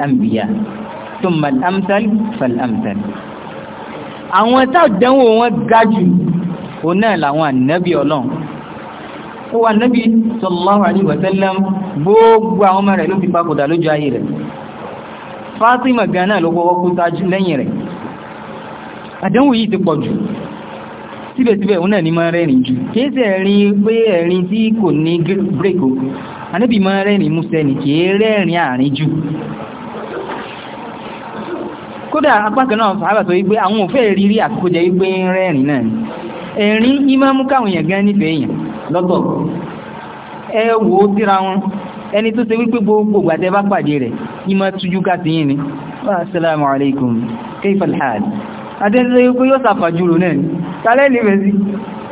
ó wà nábì sallallahu alaihi wasallam gbogbo àwọn ọmọ rẹ̀ ló fi papòdà lójú ayé rẹ̀ Fátímà gan náà ló kọ́kọ́ kú tájú lẹ́yìn rẹ̀ àdánwò yìí ti pọ̀ jù síbẹ̀síbẹ̀ òun náà ni máa rẹ́rìn jù kìí sí ẹ̀rin pé ẹ̀rin tí kò ní break o anábì máa rẹ́rìn músẹ́ ni kìí kódà apákan náà sàábà sọ wípé àwọn òfẹ́ rírí àkókò jẹ́ wípé rẹ́rìn náà ẹ̀rin ìmáàmù káwọn èèyàn gan nífẹ̀ẹ́ èèyàn lọ́tọ̀ ẹ wò ó síra wọn ẹni tó ṣe wípé gbogbo àtẹ́ bá pàdé rẹ̀ ìmọ̀ tújú ká yìí ni assalamu alaikum kayfa alhal adẹ́sẹ̀ wípé yóò sàfàjúrò náà tàlẹ́ ní mẹ́sí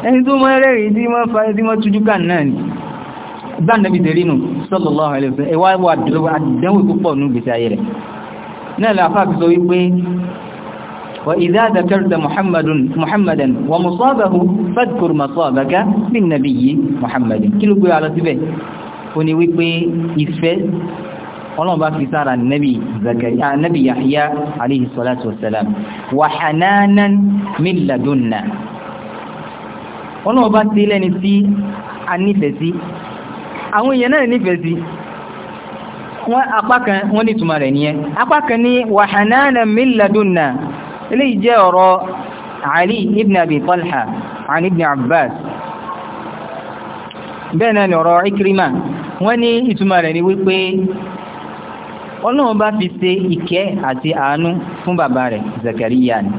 ẹni tó mọ́ rẹ̀rìn tí mọ́ fa tí mọ́ tújú ká náà ni bá nàbí tẹ̀rínu sallallahu alaihi وإذا ذكرت محمد محمدا ومصابه فاذكر مصابك بالنبي محمد kí ló gbé wa lọ síbẹ̀ ó ní wípé ìfẹ́ ọlọ́run bá fi sára nabi zakariya nabi yahya alayhi salatu wasalam wa hananan min ladunna ọlọ́run bá sí lẹ́ni tí a nífẹ̀ẹ́ sí àwọn èèyàn náà nífẹ̀ẹ́ sí wọ́n apá kan wọ́n ní ìtumọ̀ rẹ̀ nìyẹn apá kan ní wa hananan min ladunna eléyìí jẹ́ ọ̀rọ̀ Ali ibn Abi Talha àní ibn Abbas bẹ́ẹ̀ náà ni ọ̀rọ̀ Ikrima wọ́n ní ìtumọ̀ rẹ̀ ni wípé ọlọ́run bá fi ṣe ìkẹ́ àti àánú fún bàbá rẹ̀ Zakariya ni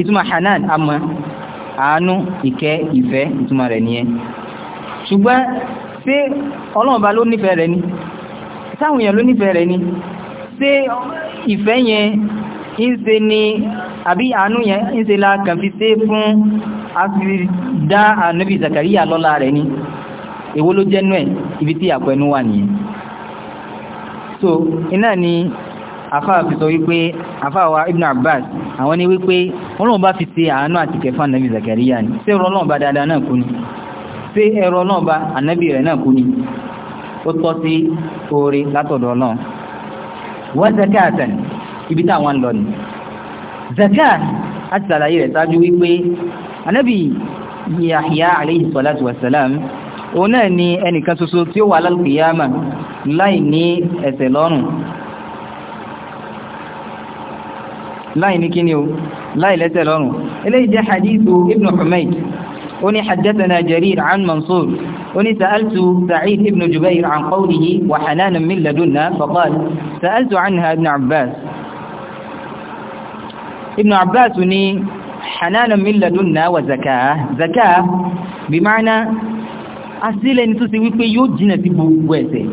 ìtumọ̀ Hanan àmọ́ àánú ìkẹ́ ìfẹ́ ìtumọ̀ rẹ̀ nìyẹn ṣùgbọ́n ṣé ọlọ́run bá ló nífẹ̀ẹ́ rẹ̀ ni sáwọn èèyàn ló nífẹ̀ẹ́ rẹ̀ ni ṣé ìfẹ́ yẹn ìṣe ni àbí àánú yẹn ìṣe la kàn fi ṣe fún àfidá ànábì Zakariya lọ́lá rẹ̀ ni èwo ló jẹ́nu ẹ̀ ibi tí àpò ẹnu wà nìyẹn so iná ni afáà fi sọ wípé afáà wa Ibn Abbas àwọn ni wípé ọlọ́run bá fi ṣe àánú àti kẹfà ànábì Zakariya ni ṣé ẹ̀rọ ọlọ́run bá dáadáa náà kú ni ṣé ẹ̀rọ ọlọ́run bá ànábì rẹ̀ náà kú ni ó zakatan ibi táwọn ń lọ ni zakat àti sàlàyé rẹ̀ sáájú wípé anábì Yahya alayhi salatu wasalam òun náà ni ẹnìkan ṣoṣo tí ó wà lálùkìyàmà láì ní ẹ̀ṣẹ̀ lọ́rùn láì ní kíni o láì lẹ́ṣẹ̀ lọ́rùn eléyìí hadithu ibn Humayd وني حدثنا جرير عن منصور وني سألت سعيد بن جبير عن قوله وحنانا من لدنا فقال سألت عنها ابن عباس ibn abbas ní hananan min ladunna wa zaka zaka bí máa asílẹ̀ ni tó ti wípé yóò jìnà sí gbogbo ẹ̀ṣẹ̀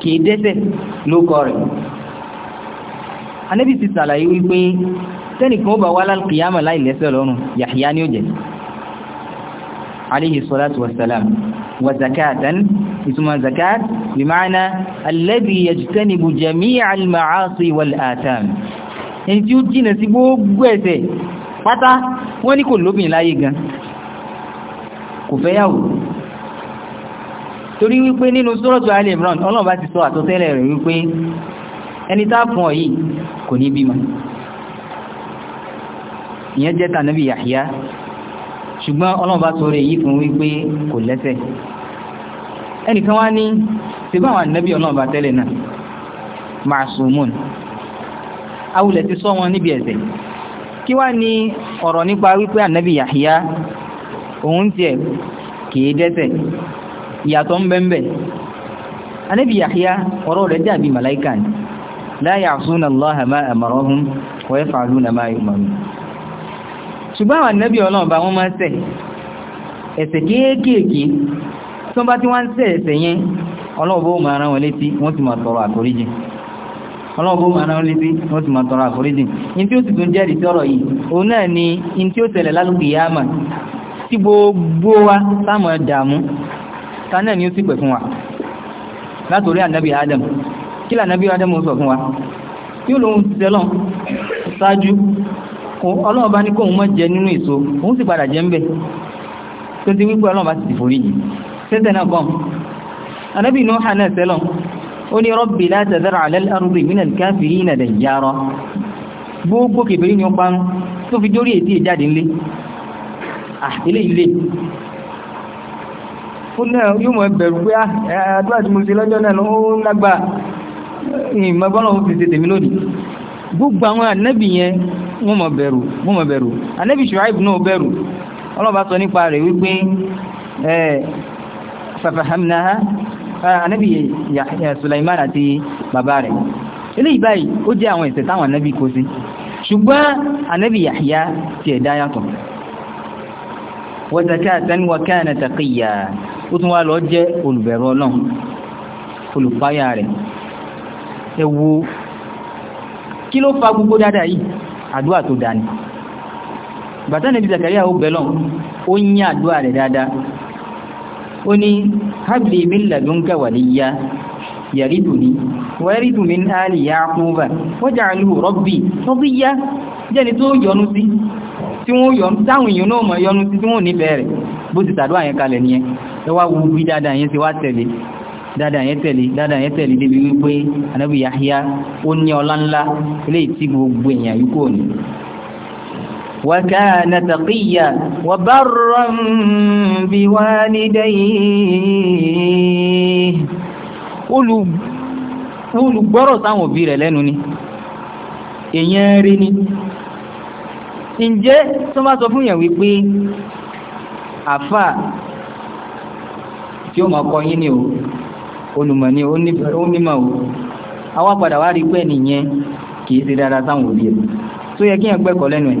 kìí dẹ́ṣẹ̀ ló kọ rẹ̀ anábì ti sàlàyé wípé tẹ́nìkan ó bá wá lálùkìyàmà láì lẹ́ṣẹ̀ lọ́rùn yàhíyá ní ó jẹ́ alayhi salatu wassalam wa zakatan ìtumọ̀ zakat bí máa alladhi yajtanibu jami'al ma'asi wal atam ẹni tí ó jìnà sí gbogbo ẹ̀ṣẹ̀ pátá wọ́n ní kò lóbìn láyé gan kò fẹ́yàwó torí wípé nínú sọ́rọ̀tù Al-Imran Ọlọ́run bá ti sọ àtọ́tẹ́lẹ̀ rẹ̀ wípé ẹni tá fún ọ yìí kò ní bímọ ìyẹn jẹ́ tànàbí Yahya ṣùgbọ́n Ọlọ́run bá sọ rẹ̀ yìí fún wípé kò lẹ́ṣẹ̀ ẹnìkan wá ní ṣe báwọn ànàbí Ọlọ́run tẹ́lẹ̀ náà ma'sumun awulẹ̀ ti sọ wọn níbi ẹ̀ṣẹ̀ kí wá ní ọ̀rọ̀ nípa wípé ànábì Yahya òun tiẹ̀ kìí dẹ́ṣẹ̀ ìyàtọ̀ ń bẹ́ńbẹ́ ànábì Yahya ọ̀rọ̀ rẹ̀ dàbí màláìkà ni la ya'suna Allaha ma amarahum wa yaf'aluna ma yu'marun ṣùgbọ́n àwọn ànábì ọlọ́run máa kéékèèké tí wọ́n bá ti wọn létí wọ́n ti máa ọlọ́ọ̀bọ̀ màná létí wọ́n ti máa tọrọ àforíjì in tí ó sì tún jẹ́rìí sọ́rọ̀ yìí òun náà ni in tí ó tẹ̀lẹ̀ lálùkìyàmà tí gbogbo wa sáàmù ẹ̀dàmú ta náà ni ó sì pẹ̀ fún wa látòrí ànábì Adam kí lànábì Adam sọ fún wa yóò lóun ti tẹ́lọ̀ ṣáájú ọlọ́run bá ní kóun mọ́ jẹ nínú èso òun sì padà jẹ ń bẹ̀ ó ní rọ́bì la tadhar ala al-ardi min al-kafirina dayyara gbogbo kèbèrè ni ó pa ń tó fi dórí ètí ìjáde ńlé ilé ilé fún náà yóò mọ̀ ẹbẹ̀rù pé ah, àdúrà tí mo ṣe lọ́jọ́ náà ó lágbà ìmọ̀gbọ́nà ó fi tètè mi lónìí gbogbo àwọn anábì Sulaiman àti bàbá rẹ̀ eléyìí báyìí ó jẹ́ àwọn ẹ̀ṣẹ̀ táwọn anábì kó sí ṣùgbọ́n anábì Yahya ti ẹ̀dá yàtọ̀ wazakatan wa kana taqiyya ó tún wá lọ jẹ́ fa gbogbo dáadáa yìí àdúrà tó dáa ni bàtà níbi Zakariya ó bẹ̀ ó ní habli min ladunka waliya yariduni wa yaridu min ali yaquba waj'alhu rabbi radiya jẹ́ni tó yọ́nú sí tí wọ́n yọ́nú táwọn èèyàn náà mọ̀ yọ́nú sí tí wọ́n nífẹ̀ẹ́ rẹ̀ bó ti tàdó àyẹn kalẹ̀ nìyẹn ẹ wá wo bí dáadáa yẹn وكان تقيا وبرا بوالديه olùgbọ́rọ̀ sáwọn òbí rẹ̀ lẹ́nu ni èyàn rí ni ǹjẹ́ tó má sọ fún yẹn wípé àfà tí ó mọ̀ kọ yí ni o olùmọ̀ ni ó nímọ̀ o awápadà wá rí pẹ́ nìyẹn kìí ṣe dáadáa sáwọn òbí rẹ̀ tó yẹ kí yẹn gbẹ́kọ̀ lẹ́nu ẹ̀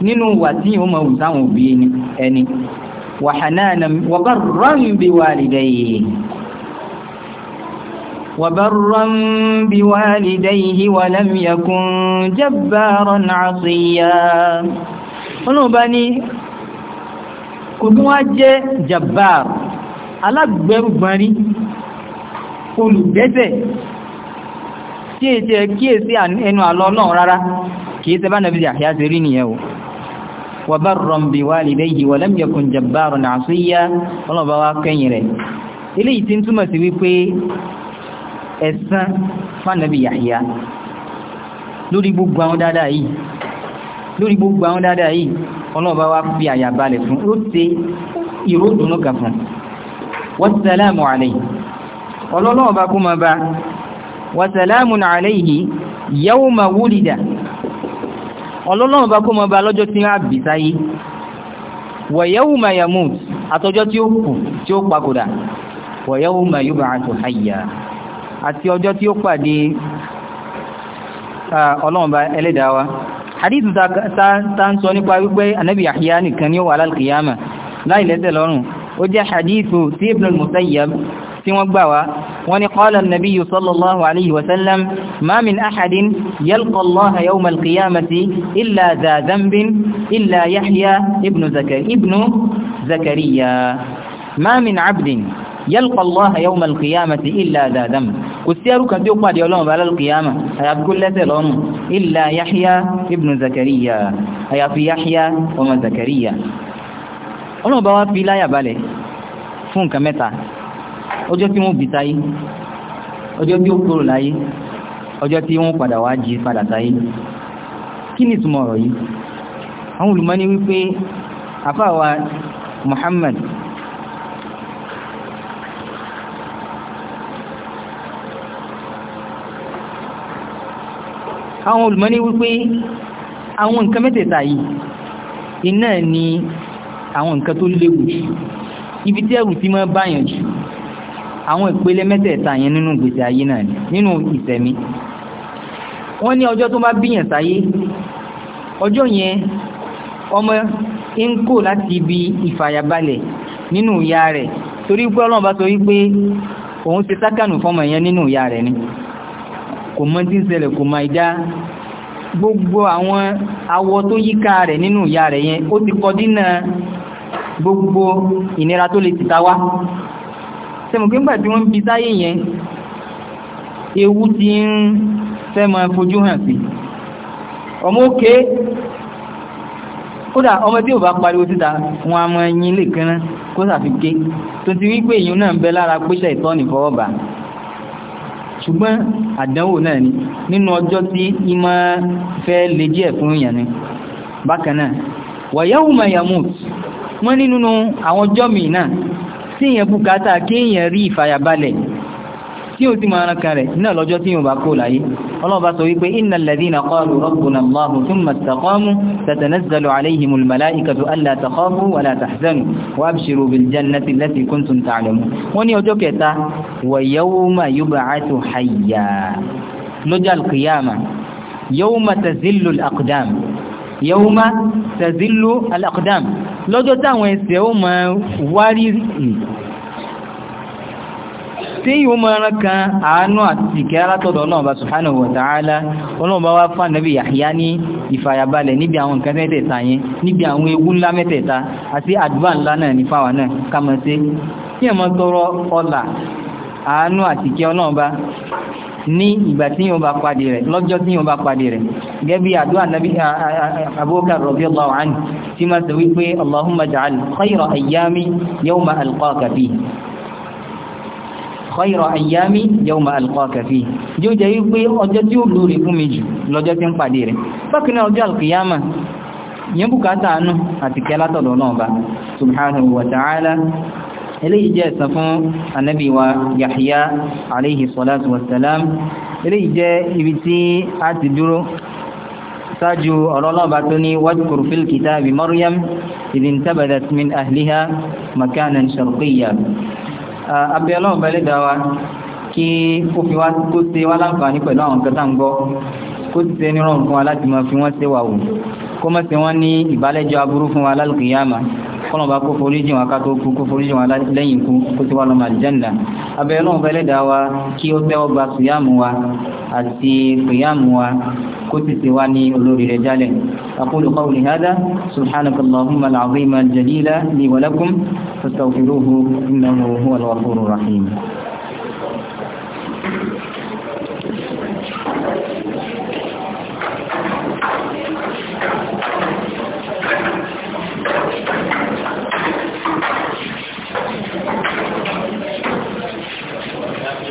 nínú wà tí yíò mọ̀ òtáwọn òbí ẹni wàbárán bí wàlìdẹ́yìí وبرا بوالديه ولم يكن جبارا عصيا ọlọ́ọ̀bá ní kò bí wọ́n jẹ́ jabbar alágbẹ̀rùgbọ́nrí olùgbẹ́sẹ̀ tí ètẹ̀ kíèsí ẹnu àlọ́ náà rárá kìí tẹ́bá nàbí àkíyà sí rí nìyẹn wa barran bi walidayhi wa lam yakun jabbaran asiya ọlọ́ba wa kẹ́yìn rẹ̀ eléyìí tí ń túmọ̀ sí wípé ẹ̀san fánàbí Yahya lórí gbogbo àwọn dáadáa yìí lórí gbogbo àwọn dáadáa fi àyà balẹ̀ fún ó ṣe ìró dùnú kan fún wassalamu alayhi ọlọ́lọ́ọ̀ba ọlọ́lọ́run bá kó mọ bá lọ́jọ́ tí wọ́n bì sáyé wọ̀yẹ́wù mà yamut àtọjọ́ tí ó kù tí ó papòdà wọ̀yẹ́wù mà yub'athu hayya àti ọjọ́ tí ó pàdé ọlọ́run bá ẹlẹ́dàá hadith ta ń sọ nípa wípé anabi Yahya nìkan ni ó wà lálùkìyàmà láì lẹ́sẹ̀ lọ́rùn ó jẹ́ hadith tí wọ́n gbà wá wọ́n ní qala an-nabiyyu sallallahu alayhi wa sallam ma min ahadin yalqa Allaha yawma al-qiyamati illa dha dhanbin illa Yahya ibn Zakariya ibn Zakariya ma min 'abdin yalqa Allaha yawma al-qiyamati illa dha dhanb kò sí ẹrú kan tí ó pàdé ọlọ́run bá lálùkìyàmà àyàfi kó lẹ́sẹ̀ lọ́rùn illa Yahya ibn Zakariya àyàfi Yahya ọmọ Zakariya ọlọ́run bá wá fi láyà balẹ̀ fún nǹkan mẹ́ta ọjọ́ tí wọ́n bì táyé ọjọ́ tí ó kúrò láyé ọjọ́ tí wọ́n padà wá jí padà táyé kí ni ìtumọ̀ ọ̀rọ̀ yìí àwọn olùmọ́ni wípé àfáàwà Muhammad àwọn olùmọ́ni wípé àwọn nǹkan mẹ́tẹ̀ẹ̀ta yìí iná ni àwọn nǹkan tó léwu ibi tí ẹrù ti máa báyàn jù àwọn ìpele mẹ́tẹ̀ẹ̀ta yẹn nínú gbèsè ayé náà nínú ìṣẹ̀mí wọ́n ní ọjọ́ tó bá bíyàn sáyé ọjọ́ yẹn ọmọ ń kò láti ibi ìfàyàbalẹ̀ nínú ìyá rẹ̀ torí pé ọlọ́run bá sọ wípé òun fọmọ yẹn nínú ìyá rẹ̀ ni kò mọ tí gbogbo àwọn awọ tó yíká rẹ̀ nínú ìyá rẹ̀ yẹn ó ti gbogbo ìnira tó ti sẹ́mùkú ńgbà tí wọ́n ń bi táyé yẹn ewu ti ń fẹ́ máa fojú hàn sí ọmọ òkè kódà ọmọ tí ò bá pariwo síta wọn a mọ ẹyin lè kẹrán kó sàfiké tó ti wípé èyàn náà bẹ lára pẹ́ṣẹ̀ ìtọ́ni fọwọ́bà ṣùgbọ́n àdánwò náà ni nínú ọjọ́ tí ìmọ̀ fẹ́ lè díẹ̀ fún èèyàn ni bákan náà wa yawma yamut wọ́n nínú àwọn ọjọ́ mi tí èyàn bùkátà kí èyàn rí ìfàyàbalẹ̀ tí ó ti máa ránkà rẹ̀ náà lọ́jọ́ tí yóò bá kó láyé Ọlọ́run bá sọ wípé innal ladhina qalu rabbuna Allahu thumma istaqamu tatanazzalu alayhimul malaikatu alla takhafu wa la tahzanu wa abshiru bil jannati allati kuntum ta'lamun wọ́n ní ọjọ́ yawma tazillu al-aqdam yawma tazillu al-aqdam lọ́jọ́ táwọn ẹsẹ̀ ó máa wárìrì tí yíò máa rán kan àánú àti ìkẹ́ alátọ̀dọ̀ náà bá subhanahu wa ta'ala ọlọ́run bá wá fún Nabi Yahya ní ìfàyàbalẹ̀ níbi àwọn nǹkan mẹ́tẹ̀ẹ̀ta yẹn níbi àwọn ewu ńlá mẹ́tẹ̀ẹ̀ta àti àdúrà ńlá náà ní ìgbà tí yóò bá pàdé rẹ̀ lọ́jọ́ tí yóò bá pàdé rẹ̀ gẹ́bí àdúrà nàbí Abubakar radiyallahu anhu tí máa sọ wípé Allahumma ja'al khayra ayyami yawma alqaka fi khayra ayyami yawma alqaka fi yóò jẹ́ wípé ọjọ́ tí ó lóore fún mi jù lọ́jọ́ yẹn bùkátà àánú àti kẹ́látọ̀dọ̀ náà bá wa ta'ala eléyìí jẹ́ ẹ̀san fún anabi wa Yahya aleyhi salatu wa salam eléyìí jẹ́ ibi tí a ti dúró ṣáájú ọ̀rọ̀ ọlọ́ọ̀bá tó ní wadhkur fil kitabi Maryam idintabadat min ahliha makanan sharqiyya abẹ́ kí ó fi wá kó ṣe wá láǹfààní pẹ̀lú àwọn kẹta ń gbọ́ kó ti ṣe nírọ̀rùn fún wa láti máa fi wọ́n ṣe wà wò kó má ṣe wọ́n ní ìbálẹ́jọ́ aburú fún wa lálùkìyàmà kọlọ̀bá kó forí jìn wọn ká tó kú kó forí jìn wọn lẹ́yìn kú kó tí wà lọ́mọ àjẹ́ndà abẹ́rẹ́ náà fẹ́ lẹ́dàá wa kí ó tẹ́wọ́ gba sùyàmù wa àti kìyàmù wa kó sì ti wá ní olórí rẹ̀ jálẹ̀ aqulu qawli hadha subhanaka allahumma al-azima al-jalila li wa lakum fastaghfiruhu innahu Thank you. Thank you.